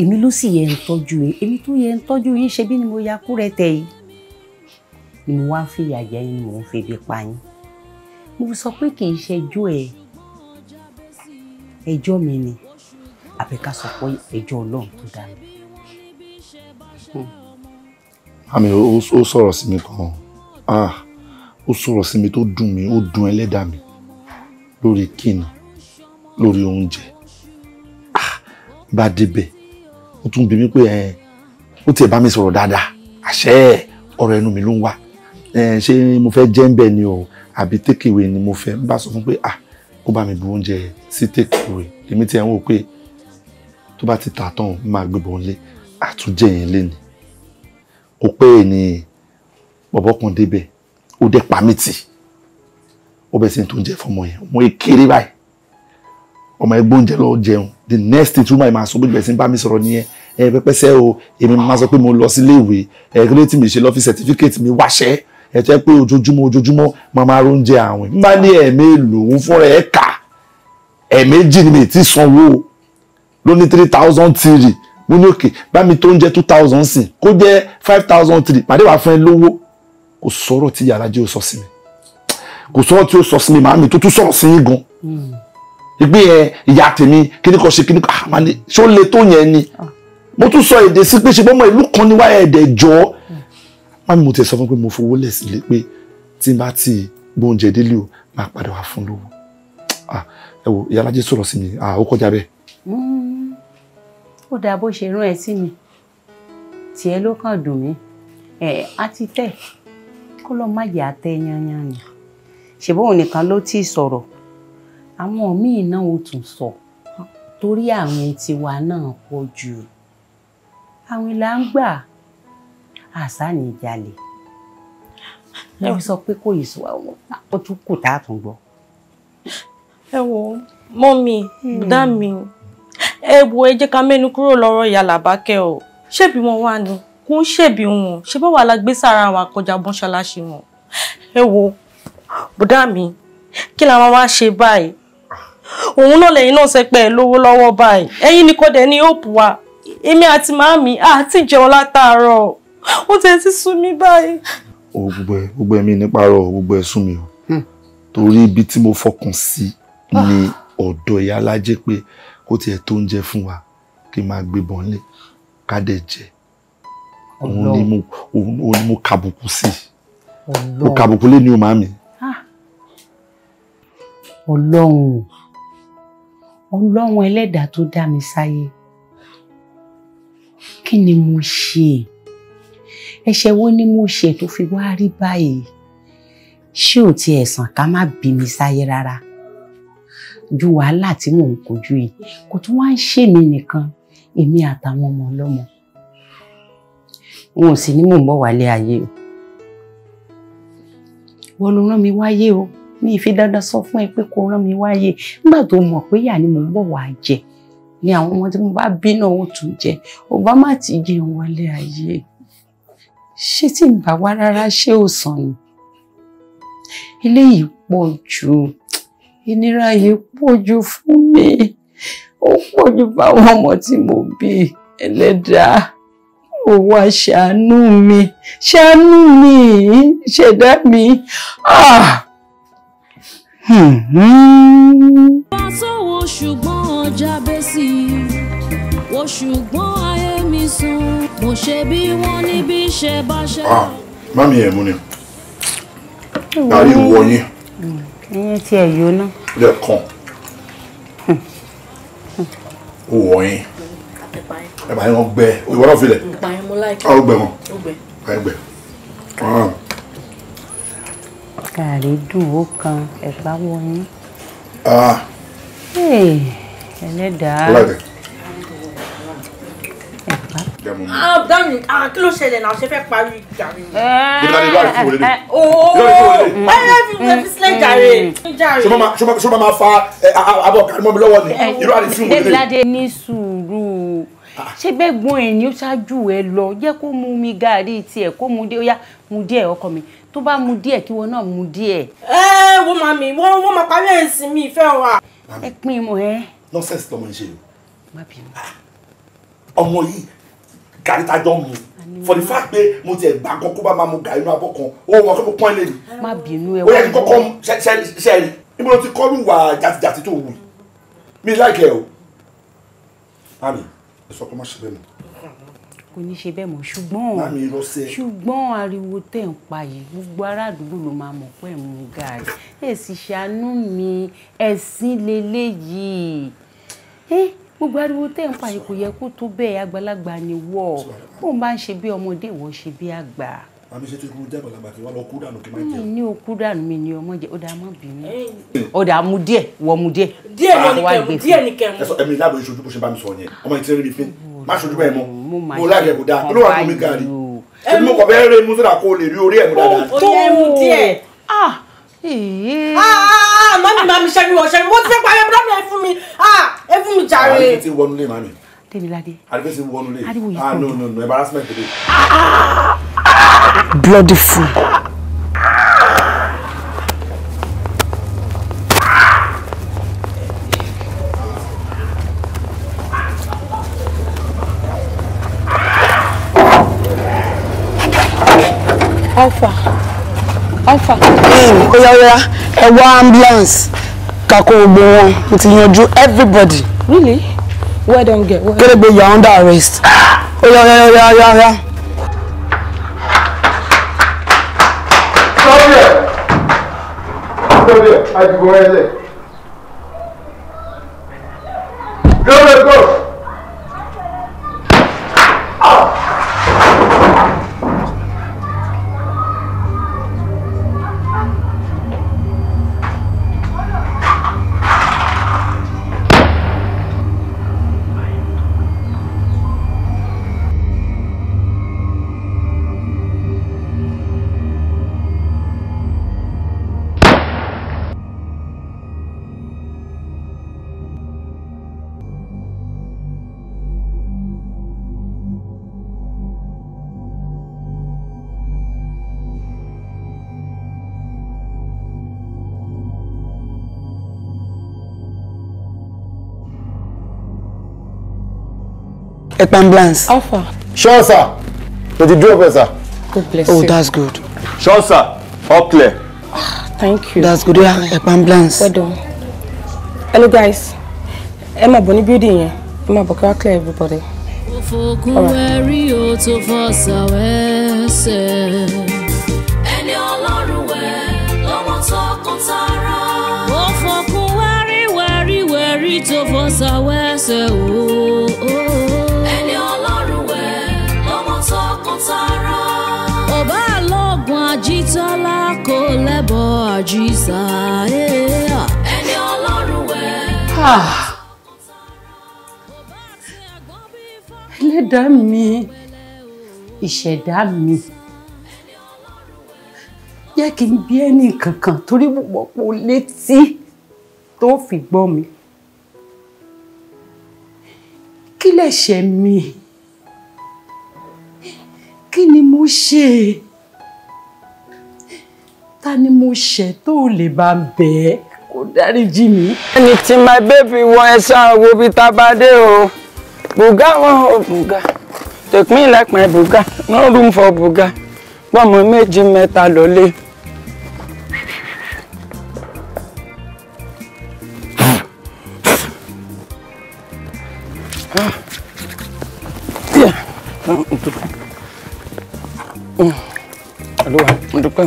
èmi ló sì yẹ ń tọ́jú yín èmi tó yẹ ń tọ́jú yín ṣebí ni mo ya kú rẹ tẹ yìí ni mo wá ń fìyà jẹ yín mò ń febi pa yín mo sọ pé kì í ṣẹjọ́ ẹ ẹjọ́ mi ni àbí ká sọ pé ẹjọ́ ọlọ́run tó dá mi. Hmm. àmì ó sọ̀rọ̀ sí mi kan ah ó sọ̀rọ̀ sí mi tó dùn mí ó dùn ẹlẹ́dàá mi lórí kíni lórí oúnjẹ ah bá débẹ̀ ó tún bí mi pé ẹ ó tiẹ̀ bá mi sọ̀rọ̀ dáadáa àṣẹ ọ̀rọ̀ ẹnu mi ló ń wá ṣé mo fẹ́ jẹ́ ń bẹ̀ ni o àbí takeaway ni mo fẹ́ ń bá sọ fún pé ah kó bá mi bu oúnjẹ sí takeaway èmi tiẹ̀ ń wò pé tó bá ti tà tán máa gbébọn lé àtúnjẹ yẹn lé ni ó pé ènìyàn bọ̀bọ̀ kan débẹ̀ ó dẹ̀ pa mí tì ó bẹ̀ sí ní tó ń jẹ fọmọ yẹn ọmọ kéré báyìí ọmọ ẹgbẹ́ oúnjẹ lọ jẹun the next thing túmọ̀ ìmọ̀ àsọ̀bọ̀ ìbẹ̀sìn bá mi sọ̀rọ̀ nìyẹn ẹ pẹpẹsẹ o èmi máa sọ pé mo lọ sílé ìwé ẹ kí ló ti mi ṣe lọ fi certificate mi wáṣẹ́ ẹ tẹ́ pé ojoojúmọ́ ojoojúmọ́ máa máa róúnjẹ àwìn má ní ẹ̀mí lòun fúnra ẹ̀ kà ẹ̀mẹ́jì ni mi ti sanwó ló ní three thousand three mo ní òkè bá mi tó oúnjẹ two thousand sìn kó jẹ́ five thousand three pàdé wàá fún ẹ lówó kò sọ̀rọ̀ tí yàrá jẹ́ ó sọ sí mi kò sọ̀rọ̀ tí ó sọ sí mi màámi tó tún sọ̀rọ̀ sí yín gan hmm. ìgbé yẹn ìyá tèmi kíní kan ṣe kíní kan àmà ni ah, ṣé ó le tó yẹn ni ah. mo tún sọ èdè sí pé ṣe bọ́mọ ìlú kan ní wáyà ẹ̀dẹ̀ jọ hmm. màámi mo tẹ̀ sọ fún pé mo fowó lẹ̀ sílé pé tí n bá ti gbóúnjẹ délé o máa padà wá fún lówó ah, ẹ wo ìyá sọ̀rọ̀ sí mi ó kọjá bẹ́ẹ̀. Hmm. ó dáa bó ṣe rán ẹ sí mi tiẹ̀ ló kàn dùn mí ẹ á ti tẹ̀ kó lọ́ọ́ má yà á tẹ́ yányányà ṣèbóun nìkan ló tí ì sọ̀rọ̀ àwọn míì náà ò tún sọ torí àwọn tiwa náà pọ̀ jù àwọn là ń gbà àṣà ní ìjàlè wọ́n sọ pé kò yìí sọ ó tún kù tá a tún gbọ́. ẹ wo mọ́mì hmm. dá mi ẹ wo ẹ jẹ́ ká mẹ́nu kúrò lọ́rọ̀ ìyá làbákẹ́ o ṣé bí wọ́n wà ní kò ń ṣèbí wọn ṣe bá wà lágbé sára àwọn akọjá bọ́nṣáláṣí wọn ẹ wo bùdá mi kí la máa wá ṣe báyìí òun náà lẹ́yìn náà ṣe pé lówó lọ́wọ́ báyìí ẹ̀yin ni kò dẹ̀ ní hope wa èmi àti màámi àti jẹun látàárọ̀ ó tẹ̀ sí sú mi báyìí. o gbogbo ẹ gbogbo ẹ mi nípa rọ gbogbo ẹ sún mi o hmm. torí ibi tí mo fọkàn sí ni ọ̀dọ̀ ìyá alájẹ́ pé kó tiẹ̀ tó ń jẹ fún wa kí n máa gbébọn lé ká dẹ̀ jẹ́ òun ni mo òun ni mo kàbùkù sí mo kàbùkù lé ní o màmí. Ah. ọlọ́run ọlọ́run ẹlẹ́dàá tó dá mi sáyé kí ni mo ṣe ẹ̀ṣẹ̀ wo ni mo ṣe tó fi wá rí báyìí ṣé ò ti ẹ̀sàn ká má bí mi sáyé rárá ju wàhálà tí mò ń kojú yìí kò tún wá ń ṣèmi nìkan èmi àtàwọn ọmọ ọlọ́mọ wọn ò sì ní mò ń bọ̀ wálé ayé o wọn ló rán mi wáyé o mi fi dandan sọ fún ẹ pé kó rán mi wáyé nígbà tó mọ̀ pé ìyà ni mò ń bọ̀ wá jẹ ni àwọn ọmọ tí mo bá bí náà ó tún jẹ ò bá má ti jẹun wálé ayé ṣé tí ń bá wá rárá ṣé ò sàn ni eléyìí pọ̀ jù ìnira yìí pọ̀ jù fún mi ó pọ̀ jù fáwọn ọmọ tí mo bí ẹlẹ́dàá kó wá mi ṣàánú mi ṣẹ̀dá mi. Aṣọ́wó ah! hmm. ṣùgbọ́n ọjà bẹ́ sí i, wo ṣùgbọ́n ayé mi sùn, mo ṣe bí wọ́n níbi iṣẹ́ bá ṣe. Ah, mami ẹ̀ mú ni, tàbí ìwọ yín. Ẹyin tí ẹ yóná. Lẹ́ẹ̀kan, hmm. ó wọ̀ yín ẹ̀bà yẹn wọ́n gbẹ ìwọ náà filẹ̀ ọ gbẹ wọn ọ gbẹ. gàrí dùn ó kan ẹ̀pá wọnyí. ẹlẹ́dàá ẹ̀pá. Ah, dami ah, kí ló ṣẹlẹ̀ náà ṣe fẹ́ parí gàrí. ìdáni ló àìfún wọlé dé. báyọ̀ fi wọlé fi sílẹ̀ jàre. ṣé máa fa abọ́ gàrí mọ́ mi lọ́wọ́ ni ìlú àìfún wọlé dé. débìládé ní sùúrù ṣé bẹ́ẹ̀ gbọ́n ẹ̀ ni ó ṣáájú ẹ lọ jẹ́ kó mu mi gààrí tiẹ̀ kó mu dé ó yá mu díẹ̀ ọkọ mi tó bá mu díẹ̀ kí wọn náà mu díẹ̀. ẹ wo màmí wọn wọn máa parí ẹ̀sìn mi ìfẹ́ wa. ẹ pín mọ ẹ. nọ́sẹ̀sì tọmọ ẹ ṣe o. má bínú. Ah, ọmọ yìí gàrí tá jọ mu for the fact pé mo tiẹ̀ gbà kọ́ kó bá máa mu gàrí inú abọ́ kan ó wọ kó pọ́n lé mi. má bínú ẹ wọ́n. ó yẹ kí kọ́kọ́ ṣẹ́ẹ̀rì níbo ló ti kọ́ ẹ sọ pé má ṣe bẹ́ẹ̀ mọ́. kò ní ṣe bẹ́ẹ̀ mọ́ ṣùgbọ́n ṣùgbọ́n ariwo tẹ̀ ń pa yìí gbogbo ará ló máa mọ̀ pé ń mu gàrí ṣàánú mi ẹ̀sìn lélẹ́yìí gbogbo ariwo tẹ̀ ń pa yìí kò yẹ kó tó bẹ́ẹ̀ àgbàlagbà ni wọ́ọ̀ bóun bá ń ṣe bí ọmọdé ìwọ ṣe bí àgbà àmì ṣe tó ikú jẹ́ àgbàlagbà kí wọ́n lọ kú dànù kí n má jẹ. mi ní òkú dànù mi ni ọmọ jẹ ó dàá má bínú. ó dàá mu díẹ̀ wọ́n mu díẹ̀. díẹ̀ ni kẹ̀mú díẹ̀ ni kẹ̀mú. ẹ sọ ẹmi láàbò ìṣojú bó ṣe bá mi sọ yẹn ọmọ ìtí rí mi fín má ṣojú bẹ́ẹ̀ mọ́ mo láàgẹ̀ kò dáa olówó àkọ́mí gàrí ẹni mo kọ̀ bẹ́ẹ̀ rẹ mú sódà kó o lè rí orí ẹ̀ mú dáadáa. ó tó mu ah, díẹ̀. Eh, eh. ah, ah, ah mami mami ṣẹ́ni wọ̀ ṣẹ́ni wọ́n ti fẹ́ parẹ́ bọ́ọ̀lù ẹ fún mi ah ẹ fún mi jàre. àwọn ètò ti wọnú lé mami. tèmi ládé. àdìgbèsè wọnú lé. àdìgbèsè wọnú ah no no no embarrassment today bloody fool. Alpha. Alpha. Mm, oya yeah. ẹ wá ambulance. Kako gbogbo wọn, mo ti yanjú everybody. Really? Where don't get. Well done. Kéré gbé you are under arrest. yeah, yeah. oya oya oya. Go! kumalize. Go, go, go. Epamblance. How far? Sure, sir. Did the drop sir? God bless oh, you. Oh, that's good. Sure, sir. All clear. Ah, thank you. That's good. Yeah, Epamblance. Well done. Hello, guys. Ẹ máa bọ̀ building yẹn. Ẹ máa bọ̀ clear everybody. Ofogun wẹ̀rí o tó fọ́ sàwẹ́sẹ̀. Ẹni Ọlọ́run wẹ̀ lọ́mọ tọkàn tara. ẹlẹ́bọ àjíṣà ah, ẹni ọlọ́run wẹ̀. ẹlẹ́dàá mi ìṣẹ̀dá mi jẹ́ kí n bí ẹnì kankan torí púpọ̀ pọ̀ létí tó fi gbọ́ mi kí lẹ̀ṣẹ̀ mi kí ni mo ṣe ta ni mo ṣẹ̀ tó o lè bá bẹ̀ẹ́ kó dáríjì mí. ẹni tí my baby wọ ẹ̀sán owó bíi tabadé o bùgá wọn ò bùgá tèpín ìlẹ́pẹ̀ bùgá no room for bùgá pọ́nmọ méjì mẹ́ta lọ́lé. Olúwa, mo dúpẹ́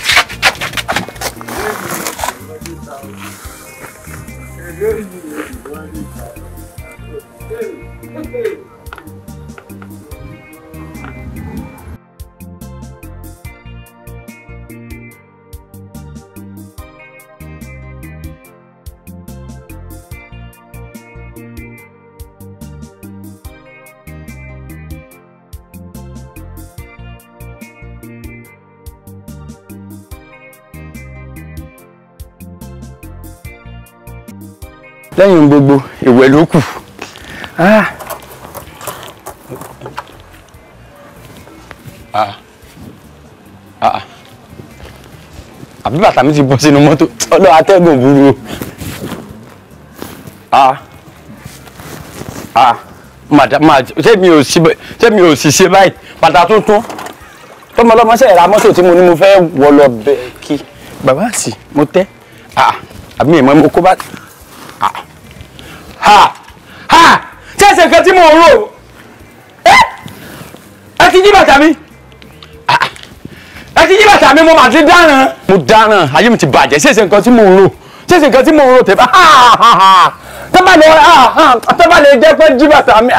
ohun gbogbo ìwẹ̀ ló kù. Ah. Ah. Ah. àbí bàtà mi ti bọ́ sínú mọ́tò ọ̀dọ̀ atẹ́gùn burú o. màdàmà ṣé mi ò sì ṣe báyìí bàtà tuntun tọmọlọmọ sẹ ra mọ́tò tí mo ní mo fẹ́ wọ lọ bẹ kí bàbá sì mo tẹ àbí mi mọ mo kó bá ha ha ṣẹ̀ṣẹ̀ tí mo rò ẹ ti jí bàtà mi ẹ ti jí bàtà mi mo mà ti dáràn. mo dáràn ayé mi ti bàjẹ́ ṣẹ̀ṣẹ̀ nǹkan tí mo rò ṣẹ̀ṣẹ̀ nǹkan tí mo rò tẹ̀ tọ́ba lè tọ́ba lè jẹ́ pé jí bàtà mi.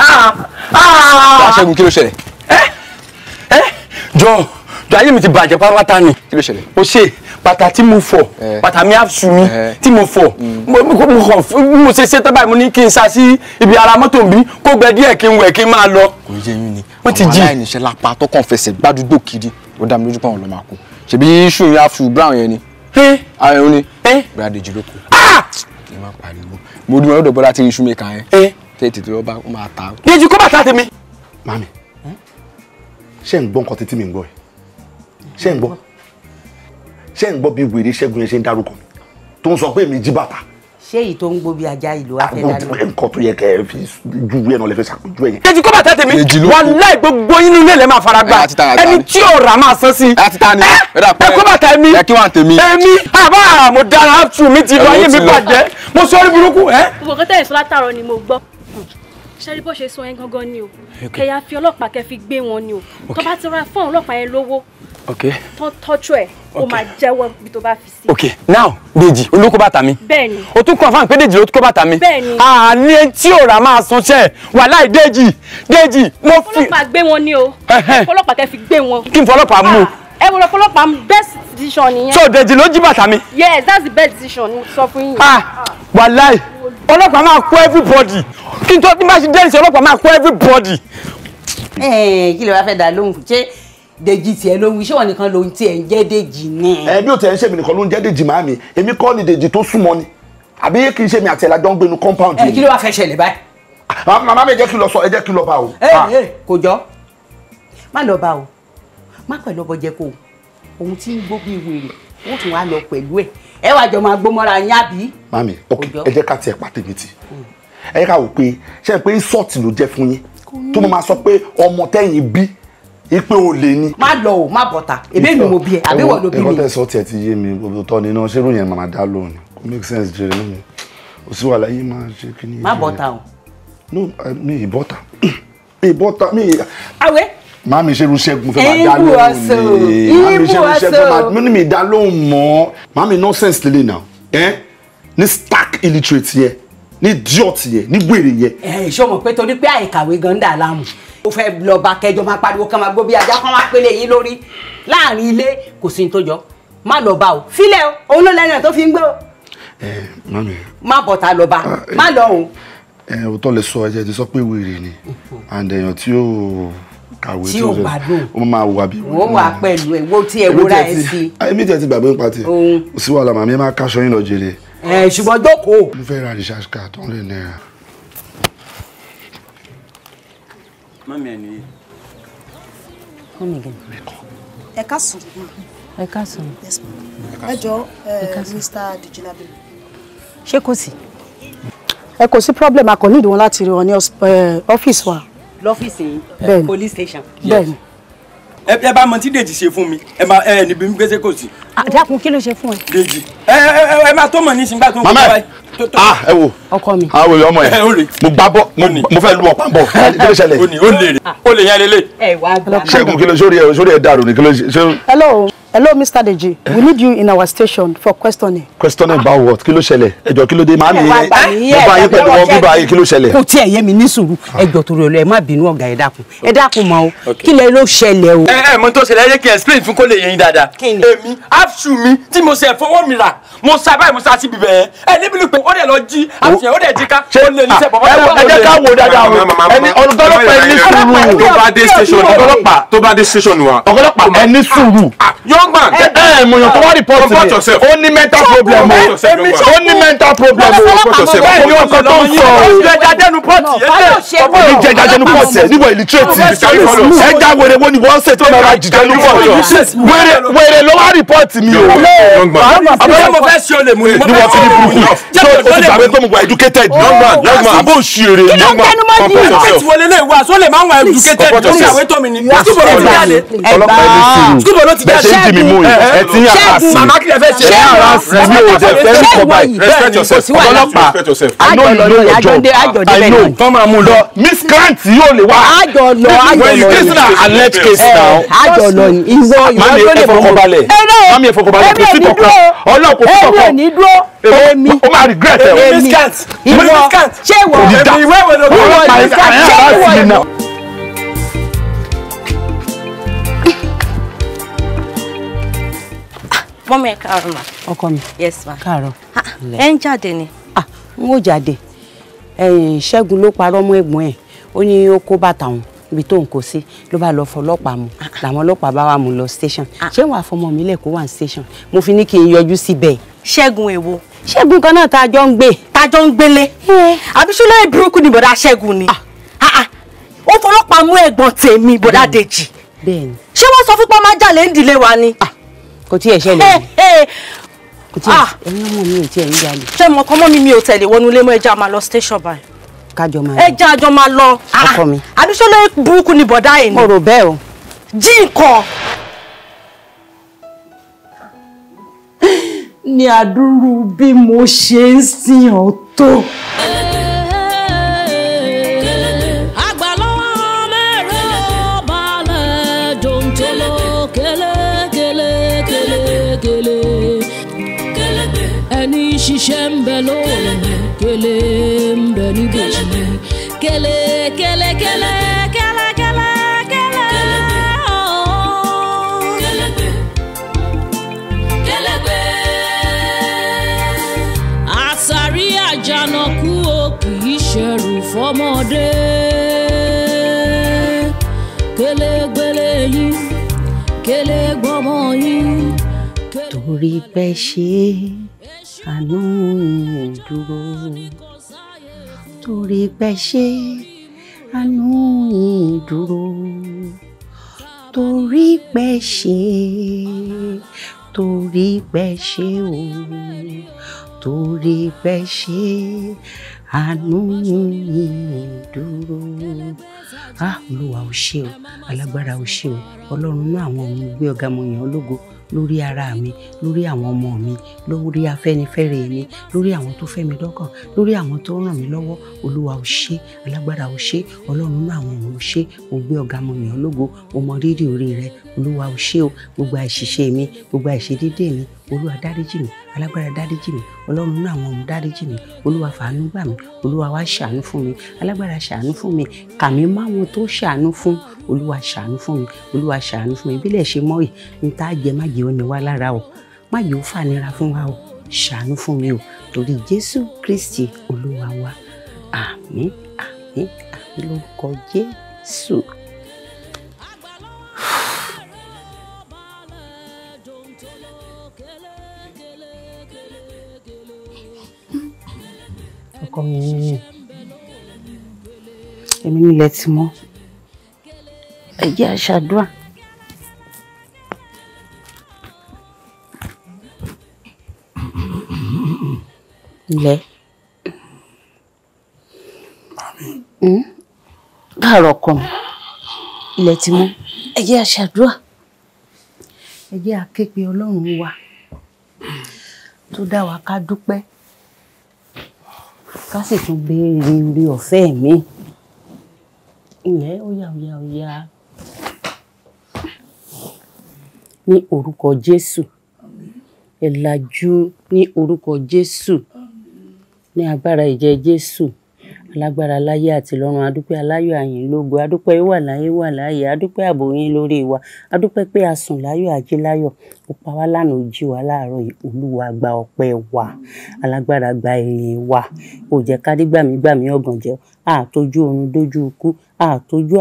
aṣẹ́gun kí ló ṣẹlẹ̀ jọ jọ ayé mi ti bàjẹ́ pátápátá ni kí ló ṣẹlẹ̀ o ṣe bàtà tí mo fọ̀ bàtà mi àṣù mi tí mo fọ̀ mm. mo ṣe ṣe tábà mo ní kí n sá sí ibi ara mọ́tò mi kó gbẹ díẹ̀ kí n wẹ̀ kí n máa lọ. kò yé yín ni àwọn aláìníṣẹ́ lápá tó kàn fẹsẹ̀ gbádùgbò kiri ó dá mi lójú pé àwọn ló máa kú ṣèbí ṣù yín àṣù brown yẹn ni ààrẹ òní brad èjì ló kù ah! ẹ má pariwo mo dúró lọ́dọ̀ bọ́lá tí iṣu mi kàn yẹn tètè tó lọ́ba ó máa ta. yéjú kó bàtà tèmi. mami ṣé ń gbọ́ nǹkan títí mi ń gbọ́ ẹ ṣé ń gbọ́ ṣé ń gbọ́ bí wèrè ṣẹ́gun yẹn ṣe ń dárúkọ mi tó ń sọ pé mi jí bàtà. ṣé èyí tó ń gbó bí ajá ìlú afẹ́lá ni. àwọn nǹkan tó yẹ kẹ ẹ fi juwe ẹ náà lè fi ṣàpèjú ẹ yẹn. kejì kó bàtà tèmi wàláì gbogbo inú ilé lè máa fara gbà ẹni tí ò rà máa san sí. ẹ kó bàtà ẹmí ẹmí àbá mo dára áfù mi ti lọ ayé mi bàjẹ́ mo sọ orí burúkú ẹ. gbogbo kẹtẹ ìṣọlá tààrọ ni mo gbọ́ ṣẹ́rí bó ṣe sọ yẹn gangan ni o kẹyà fi ọlọ́pàá kẹ fi gbé wọn ni o tó bá ti ra fọ́ọ̀n ọlọ́pàá yẹn lówó okay. tán tọ́jú ẹ̀ o máa jẹ́wọ́ bí tó bá fi sí. ok now Deji, olóko bàtà mi. bẹ́ẹ̀ni. o tún confam pé Dèjì ló kó bàtà mi. bẹ́ẹ̀ni. àní etí òrà máa sunṣẹ́ wàláì Deji, Deji, mo fi. ọlọ́pàá gbé wọn ni o. ọlọ́pàá kẹ́ fi gbé wọn. kí n fọlọ́pàá mú. Ah, ẹ wọ́n ọlọ́pàá best decision nìyẹn. so Deji, ló jí bàtà mi. yes that's the best decision mo sọ fún yín. ah wàláì ọlọ́pàá máa kó everybody kí n tó bí má ṣe dẹ́rìsì ọlọ́pàá máa kó everybody. ẹ eh, kí ló wá dèjì tiẹ̀ ló ń wí ṣé wọn nìkan ló ń tiẹ̀ ń jẹ́ dèjì ni. ẹ bí o tẹ ẹ ń ṣe mi nìkan ló ń jẹ́ dèjì màá mi èmi kọ́ ni dèjì tó súnmọ́ ni àbí kì í mi àti ẹ̀làjọ́ ń gbénu compound yìí. ẹ kí ló wàá fẹ́ ṣẹlẹ̀ báyìí. Ah, màmá mi ẹ jẹ́ kí lọ sọ ẹ jẹ́ kí lọ bá o. Ah. ẹ kò jọ má lọ bá o má pẹ̀lú ọbọ̀ jẹ kó o òun ti ń gbó bí wèrè ó tún wá lọ pẹ̀lú ẹ̀ ẹ wàá jọ máa gbómọ́ra yín àbí. mami ok ẹ jẹ́ ká tiẹ̀ pàtẹ́ mi ti ẹ ká wò pé ṣe é pé insult ló jẹ́ fún yín mo máa sọ pé ọmọ tẹ́yìn bí ipe o lè ni. má lọ o má bọ̀tà èmi ni mo bí ẹ àbí wọ́n ló bí mi. ẹ̀kọ́ tẹ̀ sọ tiẹ̀ ti yé mi òótọ́ ni náà ṣérù yẹn màmá dá lóhùn ni make sense jẹrẹ mi o sì wà láyé máa ṣe kí ni. má bọ̀tà o. no mi ì bọ̀tà mi ì bọ̀tà mi ì. àwẹ̀. má mi ṣerú ṣẹ́gun fẹ́ máa dá lóhùn ni má mi ṣerú ṣẹ́gun fẹ́ máa dá lóhùn mọ́ má mi nonsense lélẹ̀ náà ẹ́ ní stark illiterate yẹ ní idiot yẹ ní gbèrè yẹ. ẹ ṣọmọ pé torí pé àìkàwé gan dà láàmú ó fẹ́ lọ bá kẹjọ máa pariwo kán máa gbó bí ajá kán máa pélé yín lórí láàrin ilé kò sí ní tó jọ má lọ bá o filẹ̀ o òun ló lẹ́nu ẹ̀ tó fi ń gbé o. ẹ mami. má lọ bá má lọ o. ẹ o tọ́ lè sọ ẹ jẹ́ ti sọ pé wèrè ni and èèyàn tí yóò kàwé tí o gbádùn o máa wà bí wọn wà mm. pẹ̀lú ẹ wo tí ẹ wúra ẹ sí. Ah, èmi tẹ̀ ti gbàgbé ń patì òsì wàhálà màmí ẹ máa káṣọ yín lọ jèrè. ẹ ṣùgbọ́n jókòó. mo fẹ́ ra research card tó ń lè náírà. mọ́mí ẹ̀ nìyí. mọ́mí gẹ̀. ẹ ká sùn. ẹ ká sùn. ẹ jọ eh, mr dijinabe. ṣé kò sí. ẹ kò sí problem a kò ní ìdíwọ́n láti rí wọn ní ọ́fíìsì eh, wa. lọ́fíìsì yìí police station. bẹ́ẹ̀ni ẹ bá mọ tí dèjì ṣe fún mi ẹ máa ẹ níbi mi gbèsè kò sí. àdàkùn kí ló ṣe fún ẹ. dèjì ẹ ẹ ẹ máa tó mọ nísìnyí gbà tó ń kó báyìí. ah ẹ wo ọkọ mi ah wo ọmọ yẹn mo gbá bọ mo fẹ́ lu ọpá bọ kí ló ṣẹlẹ̀. o lè yẹn lélẹ̀. ṣẹ́gun kí ló sórí ẹ sórí ẹ dàrú ni kí ló ṣe. hello hello mr deji we need you in our station for questioning. questioning about what kí ló ṣẹlẹ̀ ẹjọ́ kí ló dé máa mi mo bá wọn bíbá yín kí ló ṣẹlẹ̀. kò tiẹ̀ mi ni suru. ẹjọ́ torí ọlọ́ ẹ ma binu ọ̀gá ẹ dákun ẹ dákun mọ́ o kí lẹ ló o. ẹ ẹ mo tó ṣẹlẹ̀ ẹ jẹ́ kí n explain fún kó lè yé yín dáadáa. èmi afṣu mi tí mo ṣe fọwọ́ mi rà mo sa báyìí mo sa síbi bẹ́ẹ̀ ẹ níbi ni pé ó dẹ̀ lọ jí àti ó dẹ̀ jí ká ó lè ní sẹ́pọ̀ bọ́lá ẹ jẹ́ ká wò dáadáa o ẹni ọ̀dọ́lọ́pàá ẹni sùúrù tó bá dé station wrong man. ẹ ẹ mọyàn report wá report oh. mental problem. ní mental problem o ó ní mental problem o bẹ́ẹ̀ ni ọkọ tó ń sọ o. jẹjajẹnu pọtì ẹ ní jẹjajẹnu pọtì ẹ níwọ illiterate ẹ já wèrè wo ni wọ́n ṣe tó nara jìjẹnu pọtì wèrè wèrè ló wá report mi o. àbúrò mo fẹ́ ṣe olè mu ni mo fẹ́ ṣe olè mu. so o ti gbàgbé tó mo wà educated young man young man àbò òṣèré young man comport yourself. kí ló ń tẹnu mọ́ ní ìlú wọlé lè wá sólè máa ń wà educated lórí àwẹ́tọ́ mi ni. ọlọ́pàá ẹ̀ lè sùn tí mi mú yìí ẹ ti ń yàrá sí i ṣé ara sí mi ò dẹ fẹ́ ní kọ́ báyìí respect yourself ọlọ́pàá i know you know your job i know come and move lọ miscreant yóò lè wá when you get na alert eh, case now eh, eh, mami ẹ fọkànbalẹ̀ mami ẹ fọkànbalẹ̀ kò sí kankan ọlọ́pàá kò sí kankan èmi o ma regret ẹ o miscreant ìwọ ṣé ìwọ ìwọ ìwọ ìwọ ìwọ ìwọ ìwọ ìwọ ìwọ ìwọ ìwọ ìwọ ìwọ ìwọ ìwọ ìwọ mọ́mí ẹ káàárọ̀ ma. ọkọ mi yes ma káàárọ̀. ẹ ń jáde ni. ah n ó jáde ṣẹ́gun ló parọ́ mọ́ ẹ̀gbọ́n ẹ̀ ó ní ó kó bàtà òun ibi tó ń kó sí ló bá lọ fọlọ́pàá mu ah, ah. làwọn ọlọ́pàá bá wà mú lọ station ah. ṣé wàá fọmọ mi lẹ̀ kó wà ní station mo fi ní kí n yọjú síbẹ̀. ṣẹ́gun èwo. ṣẹ́gun kan náà tá a jọ ń gbé. tá a jọ ń gbélé. àbí ṣúlẹ̀ ìbúrúkú ni bọ̀dá ṣẹ́gun ni. ó fọlọ́pàá mú ẹ̀gbọ́n tèmi bọ̀dá dèjì. ṣé wọ́n sọ fún pé ọmọ ajá lè ń dìlé wa ni. Ah kò tí ẹ ah. ṣẹlẹ̀ yìí kò tí ẹ ẹyin ọmọ mi ò tí ẹ ń jalè. ṣé mo kọ́ mọ́ mi mi ò tẹ̀lé wọnú ilé mọ́ ẹja máa lọ station báyìí. kájọ máa lọ ẹja àjọ máa lọ. Ah, ọkọ ah. mi. àbíṣe burúkú ni bọ̀dá ẹ̀ ni. mo rò bẹ́ẹ̀ o. jí nǹkan. ní àdúrú bí mo ṣe ń sìn ọ́ tó. kele kele kele kele kele kele. kẹlẹgbẹ. àṣàrí àjànàkú o kì í ṣẹrù fọmọdé. kẹlẹgbẹlẹ yìí kẹlẹgbọmọ yìí. torí bẹ́ẹ̀ ṣe àánú ìdúró torí pẹ́ ṣe àánú yìí dúró torí pẹ́ ṣe torí pẹ́ ṣe o torí pẹ́ ṣe àánú yìí dúró ah olúwa ò ṣe o alágbára ò ṣe o ọlọ́run náà àwọn ọmọ ẹgbẹ́ ọ̀gá mo yàn ọ́ lógo lórí ara mi lórí àwọn ọmọ mi lórí afẹ́nifẹ́re mi lórí àwọn tó fẹ́ mi lọ́kàn lórí àwọn tó ràn mí lọ́wọ́ olúwa ò ṣe alágbára ò ṣe ọlọ́run náà àwọn ò ṣe mo gbé ọ̀gá mo yàn lógo mo mọ rírì orí rẹ olúwa ò ṣe o gbogbo àìṣiṣẹ́ mi gbogbo àìṣedédé mi olúwa dáríjì mi alágbára dáríjì mi ọlọ́run náà àwọn ọmọ dáríjì mi olúwa fàánú gbà mí olúwa wá ṣàánú fún mi alágbára ṣàánú fún mi kàmí máwọn tó ṣàánú fún olúwa ṣàánú fún mi olúwa ṣàánú fún mi bílẹ̀ ṣe mọ́ yìí ní tá a jẹ má jẹ́ ọ̀nà lára o má jẹ́ ó fànira fún wa o ṣàánú fún mi o torí jésù kristi olúwa wa àmín àmín àmín lórúkọ jésù. ọkọ mi yìí èmi nílẹ̀ ti mọ́ ẹ jẹ́ a ṣàdúrà. ilẹ̀. Hmm? káàárọ̀ ọkọ mi ilẹ̀ ti mọ́ ẹ jẹ́ a ṣàdúrà ẹ a ké ọlọ́run wa tó dá wa ká dúpẹ́ ká sì tún béèrè orí ọ̀fẹ́ mi ìyẹn ó yà ó yà ó yà ní orúkọ Jésù ìlàjú ní orúkọ Jésù ní agbára ìjẹ Jésù alágbára láyé àti lọ́run. Adúpẹ́ aláyọ̀ àyìn lógo. Adúpẹ́ ó wà láyé wà láàyè. Adúpẹ́ ààbò yín lórí wa. Adúpẹ́ pé a sùn láyọ̀ ají láyọ̀. Ó pa wá lánàá ó wa láàárọ̀ yìí. Olúwa gba ọpẹ́ wa. Alágbára gba ìyìn wa. Ó jẹ́ ká rí gbàmígbàmí ọ̀gànjọ́. A tójú orun dójú ikú. A tójú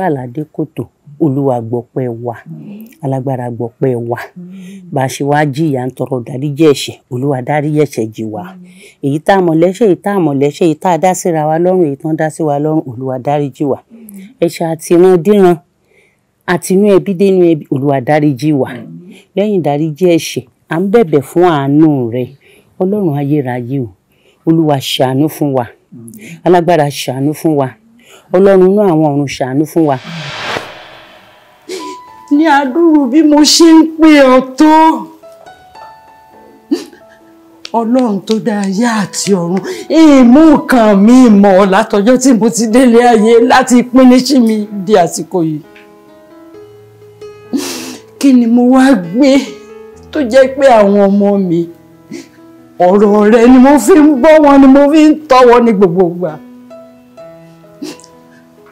kòtò olúwa gbọpẹ́ wa alágbára gbọpẹ́ wa bá a ṣe wá jìyà ń tọrọ dáríjì ẹ̀ṣẹ̀ olúwa dáríjì ẹ̀ṣẹ̀ jì wá èyí tá a mọ̀ lẹ́ṣẹ̀ èyí tá a mọ̀ lẹ́ṣẹ̀ èyí tá a dá síra wa lọ́rùn èyí tó ń dá sí wa lọ́rùn olúwa dáríjì wá ẹ̀ṣẹ̀ àtiran díran àtinú ẹbí dénú ẹbí olúwa dáríjì wá lẹ́yìn dáríjì ẹ̀ṣẹ̀ à ń bẹ̀bẹ̀ fún àánú rẹ ọlọ́run ayérayé o olúwa ṣàánú fún wa alágbára ṣàánú fún wa ọlọ́run inú àwọn ọ̀run ṣàánú fún wa ní àdúrú bí mo ṣe ń pè ọ tó ọlọ́run tó dá ayé àti ọ̀run èèmú kan mi mọ̀ látọjọ́ tí mo ti délé ayé láti pínísí mi di àsìkò yìí kí ni mo wá gbé tó jẹ́ pé àwọn ọmọ mi ọ̀rọ̀ rẹ ni mo fi ń bọ́ wọn ni mo fi ń tọ́ wọn ní gbogbo ìgbà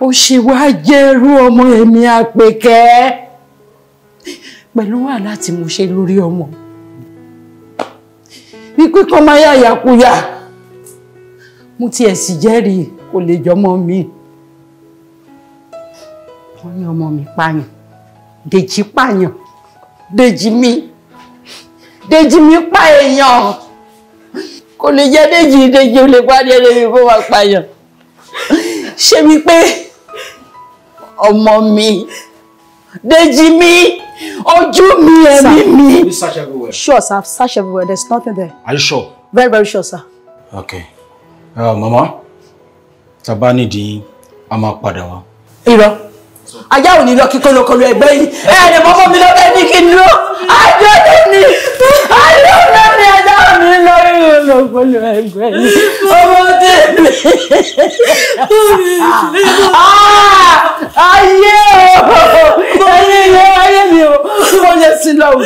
ó ṣe wá jẹ́rú ọmọ ẹ̀mí àpèkẹ́ pẹ̀lú wàhálà tí mo ṣe lórí ọmọ wípé kọ́ máa yá yàkuyà mo tiẹ̀ sì jẹ́rìí kò lè jọmọ mi wọ́n ní ọmọ mi pààyàn dèjì pààyàn dèjì mi dèjì mi pa èèyàn kò lè jẹ́ dèjì dèjì ò lè parí ẹlẹ́mi kó wá pààyàn ṣé mi pé ọmọ mi dèjì mi ojú mi ẹ̀mí mi. Sir, search everywhere. Sure, sir. I've searched everywhere. There's nothing there. Are you sure? Very, very sure, sir. Okay. Uh, mama, tàbá di. a máa padà wá. Irọ́, ajá ò ní lọ kíkọ́ lọ́kọ́lọ́ ẹgbẹ́ yìí. Ẹ ẹ̀ ní bọ́bọ́ mi lọ bẹ́ẹ̀ ní kí n lọ. Ajọ́ ní mi, ajọ́ ní mi, ajá ò ní lọ kíkọ́ lọ́kọ́lọ́ ẹgbẹ́ ayé o ayé o ayé mi o mo ṣe sí lọ́wọ́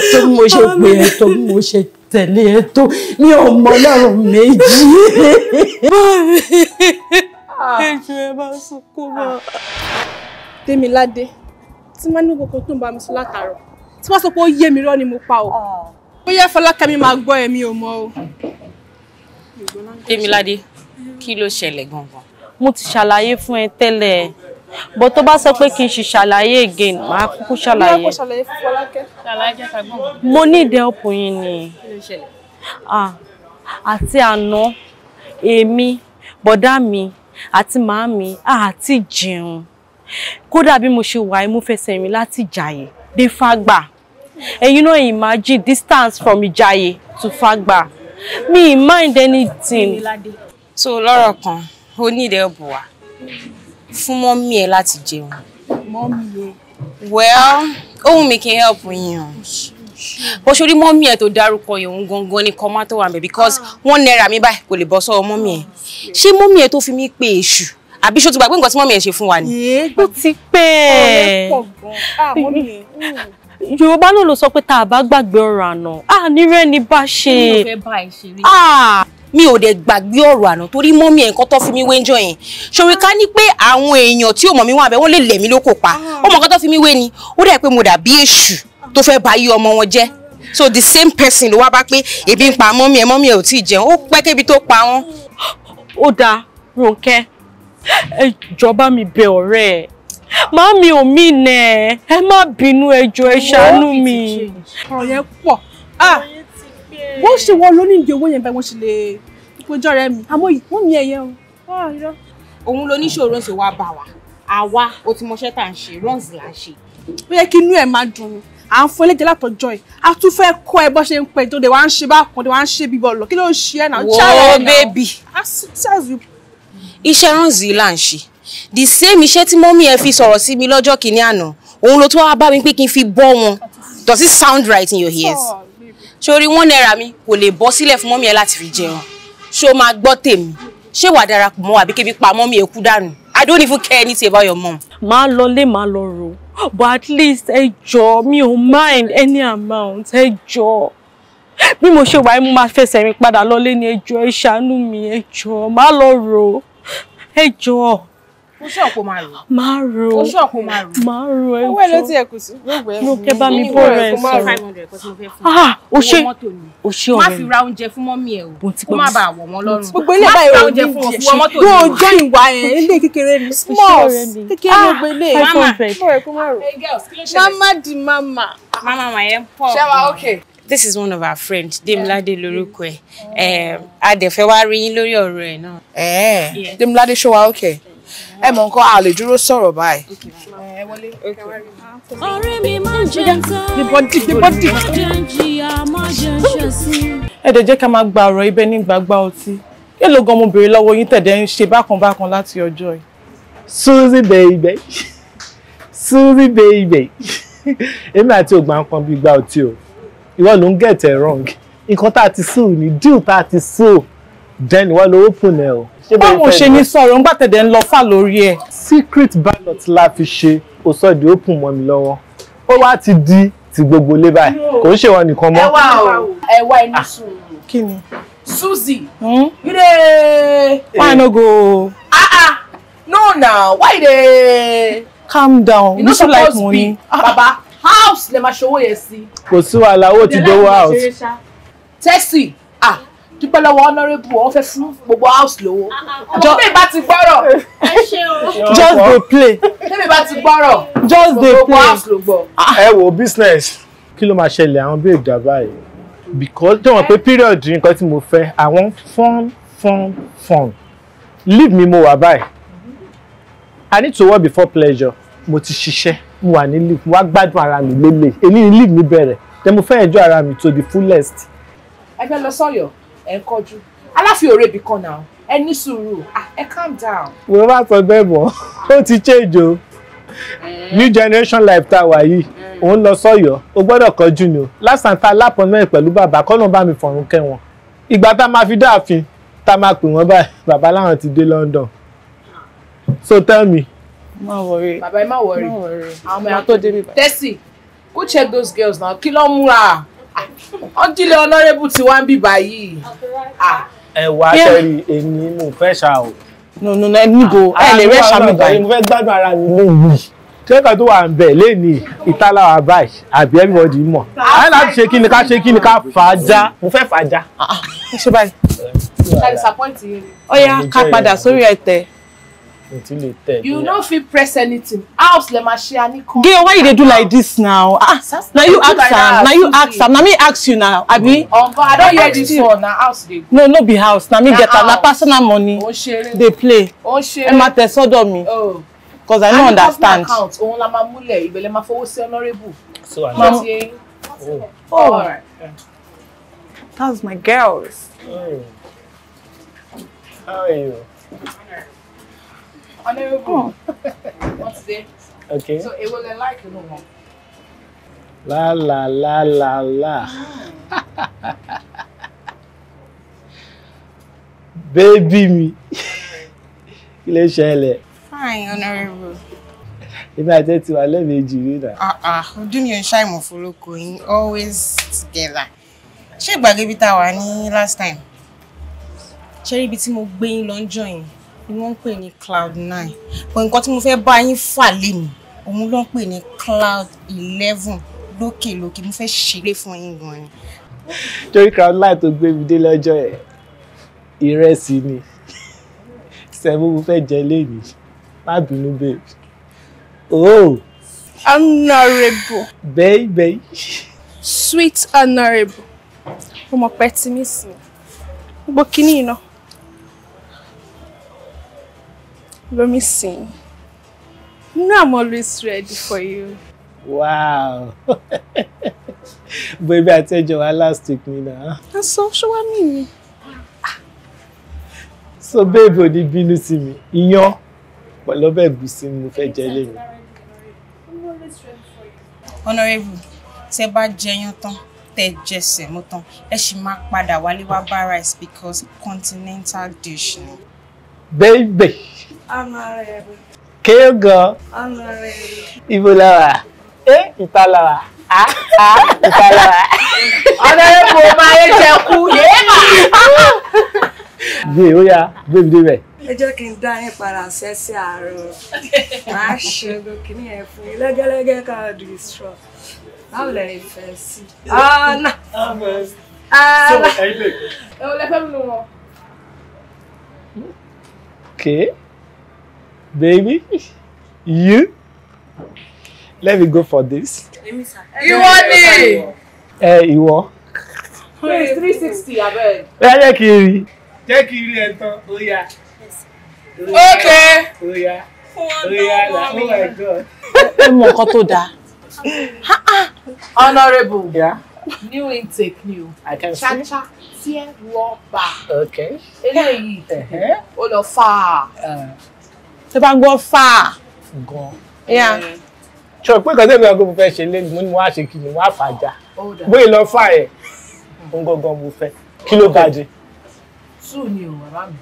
tó bí mo ṣe pè é tó bí mo ṣe tẹ̀lé ẹ tó mi ò mọ lọ́rùn méjì. ẹjọ ẹ bá sunkún mọ. Tèmiládé tí máa ní gbogbo tó ń bá mi sọ látàárọ̀ tí wọ́n sọ pé ó yé mi rọ́ ni mo pa o ah. bóyá Fọlákẹ́mi máa gbọ́ ẹ̀mí ò mọ́ o. Tèmiládé kí ló ṣẹlẹ̀ gangan. mo ti ṣàlàyé fún ẹ tẹ́lẹ̀ bó tó bá sọ pé kí n ṣe ṣàlàyé again màá kúkú ṣàlàyé. mo ní ṣàlàyé fún Fọlákẹ́. ṣàlàyé ká gbọ́n. mo ní ìdẹ ọ̀pọ̀ yín ni. kí ló ṣẹlẹ̀. àti àná èmi bọ̀dá mi àti màámi àti jẹun kódà bí mo ṣe wà ẹ mú fẹsẹ̀ rìn láti jàyè dé fàgbà ẹ̀yin náà imagine distance from ìjàyè to fàgbà me mind anything so lọ́rọ̀ kan ó nílẹ̀ ọ̀bùn wa fún mọ́mí ẹ láti jẹun. mọ́mí o. well ohun mi kì í help yín But oh, surely, oh, ṣe rí mọ́mí ẹ tó dárúkọ yẹn gangan ni kọ́má tó wà ń bẹ̀ because one ah. náírà mi báyìí kò lè bọ́ sọ́wọ́ mọ́mí ẹ oh, ṣé mọ́mí ẹ tó fi mí pé èṣù àbí ṣó ti gbàgbé nǹkan tí mọ́mí ẹ ṣe fún wa ni. ó ti pẹ́ ẹ̀ ọ̀rẹ́ pọ̀ yorùbá náà ló sọ pé tá a bá gbàgbé ọ̀rọ̀ àná a nírẹ́ ni bá ṣe mi ò dẹ̀ gbàgbé ọ̀rọ̀ àná torí mọ́mí ẹ̀ nǹkan tó fi mi wé ń jọ yẹn ṣòro ká ní pé àwọn èèyàn tí ò mọ̀ mí wà bẹ́ẹ̀ wọ́n lè lẹ̀ mí lóko pa ó ah. mọ̀ nǹkan tó fi mi wé ni ó dẹ̀ pé mo dà bí èṣù tó fẹ́ bà yí ọmọ wọn jẹ́ so the same person ló wá bá pé ebi ń pa mọ́mí ẹ̀ mọ́mí ẹ̀ ò tí ì jẹun ó pẹ́ kébi tó pa wọ́n. ó dáa Rónkẹ́ ẹ jọ̀ọ́ mi bẹ̀ ọ̀rẹ́ ẹ̀ Mami ò mí nẹ̀, ẹ má bínú ẹjọ́ ẹ ṣàánú mi. Ọ̀rọ̀ yẹn pọ̀. Wọ́n ah! ṣe wọ́n ló ní ìdí owó yẹn bẹ́ẹ̀ wọ́n ṣe lè péjọ rẹ̀ mi. Àmọ́ ìkún mi ẹ̀yẹ o. Òun ló níṣòro ṣe wá bá wa. Àwa o ti mọṣẹ́ tá à ń runs là ń ṣe. Ó yẹ kí inú ẹ̀ máa dùn. À ń fún eléjẹ látọjọ́ ẹ̀. A tún fẹ́ kọ́ ẹ bó ṣe ń pẹjọ́ de wa ń ṣe bákan de wa ń ṣe bíbọ̀ lọ. Kí ló ń ṣe ẹ̀ náà? Wọ́ọ́ bébì. Ah, Iṣẹ́ runs yìí là ń ṣe the same iṣẹ́ tí mọ́mí ẹ fi sọ̀rọ̀ sí mi lọ́jọ́ kìíní àná òun ló tún wá bá mi pé kí n fi bọ́ wọn does it sound right in your ears sórí wọn náírà mi kò lè bọ́ sílẹ̀ fún mọ́mí ẹ láti fi jẹun ṣé o máa gbọ́ tèmi ṣé wàá darapọ̀ mọ́ àbí kébi pa mọ́mí ẹ kú dànù I don't even care anything about your mom. máa lọ lé máa lọ rò but at least ẹ jọ mi ò mind any amount ẹ jọ bí mo ṣe wà mo máa fẹsẹ̀ rìn padà lọ lé ní ẹjọ́ ẹ ṣàánú mi ẹjọ́ má lọ rò ẹjọ́ ó ṣe ọ̀pọ̀ máa rò. máa rò ó ṣe ọ̀pọ̀ máa rò. máa rò ẹ jọ owó ẹ ló ti ẹ̀kú sí. mo kẹ́ bá mi bọ́ rẹ̀ sọ̀rọ̀ ah, o ṣe o ṣe small kékeré gbogbo ah, mama di mama. mama ma yẹn pọ̀. ṣé this is one of our friends Demilade lórúkọ ẹ a dẹ̀ fẹ́ wá rí yín lórí ọ̀rọ̀ Eh. náà. ẹ̀ẹ́ Demilade ṣó ẹ mọ̀ nǹkan a lè dúró sọ̀rọ̀ báyìí. ọ̀rẹ́ mi máa ń jẹ́ tán máa jẹ́ ń jìyà máa jẹ́ ń ṣe sí. ká máa gba ọ̀rọ̀ ibẹ̀ ní ọtí kí ló gan mo béèrè lọ́wọ́ yín tẹ̀dẹ̀ ń ṣe bákan bákan láti ọjọ́ yìí. Suzy baby Suzy baby èmi àti ògbà ń pọn bí gbá ọtí o ìwọ ló ń get wrong nǹkan tá a ti sùn ní deal tá a ti sùn then ìwọ ló open ẹ o báwo ṣe ní sọ̀rọ̀ ńgbà tẹ̀dẹ̀ ń lọ fà lórí ẹ̀. secret ballot la fi ṣe ó sọ di open mọ́ mi lọ́wọ́ ó wá ti di ti gbogbo ilé báyìí kò ń ṣe wọn nìkan mọ́. ẹ wá o ẹ wá inú ah. sùúrù. kí ni. Suzy. Hmm? you why no go. ah ah no na why you calm down you no suppose like be ah, baba house lè máa ṣòwò yẹn sí. kò sí wàhálà owó ti dówó house. tẹ́sì dúpẹ́ lọ́wọ́ honourable wọ́n fẹ́ fún gbogbo house lówó. ọmọ ah, ah, mi bá ti gbọ́rọ̀. ẹ ṣe o. just dey play. tẹ́lẹ̀ bá ti gbọ́rọ̀. just dey play. gbogbo house ló gbọ́. Ah, ẹ wo business kí ló máa ṣẹlẹ̀ àwọn bí ìjà báyìí because tí wọ́n pe period nǹkan tí mo fẹ́ àwọn fun fun fun leave me mo wà báyìí i need to work before pleasure mo ti ṣiṣẹ́ mo wà ní leave mo wá gbádùn ara mi lélẹ̀ èyí ni leave mi bẹ̀rẹ̀ then mo fẹ́ enjoy ara mi to the fullest. ẹ fẹ́ lọ sọ́yọ̀ ẹ̀ ń kọjú aláfi òre bì kan náà ẹ ní sùúrù ẹ calm down. We bá sọ bẹ́ẹ̀ mọ́ ó ti change o mm. new generation life tá a wà yìí mm. òun lọ sọ́yọ́ o gbọ́dọ̀ kọjú ni o lásán ta lápọn mẹ́rin pẹ̀lú bàbá kọ́nà bá mi fọ̀rùn kẹwọn ìgbà tá a máa fi dáàfin tá a máa pè wọ́n báyìí bàbá láwọn ti dé London so tell me. má wọrí bàbá ẹ má wọrí àwọn ọmọ ẹ tó débi báyìí. Tessy go check those girls now kí ló ń ọdílé ọlọ́rẹ́bù tí wá ń bì báyìí. Ah. ẹ̀wà tẹ̀rí èmi mo fẹ́ ṣá o. nùnú níbo ah, ẹ lè rẹ́ ṣàmì báyìí. mo fẹ́ gbádùn ara mi léyìí kẹ́kà tó wà ń bẹ̀ lẹ́ni ìtàláwà báyìí àbí everybody mọ̀. àyè ah, láti ṣe kí ni ká ṣe kí ni ká fà á já mo fẹ́ fà á já. ẹ ṣe báyìí. ọ̀ya ká padà sórí ẹ̀tẹ̀ until they tell you. You no fit press anything. House le ma share ni come. Gay, why you dey do like this now? Ah, now you ask am. Now you ask am. Now me ask you now, abi? Uncle, oh, I don't hear this one. Na house dey go. No, no be house. Now me get am. Na personal money. They play. share. Ẹ má so sọ́dọ̀ oh. me. Oh. Because I no understand. And you account, Oh, la máa múlẹ̀, ìbẹ̀lẹ̀ máa fowó sí honourable. So I know. Oh. oh. oh. All right. That's my girls. Oh. How are you? Honorable. Hmm. What's this? Okay. So it will like you know. La la la la la. Mm. Baby mi. Kí ló ṣẹlẹ̀? Fine, honorable. Ibi àti ti wà lẹ́ẹ̀mejì Ah ah, do me ò ń ṣàìmọ̀ forúkọ yín always together. Ṣé ìgbàgbé ibi tá a last time? Ṣé ibi tí mo gbé long join ni wọ́n ń pè ní cloud nine but nǹkan tí mo fẹ́ bá yín fà lémi òun ló ń pè ní cloud eleven lókèlókè mo fẹ́ ṣeré fún yín gan ni. torí cloud nine tó gbé mi dé lọ́jọ́ ẹ̀ ìrẹsì ni sẹ́mu mo fẹ́ jẹ lémi má bínú babe. Oh. Honorable. Baby. Sweet honorable. Ọmọ pẹ́ ti mí sí. Gbogbo kíní iná. Let me sing. You know I'm always ready for you. Wow. Baby, I told you last me now. And so, show me. So, baby, ò ní bínú sí mi. Iyán. But love ẹ̀gúsí ni mo fẹ́ jẹ lẹ́yìn. Honorable, tẹ́ bá jẹyán tán, tẹ́ jẹsẹ̀ mú tán, ẹ sì máa padà wálé wá bá because continental dish Baby kéègàn ibo lára ẹ ìta lára ìta lára. ọ̀nà epo máa ń jẹ kú yéèmà. gbé ó yá gbé mi débẹ̀. ẹ jẹ́ kí n dá yín padà sẹ́sẹ̀ àárọ̀ máa ṣe gòkè ní ẹ̀fún lẹ́gẹ́lẹ́gẹ́ ká do this truck báwo lẹ fẹ́ sí. ọ̀nà ọ̀nà ẹ̀wọ̀n lẹ fẹ́ mi nù wọn. Okay baby, you. Let me go for this. Ìwọ ni. Ẹ ìwọ. Please three sixty abeg. Ẹ jẹ́ kí you. rí. Jẹ́ kí Okay. Ó yá. Ó yá la, oh my God. Ẹ mọ nǹkan tó dáa. Honourable. Yeah. New intake new. I can see. Cha cha. lọ bá. Okay. Eléyìí. Ó lọ fà á. Uh, tẹ́ bá ń gbọ́ fà á. gan sọ pé kan tẹ́lẹ̀ ọgbọ́n mo fẹ́ ṣe lẹ́nu mo ní mo wá ṣe kí ni mo wá fàájà bóyá lọ fà ẹ̀ ń gangan mo fẹ́ kí ló ga jẹ. two ni o bàbá mi.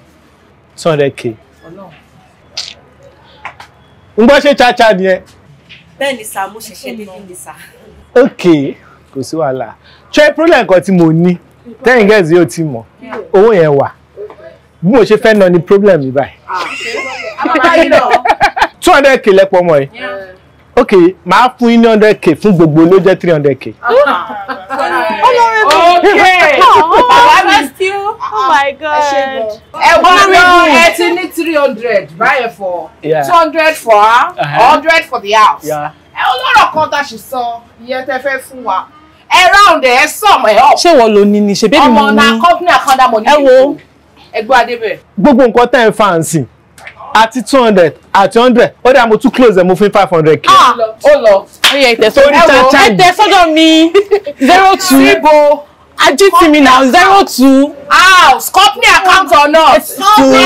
two hundred k. ń gbọ́ ṣe chacha nìyẹn. bẹ́ẹ̀ ni sá mo ṣẹ̀ṣẹ̀ dé ní sá. ok kò sí wàhálà ṣé problem kan tí mo ní tẹ́yìn gẹ̀ẹ́sì yóò ti mọ̀ owó yẹn wà bí mo ṣe fẹ́ ná ni problem mi báyìí. Ah two hundred k lẹ́pọ̀ ọmọ yìí ok màá fún yín ní hundred k fún gbogbo ló jẹ́ three hundred k. Oh Oh my God! ẹ ti ní three hundred báyẹn fọ two hundred for her uh-huh. hundred for the house. Ẹ ọlọ́rọ̀ kan tá ṣe sọ ìyẹn tẹ fẹ́ fún wa ẹ round ẹ sọm ẹ up. ṣé wọ́n lo ní ni ṣe bẹ́ẹ̀ ni mo ní. ọmọ na company àkàndá mọ̀ ní ìlú ẹgbẹ́ adébẹ̀. gbogbo nǹkan tẹ́ ẹ fà ń sìn àti two hundred àti hundred ó dà mo tún close ẹ̀ mo fi five hundred k. Ah, ó lọ ó yẹ ìtẹ̀sọ́dọ̀ ẹ wo ẹ tẹ sọ́dọ̀ mi zero two síbo ajitimi na zero two. ah company account or not. suzy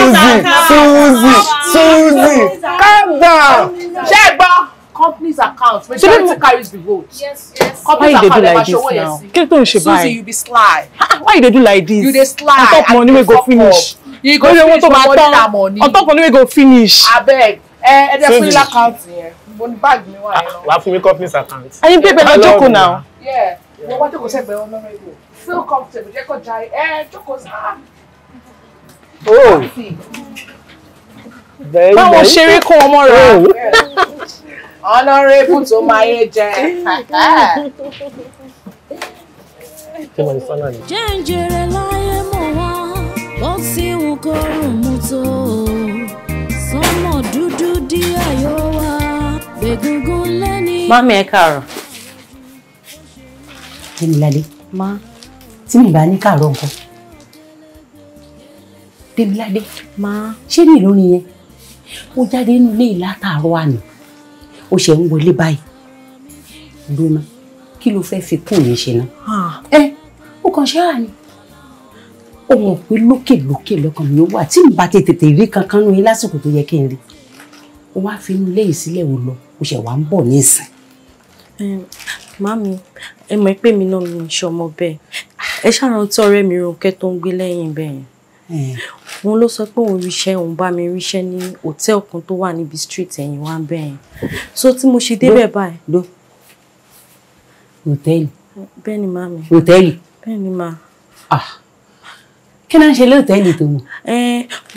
suzy suzy calm down. ṣé ẹ gbọ́ company's account majority carries the vote. Yes, yes. Company's Why account never show where you see. Kí ló ń ṣe báyìí? Suzy you be sly. Why you dey do like this? You dey sly. On top money wey go finish you go finish for money na money on top money wey go finish. abeg ẹ dẹ fún ilé account yẹn mo ní báàgì mi wà yẹn. wàá fún mi company's account. ẹyin pépè lọ jókòó náà. wọ́n wá jókòó sẹ́gbẹ̀ẹ́ wọn lọ́rọ̀ ìbò feel comfortable jẹ́ kó jayé ẹ jókòó sáà. Oh. báwo ṣe rí kún ọmọ rẹ. honorable tó máa yé jẹ. jẹ́ ń jèrè láyé mọ́ wá bó ti wù kó rùn mú tó sánmọ̀ dúdú díẹ̀ yóò wá gbẹ̀gungun lẹ́ni. mami ẹ káàárọ̀. Démiládé. má. tí mi bá ní káàárọ̀ nǹkan. Démiládé. má. ṣé ní ìlú nìyẹn ó jáde nílé látàárọ̀ àná ó ṣe ń wọlé báyìí lónà kí ló fẹ́ fi kún yẹn ṣe náà. ẹ ó kàn ṣe àná ó mọ̀ pé lókèlókè lọ́kàn mi ó wà tí n bá ti tètè rí kankan nínú yín lásìkò tó yẹ kí n rí ó wá fi inú léyìí sílẹ̀ wò lọ ó ṣẹ̀ wá ń bọ̀ ní ìsìn. màmí ẹ mọ̀ pé mi náà mi ìṣọmọ bẹ́ẹ̀ ẹ ṣàrántí ọ̀rẹ́ mi Rónkẹ́ tó ń gbé lẹ́yìn bẹ́ẹ̀ òun ló sọ pé òun ríṣẹ́ òun bá mi ríṣẹ́ ní hòtẹ́ẹ̀lì kan tó wà níbi street ẹ̀yìn wá bẹ́ẹ̀ so tí mo ṣe débẹ̀ báyìí. ló hòtẹ́ẹ̀lì. bẹ́ẹ̀ ni màmí. hòtẹ́ẹ̀lì. bẹ́ẹ̀ ni màá. ah kí náà ń ṣe lóòtẹ́ẹ̀lì tó mọ̀.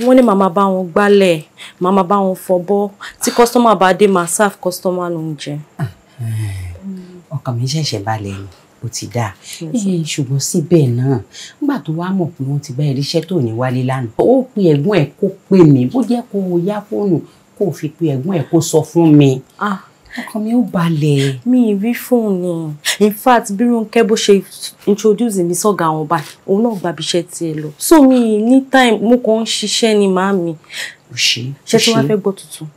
wọ́n ní màmá bá wọn gbálẹ̀ màmá bá wọn fọbọ́ tí kọ́sítọ́mà bá dé máa sáf kọ́sítọ́mà ló ń jẹ. Ah, ọkàn mi ṣẹ̀ṣẹ̀ balẹ̀ ni ó ti dáa ṣùgbọ́n síbẹ̀ náà nígbà tó wá mọ̀ pé wọ́n ti bá irinṣẹ́ tó ní wálé lánàá ó pe ẹ̀gbọ́n ẹ̀ kó pè mí bó jẹ́ kó o yá fóònù kó o fi pe ẹ̀gbọ́n ẹ̀ kó sọ fún mi. ah ọkàn mi ò balẹ̀. mi ì rí fóònù in fact bí Rónkẹ́ bó ṣe introduce mi sọ́gà àwọn ọba òun náà gbàbí iṣẹ́ tiẹ̀ lọ so mi ní time mo kàn ń ṣiṣẹ́ ni màá mi. ò ṣe é ṣe tí wàá fẹ́ gbọ́ tuntun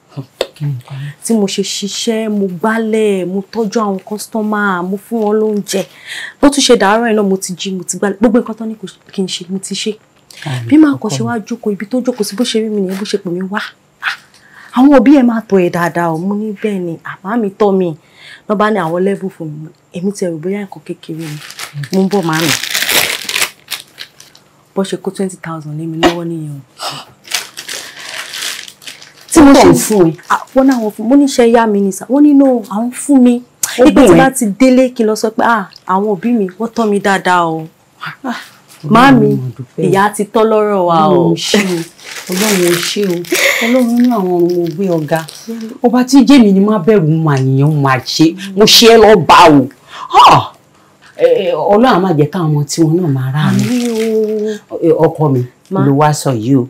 tí mo ṣe ṣiṣẹ́ mo gbálẹ̀ mo tọ́jú àwọn kọ́sítọ́mà mo fún wọn lóúnjẹ bó tún ṣe dàárọ̀ ẹ̀ náà mo ti jí mo ti gbálẹ̀ gbogbo nǹkan tó ní kí n ṣe mo ti ṣe bí màá kàn ṣe wá jókòó ibi tó jókòó sí bó ṣe rí mi nìyẹn bó ṣe pè mí wá àwọn òbí ẹ máa tọ́ ẹ dáadáa ò mú ní bẹ́ẹ̀ ni àmá mi tọ́ mi lọ́ bá ní àwọn level fún mi èmi ti ẹ̀rù bóyá nǹkan kékeré ni mo ń bọ̀ máa mi bọ́ ṣe kó twenty thousand lé mi lọ́wọ́ nìyẹn o tí mo ṣe fún ẹ ah, wọ́n náà wọ́n fún mo níṣẹ́ yá mi nìsà wọ́n nínú àwọn fún mi nígbà tí bá ti délé kí n lọ sọ pé ah, àwọn òbí mi wọ́n tọ́ mi dáadáa o. Ah. Máàmí, ìyá ti tọ́ lọ́rọ̀ wa o. Ọlọ́run ò ṣe o. Ọlọ́run ní àwọn ọmọ ògbé ọ̀gá. Ọba tí Jémi ni má bẹ̀rù mà yàn mà ṣe. Mo ṣe é lọ́ọ́ bá o. Ọlọ́run á máa jẹ́ káwọn ọmọ tiwọn náà máa rà mí. Ọkọ mi ló wá sọ yìí o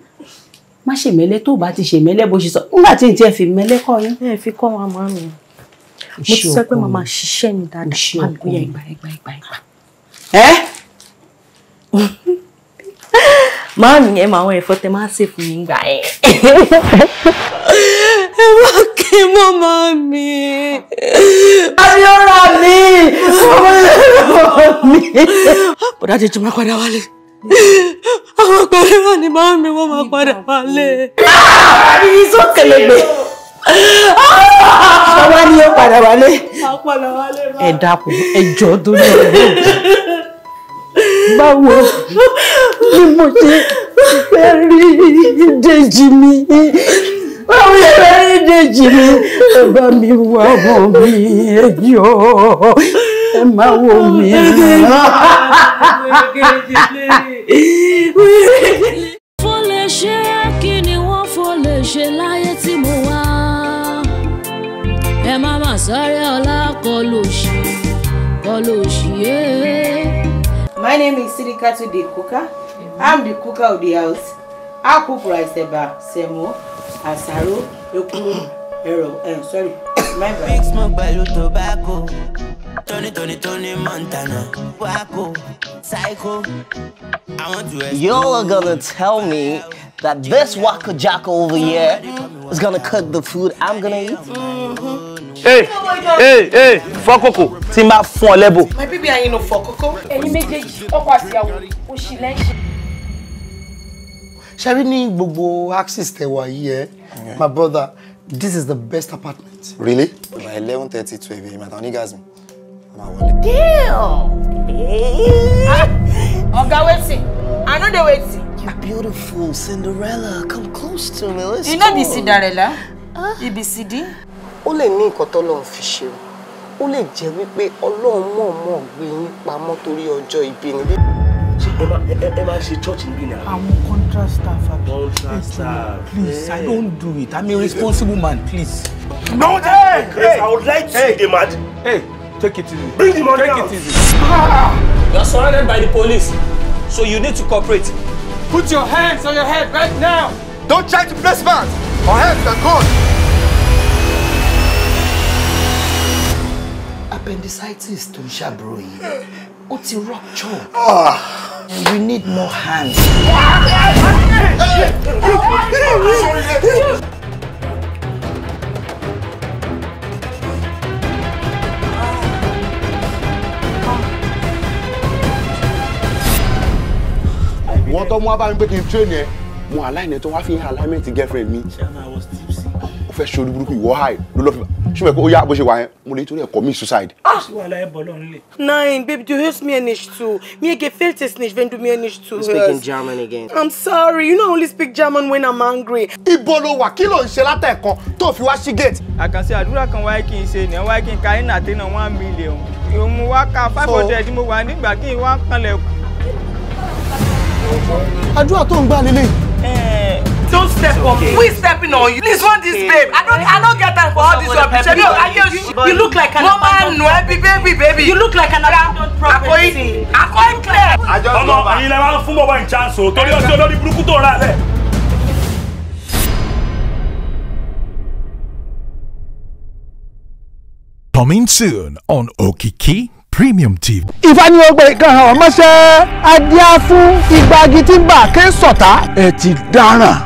má ṣe mẹ́lẹ́ tó bá ti ṣe mẹ́lẹ́ bó ṣe sọ nígbà tí n tiẹ̀ fi mẹ́lẹ́ kọ́ yín. ẹ fi kọ́ wa màmá mi mo ti sọ pé màmá ṣiṣẹ́ mi dáadáa má gbé ẹgbàá ẹgbàá Mami, mi ẹ máa wọn ẹ̀fọ́ tẹ máa ṣe fún mi gbà yẹn. ẹ wá kí mọ́ máa mi. abiola mi abiola mi. bọ̀dá jẹjẹ máa padà wálé àwọn àgbàlẹ̀ wà ní máa mi wọ́n máa padà wálé. àbíyí sókèlè gbé ọwọ́ ni ó padà wálé. ẹ dákun ẹ jọ̀ọ́ dúró báwo ni mo ṣe fẹ́ rí ìdèjì mi báwo ni fẹ́ rí ìdèjì mi ẹ bá mi wá ọmọ mi ẹ jọ ẹ má wò mí. fọlẹ̀ ṣe kí ni wọ́n fọlẹ̀ ṣe láyé tí mo wá ẹ má má sáré ọlá kọlù òṣì kọlù òṣì yéé. Eh. My name is Sirikatu the cooker. I'm the cooker of the house. I cook rice eba, semo, asaro, ekuru, ero, eh, sorry. My Tony, Tony, You're gonna tell me that this Wacko Jacko over here is gonna cook the food I'm gonna eat? Mm-hmm. Hey, oh hey, hey, fọ́kókó tí n bá fún ọ My baby ain't no fọ́kókó. Ẹ̀yin méjèèjì, ọkọ àti ìyàwó, oṣù lẹ́yìn. Ṣebí ní gbogbo access tẹ̀wá yìí ẹ́, eh? my brother, this is the best apartment. Really? By eleven thirty twelve, èmi eh, àtàwọn onígàsmi máa wọlé. ọ̀gá wetin i no dey wetin. you beautiful Cinderella come close to me let's go. you no be Cinderella ah. you be Sidi. ó lè ní nǹkan tó lọ́n fi ṣe o ó lè jẹ́ wípé ọlọ́run mọ̀ọ́mọ̀ gbé yín pamọ́ torí ọjọ́ ìbí ni. ẹ máa ṣe church níbí ni. àwọn contract staff Contrast staff. please hey. i don't do it i'm a responsible man please. no hey, hey, hey, i would like to hey. dey mad. Hey. Take it easy. Bring the money Take out. it easy. Ah. You are surrounded by the police, so you need to cooperate. Put your hands on your head right now. Don't try to press back. Our hands are gone. Appendicitis tó ń ṣàbúrò yìí. Ó ti rupture. You need more hands. wọ́n tó mú wá bá mi pé kí n train yẹn mo align ẹ̀ tó wá fi alignment girlfriend mi. ó fẹ́ ṣe olúburúkú ìwọ high ló lọ fi ṣùgbọ́n pé ó yá bó ṣe wà yẹn mo lè torí ẹ̀ commit suicide. Nein, babe, du hörst mir nicht zu. Mir gefällt es nicht, wenn du mir nicht zuhörst. You speak in German again. I'm sorry, you know I only speak German when I'm angry. Ibo ló wà kí ló ń ṣe látẹ̀kan tó fi wá sí gate. Àkànṣe àdúrà kan wáyé kí n ṣe ni wáyé kí n ka iná àtẹnà one million. Òun wá ka five hundred mo wà nígbà kí n wá kanlẹ̀kùn. adura do tó ń gbà lélẹ̀. Eh. don't step on me. we stepping on you please want this babe i don't i don't get time for all this rubbish you look like an woman baby baby you look like an abandoned property akọyin clear. ọmọ ẹ̀yin lè máa fún bọ́bá in chance o torí ọsẹ olórí burúkú tó rà lẹ. Coming soon on Okiki Premium TV. ìfani ọgbẹ́ ìkan hàn ọmọṣẹ́ adíá fún ìgbàgi tí ń bà ké sọ̀tá. ẹ ti dáràn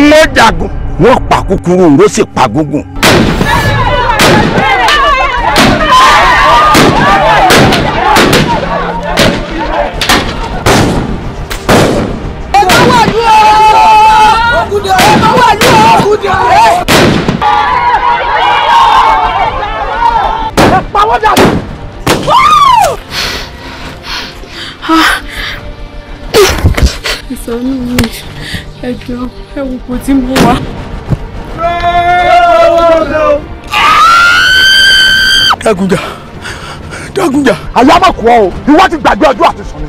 mo jagun wọn pa kúkúrú ló sì pa gúngùn. Yeah. ìsọ̀nù mi ẹ̀jọ̀ ẹ̀wù kò tí mo wà. dágunjà dágunjà. àyà má kú ọ o ìwọ ti gbàgbé ọjọ́ àti sọ̀nù.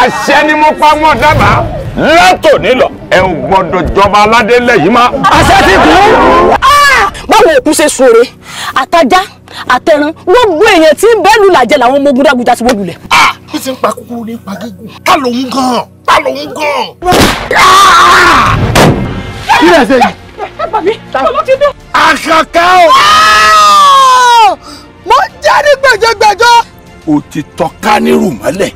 àṣẹ ni mo pa mọ́ dábàá látòní lọ ẹ ò gbọ́dọ̀ jọba aládé lẹ́yìn má. àṣẹ ti kú. Ah! báwo òkú ṣe sùn rè àtajá àtẹran gbogbo èèyàn tí ń bẹ́ẹ̀lù làjẹ́ làwọn ọmọ ogun dágbújà ti wó lulẹ̀. a ó ti ń pa kúkúrú ní pa gígùn ká lòun gan ká lòun gan. kí lè ṣe yìí. ẹ bà mí ọmọ ti dé. àṣàkẹ́ o. mo jẹ́ ní gbẹ̀jẹ̀gbẹ̀jọ́. o ti tọ́ ká nírù mọ́lẹ̀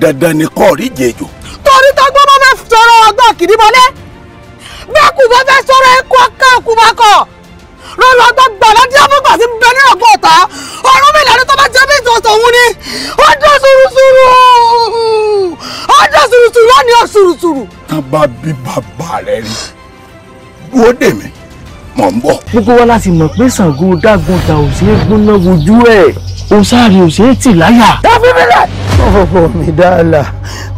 dandan ni kò rí jẹjọ. torí tọ́gbọ́n bá fẹ́ sọ̀rọ̀ ọgbọ́n kìdí mọ́lẹ̀ bẹ́ẹ̀ kù bá fẹ́ sọ̀rọ̀ ẹ̀kọ́ ká kú bá kọ̀ rọlọ gbọgbọ lọdí ọfọgbà sí bẹ ní ọgbọ ọta mi lẹni tó bá jẹ bí ìtòsọ òun ni ó dé sùrùsùrù ó dé sùrùsùrù ó ní ó sùrùsùrù. tá a bá bí bàbá rẹ rí wo dè mí mọ̀ ń bọ̀. gbogbo wa láti mọ̀ pé Ṣàngó dágun ta ò ṣeé gbóná wojú ẹ̀ òsáàrì ò ṣeé tì láyà. ẹ mi lẹ. ọ̀pọ̀ mi dáàlà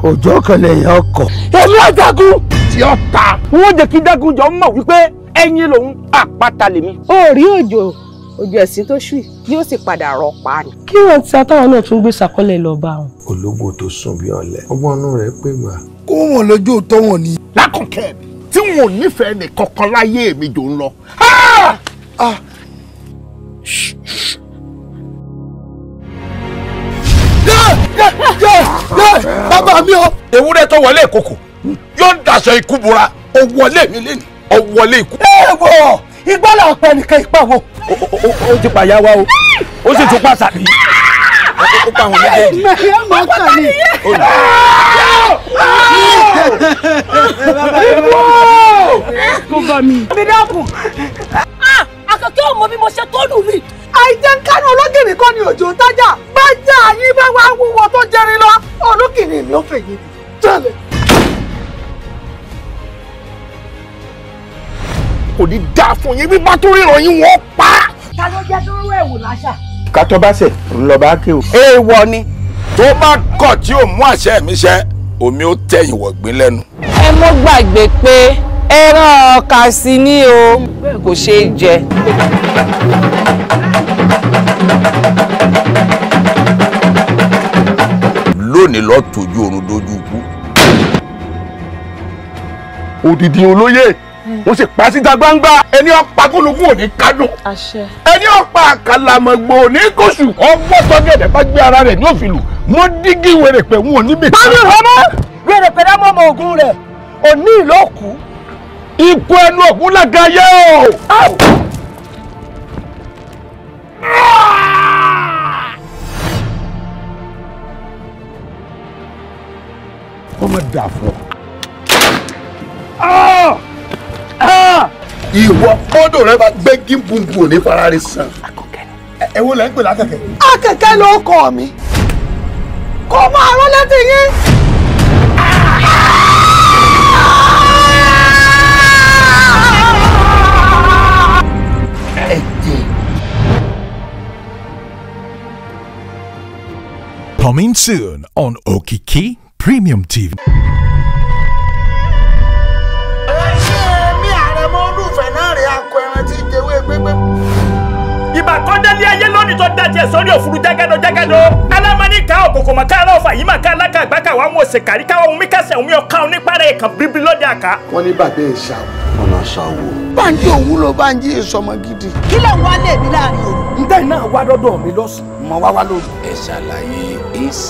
òjò kan lẹ́yìn ọkọ̀. èmi ọ̀dàgùn. tí ó ta. wọ́n jẹ́ kí dágun jọ mọ̀ wípé ẹyin lòun àpáta lèmi. ó rí òjò òjò ẹ̀sìn tó ṣù yóò sì padà rọ pa ni. kí wọn ti àtàwọn náà tún gbé sàkọlẹ̀ lọ bá wọn. ológbò tó sùn bí ọ̀lẹ ọgbọ́n inú rẹ̀ pé gbà. kó wọn lọ́jọ́ tó wọn ni. lákọ̀kẹ́ mi tí wọn ò nífẹ̀ẹ́ nìkankan láyé mi jò ń lọ. Ah! Ah! bàbá mi o. ewúrẹ́ tó wọlé ìkòkò yóò daṣọ ikú bora ó wọlé mi lénìí ọwọlé ikú. èèwọ̀ igbá là pa nìkan ìpá wo. ó ti pàyà wa o ó sì tún pàṣà bí. ó pa àwọn méjèèjì. mẹ̀yẹ́ mọ̀ kàn ní. kò bá mi. mi dákun. Ah, àkàkẹ́ ò mọ bí mo ṣe tó lù mí. àìjẹ́ kánú ológìnrí kan ni òjò ń tájà bá jà yín bá wá wúwo tó jẹrin lọ olókìnrin mi ò fèyí jẹ́lẹ̀. kò ní dáa fún yín bí bá tó ríran yín wọ́n pa. ta ló jẹ́ dúró ẹ̀wò láṣà. ká tó bá ṣe ń lọ bá ké o. èèwọ̀ ni. tó bá kọ̀ tí ò mú àṣẹ mi ṣẹ omi ó tẹ̀yìn wọ̀gbìn lẹ́nu. ẹ mọ́ gbàgbé pé ẹran ọkà sí ni o kò ṣeé jẹ. lónìí lọ́ọ́ tójú oorun dojú ikú. òdìdí olóyè mo sì pa síta gbangba ẹni ọ̀pá kúlùkù òní kánú ẹni ọ̀pá àkàlàmọ̀gbò òní kóṣù ọgbọ́n sọ́gẹ̀dẹ̀ bá gbé ara rẹ̀ ní òfìlù mo dígí wèrè pé wọn ò níbi. báyìí ọmọ wèrè pé dámọ́ ọmọ ògùn rẹ̀ òní ìlú òkú. ikú ẹnu ògùn lágayé o. ọmọ dà fún Ah, ìwọ fọ́dọ̀ rẹ bá gbẹ́gí gbùngbùn òní fara rẹ sàn. ẹ wo lẹ ń pè lákẹ̀kẹ́. akẹ̀kẹ́ ló kọ́ mi kó máa rán létí yín. Coming soon on Okiki Premium TV. ìbà kọ́dẹ́lé ayé lónìí tó dájẹ́ sórí òfurufú jágádọ́ jágádọ́ alámání ká òkòkò mọ̀ ká aláwọ̀fà yìí mà ká aláka àgbáka wà wọn òsè kárí káwọn omi kásẹ̀ omi ọ̀ká oníparẹ̀ ìkàn bíbí lọ́dẹ àká. wọ́n ní bàbá ẹ̀ ṣàwọ̀. wọn náà ṣàwọ̀. báńjì òun ló báńjì ìsọmọ gidi. kí ló wá lé mi láàrin òru. ntẹ́ náà wá dọ́dọ̀ mi lọ́sùn mọ́ wá wá lóru. ẹ ṣàlàyé ace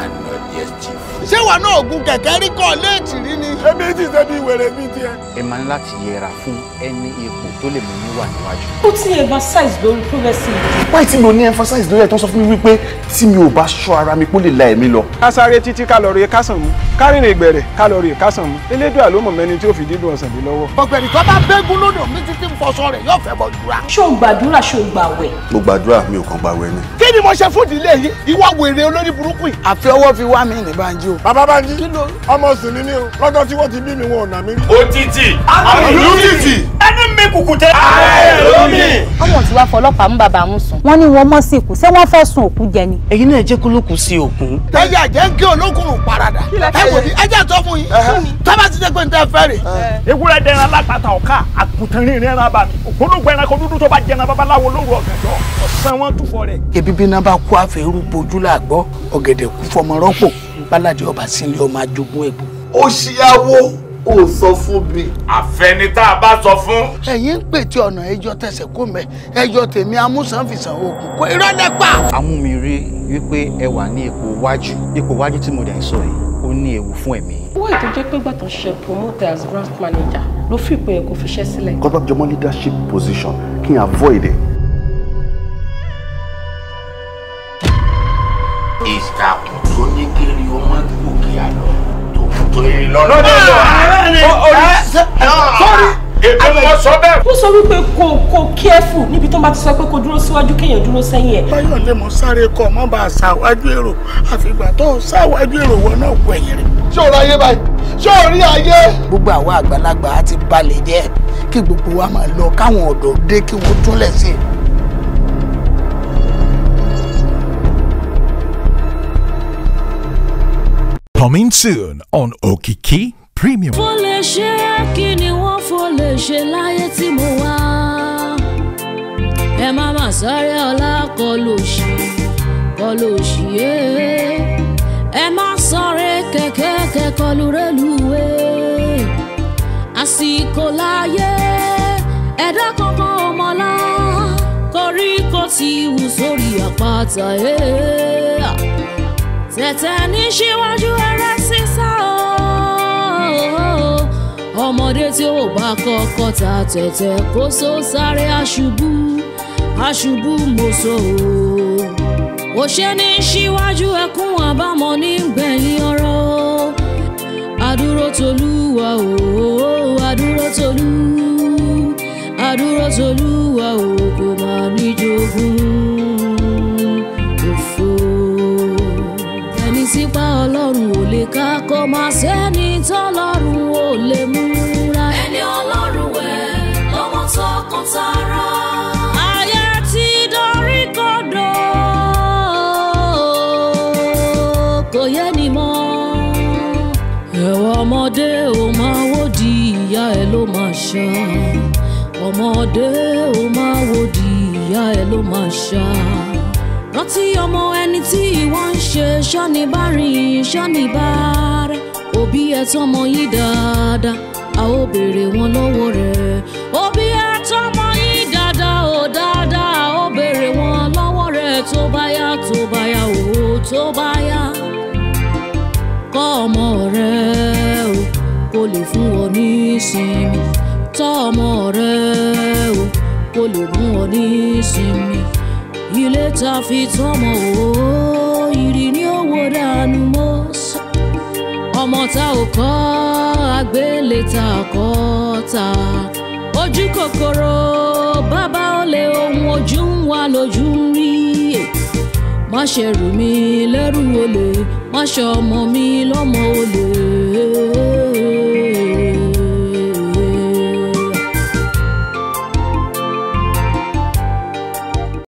and not just chief ṣé wà náà ògùn kẹ̀kẹ́ rí kọ́ léètì rí ni. ẹbí ti ṣe bí mi tiẹ̀. ẹ máa ń láti yẹra fún ẹni ipò tó lè mú mi níwájú. ó ti ní emphasize lórí progressive. wáyé tí mi ní emphasize lórí ẹ̀ tó ń sọ fún mi wípé tí mi ò bá ṣọ́ ara mi kó lè la ẹ̀mí lọ. ká sáré títí ká lọ rí kásán mu kárìnrìn ìgbẹ̀rẹ̀ ká lọ rí kásán mu elédùà ló mọ̀ mẹ́ni tí ó fi dídùn ọ̀sán lé lọ́wọ́. ọ̀gbẹ̀rì tó bá bẹ́gún lódò mi títí ń fọṣọ rẹ̀ yóò fẹ́ bọ́ dúra. ṣó gbàdúrà ṣó gbàwẹ̀. mi ò kàn kí ni mo ṣe fún ìdílé yìí ìwà wèrè olórí burúkú yìí. àfi ọwọ́ fi wá mi ní Banji o. bàbá Banji ọmọ sì ni mí o lọ́jọ́ tí wọ́n ti bí mi wọn ò nà mí. òtítì àlùtìtì ẹni mi kùkù tẹ. àìlómi. ọmọ tí wàá fọlọ́pàá mú bàbá mú sùn. wọ́n ní wọ́n mọ̀ sí ikú ṣé wọ́n fẹ́ sun òkú jẹ ni. èyí náà jẹ́ kólókùn sí òkun. ẹyẹ àjẹ́ ń gé olókùn parada. ẹ wò ní ẹjẹ tó fún yín. tọ́ba ti dẹ́gbẹ́ níta fẹ́ rè. ewúrẹ́ dẹran lápáta bíná bá kú àfẹ́rú bojú làgbọ́ ọ̀gẹ̀dẹ̀ kú fọmọ rọ́pò bálàdé ọba sílé ọmọ ajogún ẹ̀gbọ́n. ó ṣíyàwó ò sọ fún mi. àfẹni tá a bá sọ fún. ẹ̀yin ń pètè ọ̀nà ẹjọ́ tẹ̀sẹ̀ kó mẹ́ ẹjọ́ tèmi amúsànfìsàn oògùn kó irọ́ nípa. àmú mi rí wípé ẹ wà ní ipò wájú ipò wájú tí mo dẹ̀ ń sọ yìí ó ní ewu fún ẹ̀mí. owó ètò jẹ́ pé gbàtàn ṣe promoter as branch manager ló fi ìpè ẹ̀kọ́ fiṣẹ́ sílẹ̀. kọ́ńtà jọmọ́ leadership position kí n avoid it kàkùn tó ní kiri ọmọ gòkè àlọ tó tó yẹ lọ. lọ́dọ̀ lọ orí sọ́ọ́rí èmi mo sọ bẹ́ẹ̀. ó sọ wípé kò kò kẹ́fù níbi tó bá ti sọ pé kò dúró síwájú kéèyàn dúró sẹ́yìn ẹ̀. báyọ̀ lè mọ sáré kọ́ mọ́ bá a ṣàwájú èrò àfìgbà tó ṣàwájú èrò wọn náà gbẹ̀yìn rẹ̀. ṣé o rí ayé báyìí ṣé o rí ayé. gbogbo àwa àgbàlagbà á ti balẹ̀ jẹ́ kí gbogbo wa máa lọ káwọn ọ̀dọ́ dé kí wọ́n túnlẹ̀ sí i. Coming soon on Okiki Premium. Mo lè ṣe kí láyé tí mo wá. Ẹ má má sáré ọlá kọlu òṣì yé. Ẹ má sọ̀rẹ́ kẹ̀kẹ́ kẹkọlu rélùwé. Àsìkò láyé ẹ̀dá kankan ò koríko ti wù sórí àpáta. Yeah tẹ̀tẹ̀ ní síwájú eré sísá o ọmọdé tí ó bá kọ́kọ́ ta tẹ̀tẹ̀ kó só sáré aṣubú aṣubú mọ́sọ̀ o kò ṣe ní síwájú ẹkún àbámọ̀ ní gbẹ̀yìn ọ̀rọ̀ adúró tolúwa o adúró tolú adúró tolúwa o kò máa ní jogún. mà sẹ́ni tọ́lọ́run ò lè mú ra. ẹni ọlọ́run wẹ̀ lọ́mọ tọkàn tara. ayé ti dorí kodò kò yé ni mọ́ ọmọdé ò máa wò di ìyá ẹ̀ ló máa ṣá ọmọdé ò máa wò di ìyá ẹ̀ ló máa ṣá rántí ọmọ ẹni tí ìwọ ń ṣe ṣọ́ni bá rìn ṣọ́ni bá rẹ̀ òbí ẹ̀ yìí dáadáa a ó béèrè wọn lọ́wọ́ rẹ̀ òbí ẹ̀ tọ́mọ yìí dáadáa ò dáadáa a ó béèrè wọn lọ́wọ́ rẹ̀ tó bá yá tó bá yá ò tó bá yá kọ́ ọmọ rẹ̀ o kó lè fún ọ ní ìsinmi tọ́ ọmọ rẹ̀ o kó lè mú ọ ní ìsinmi ilé ta fi tọ́mọ òwò ìrì ní owó dànù mọ́ ọmọ tá ò kọ́ àgbélé tá a ta ojú kòkòrò bàbá olè ohun ojú ń wá lójú ń rí má ṣe rù mí lẹ́rù olè má ṣe ọmọ mi lọ́mọ olè.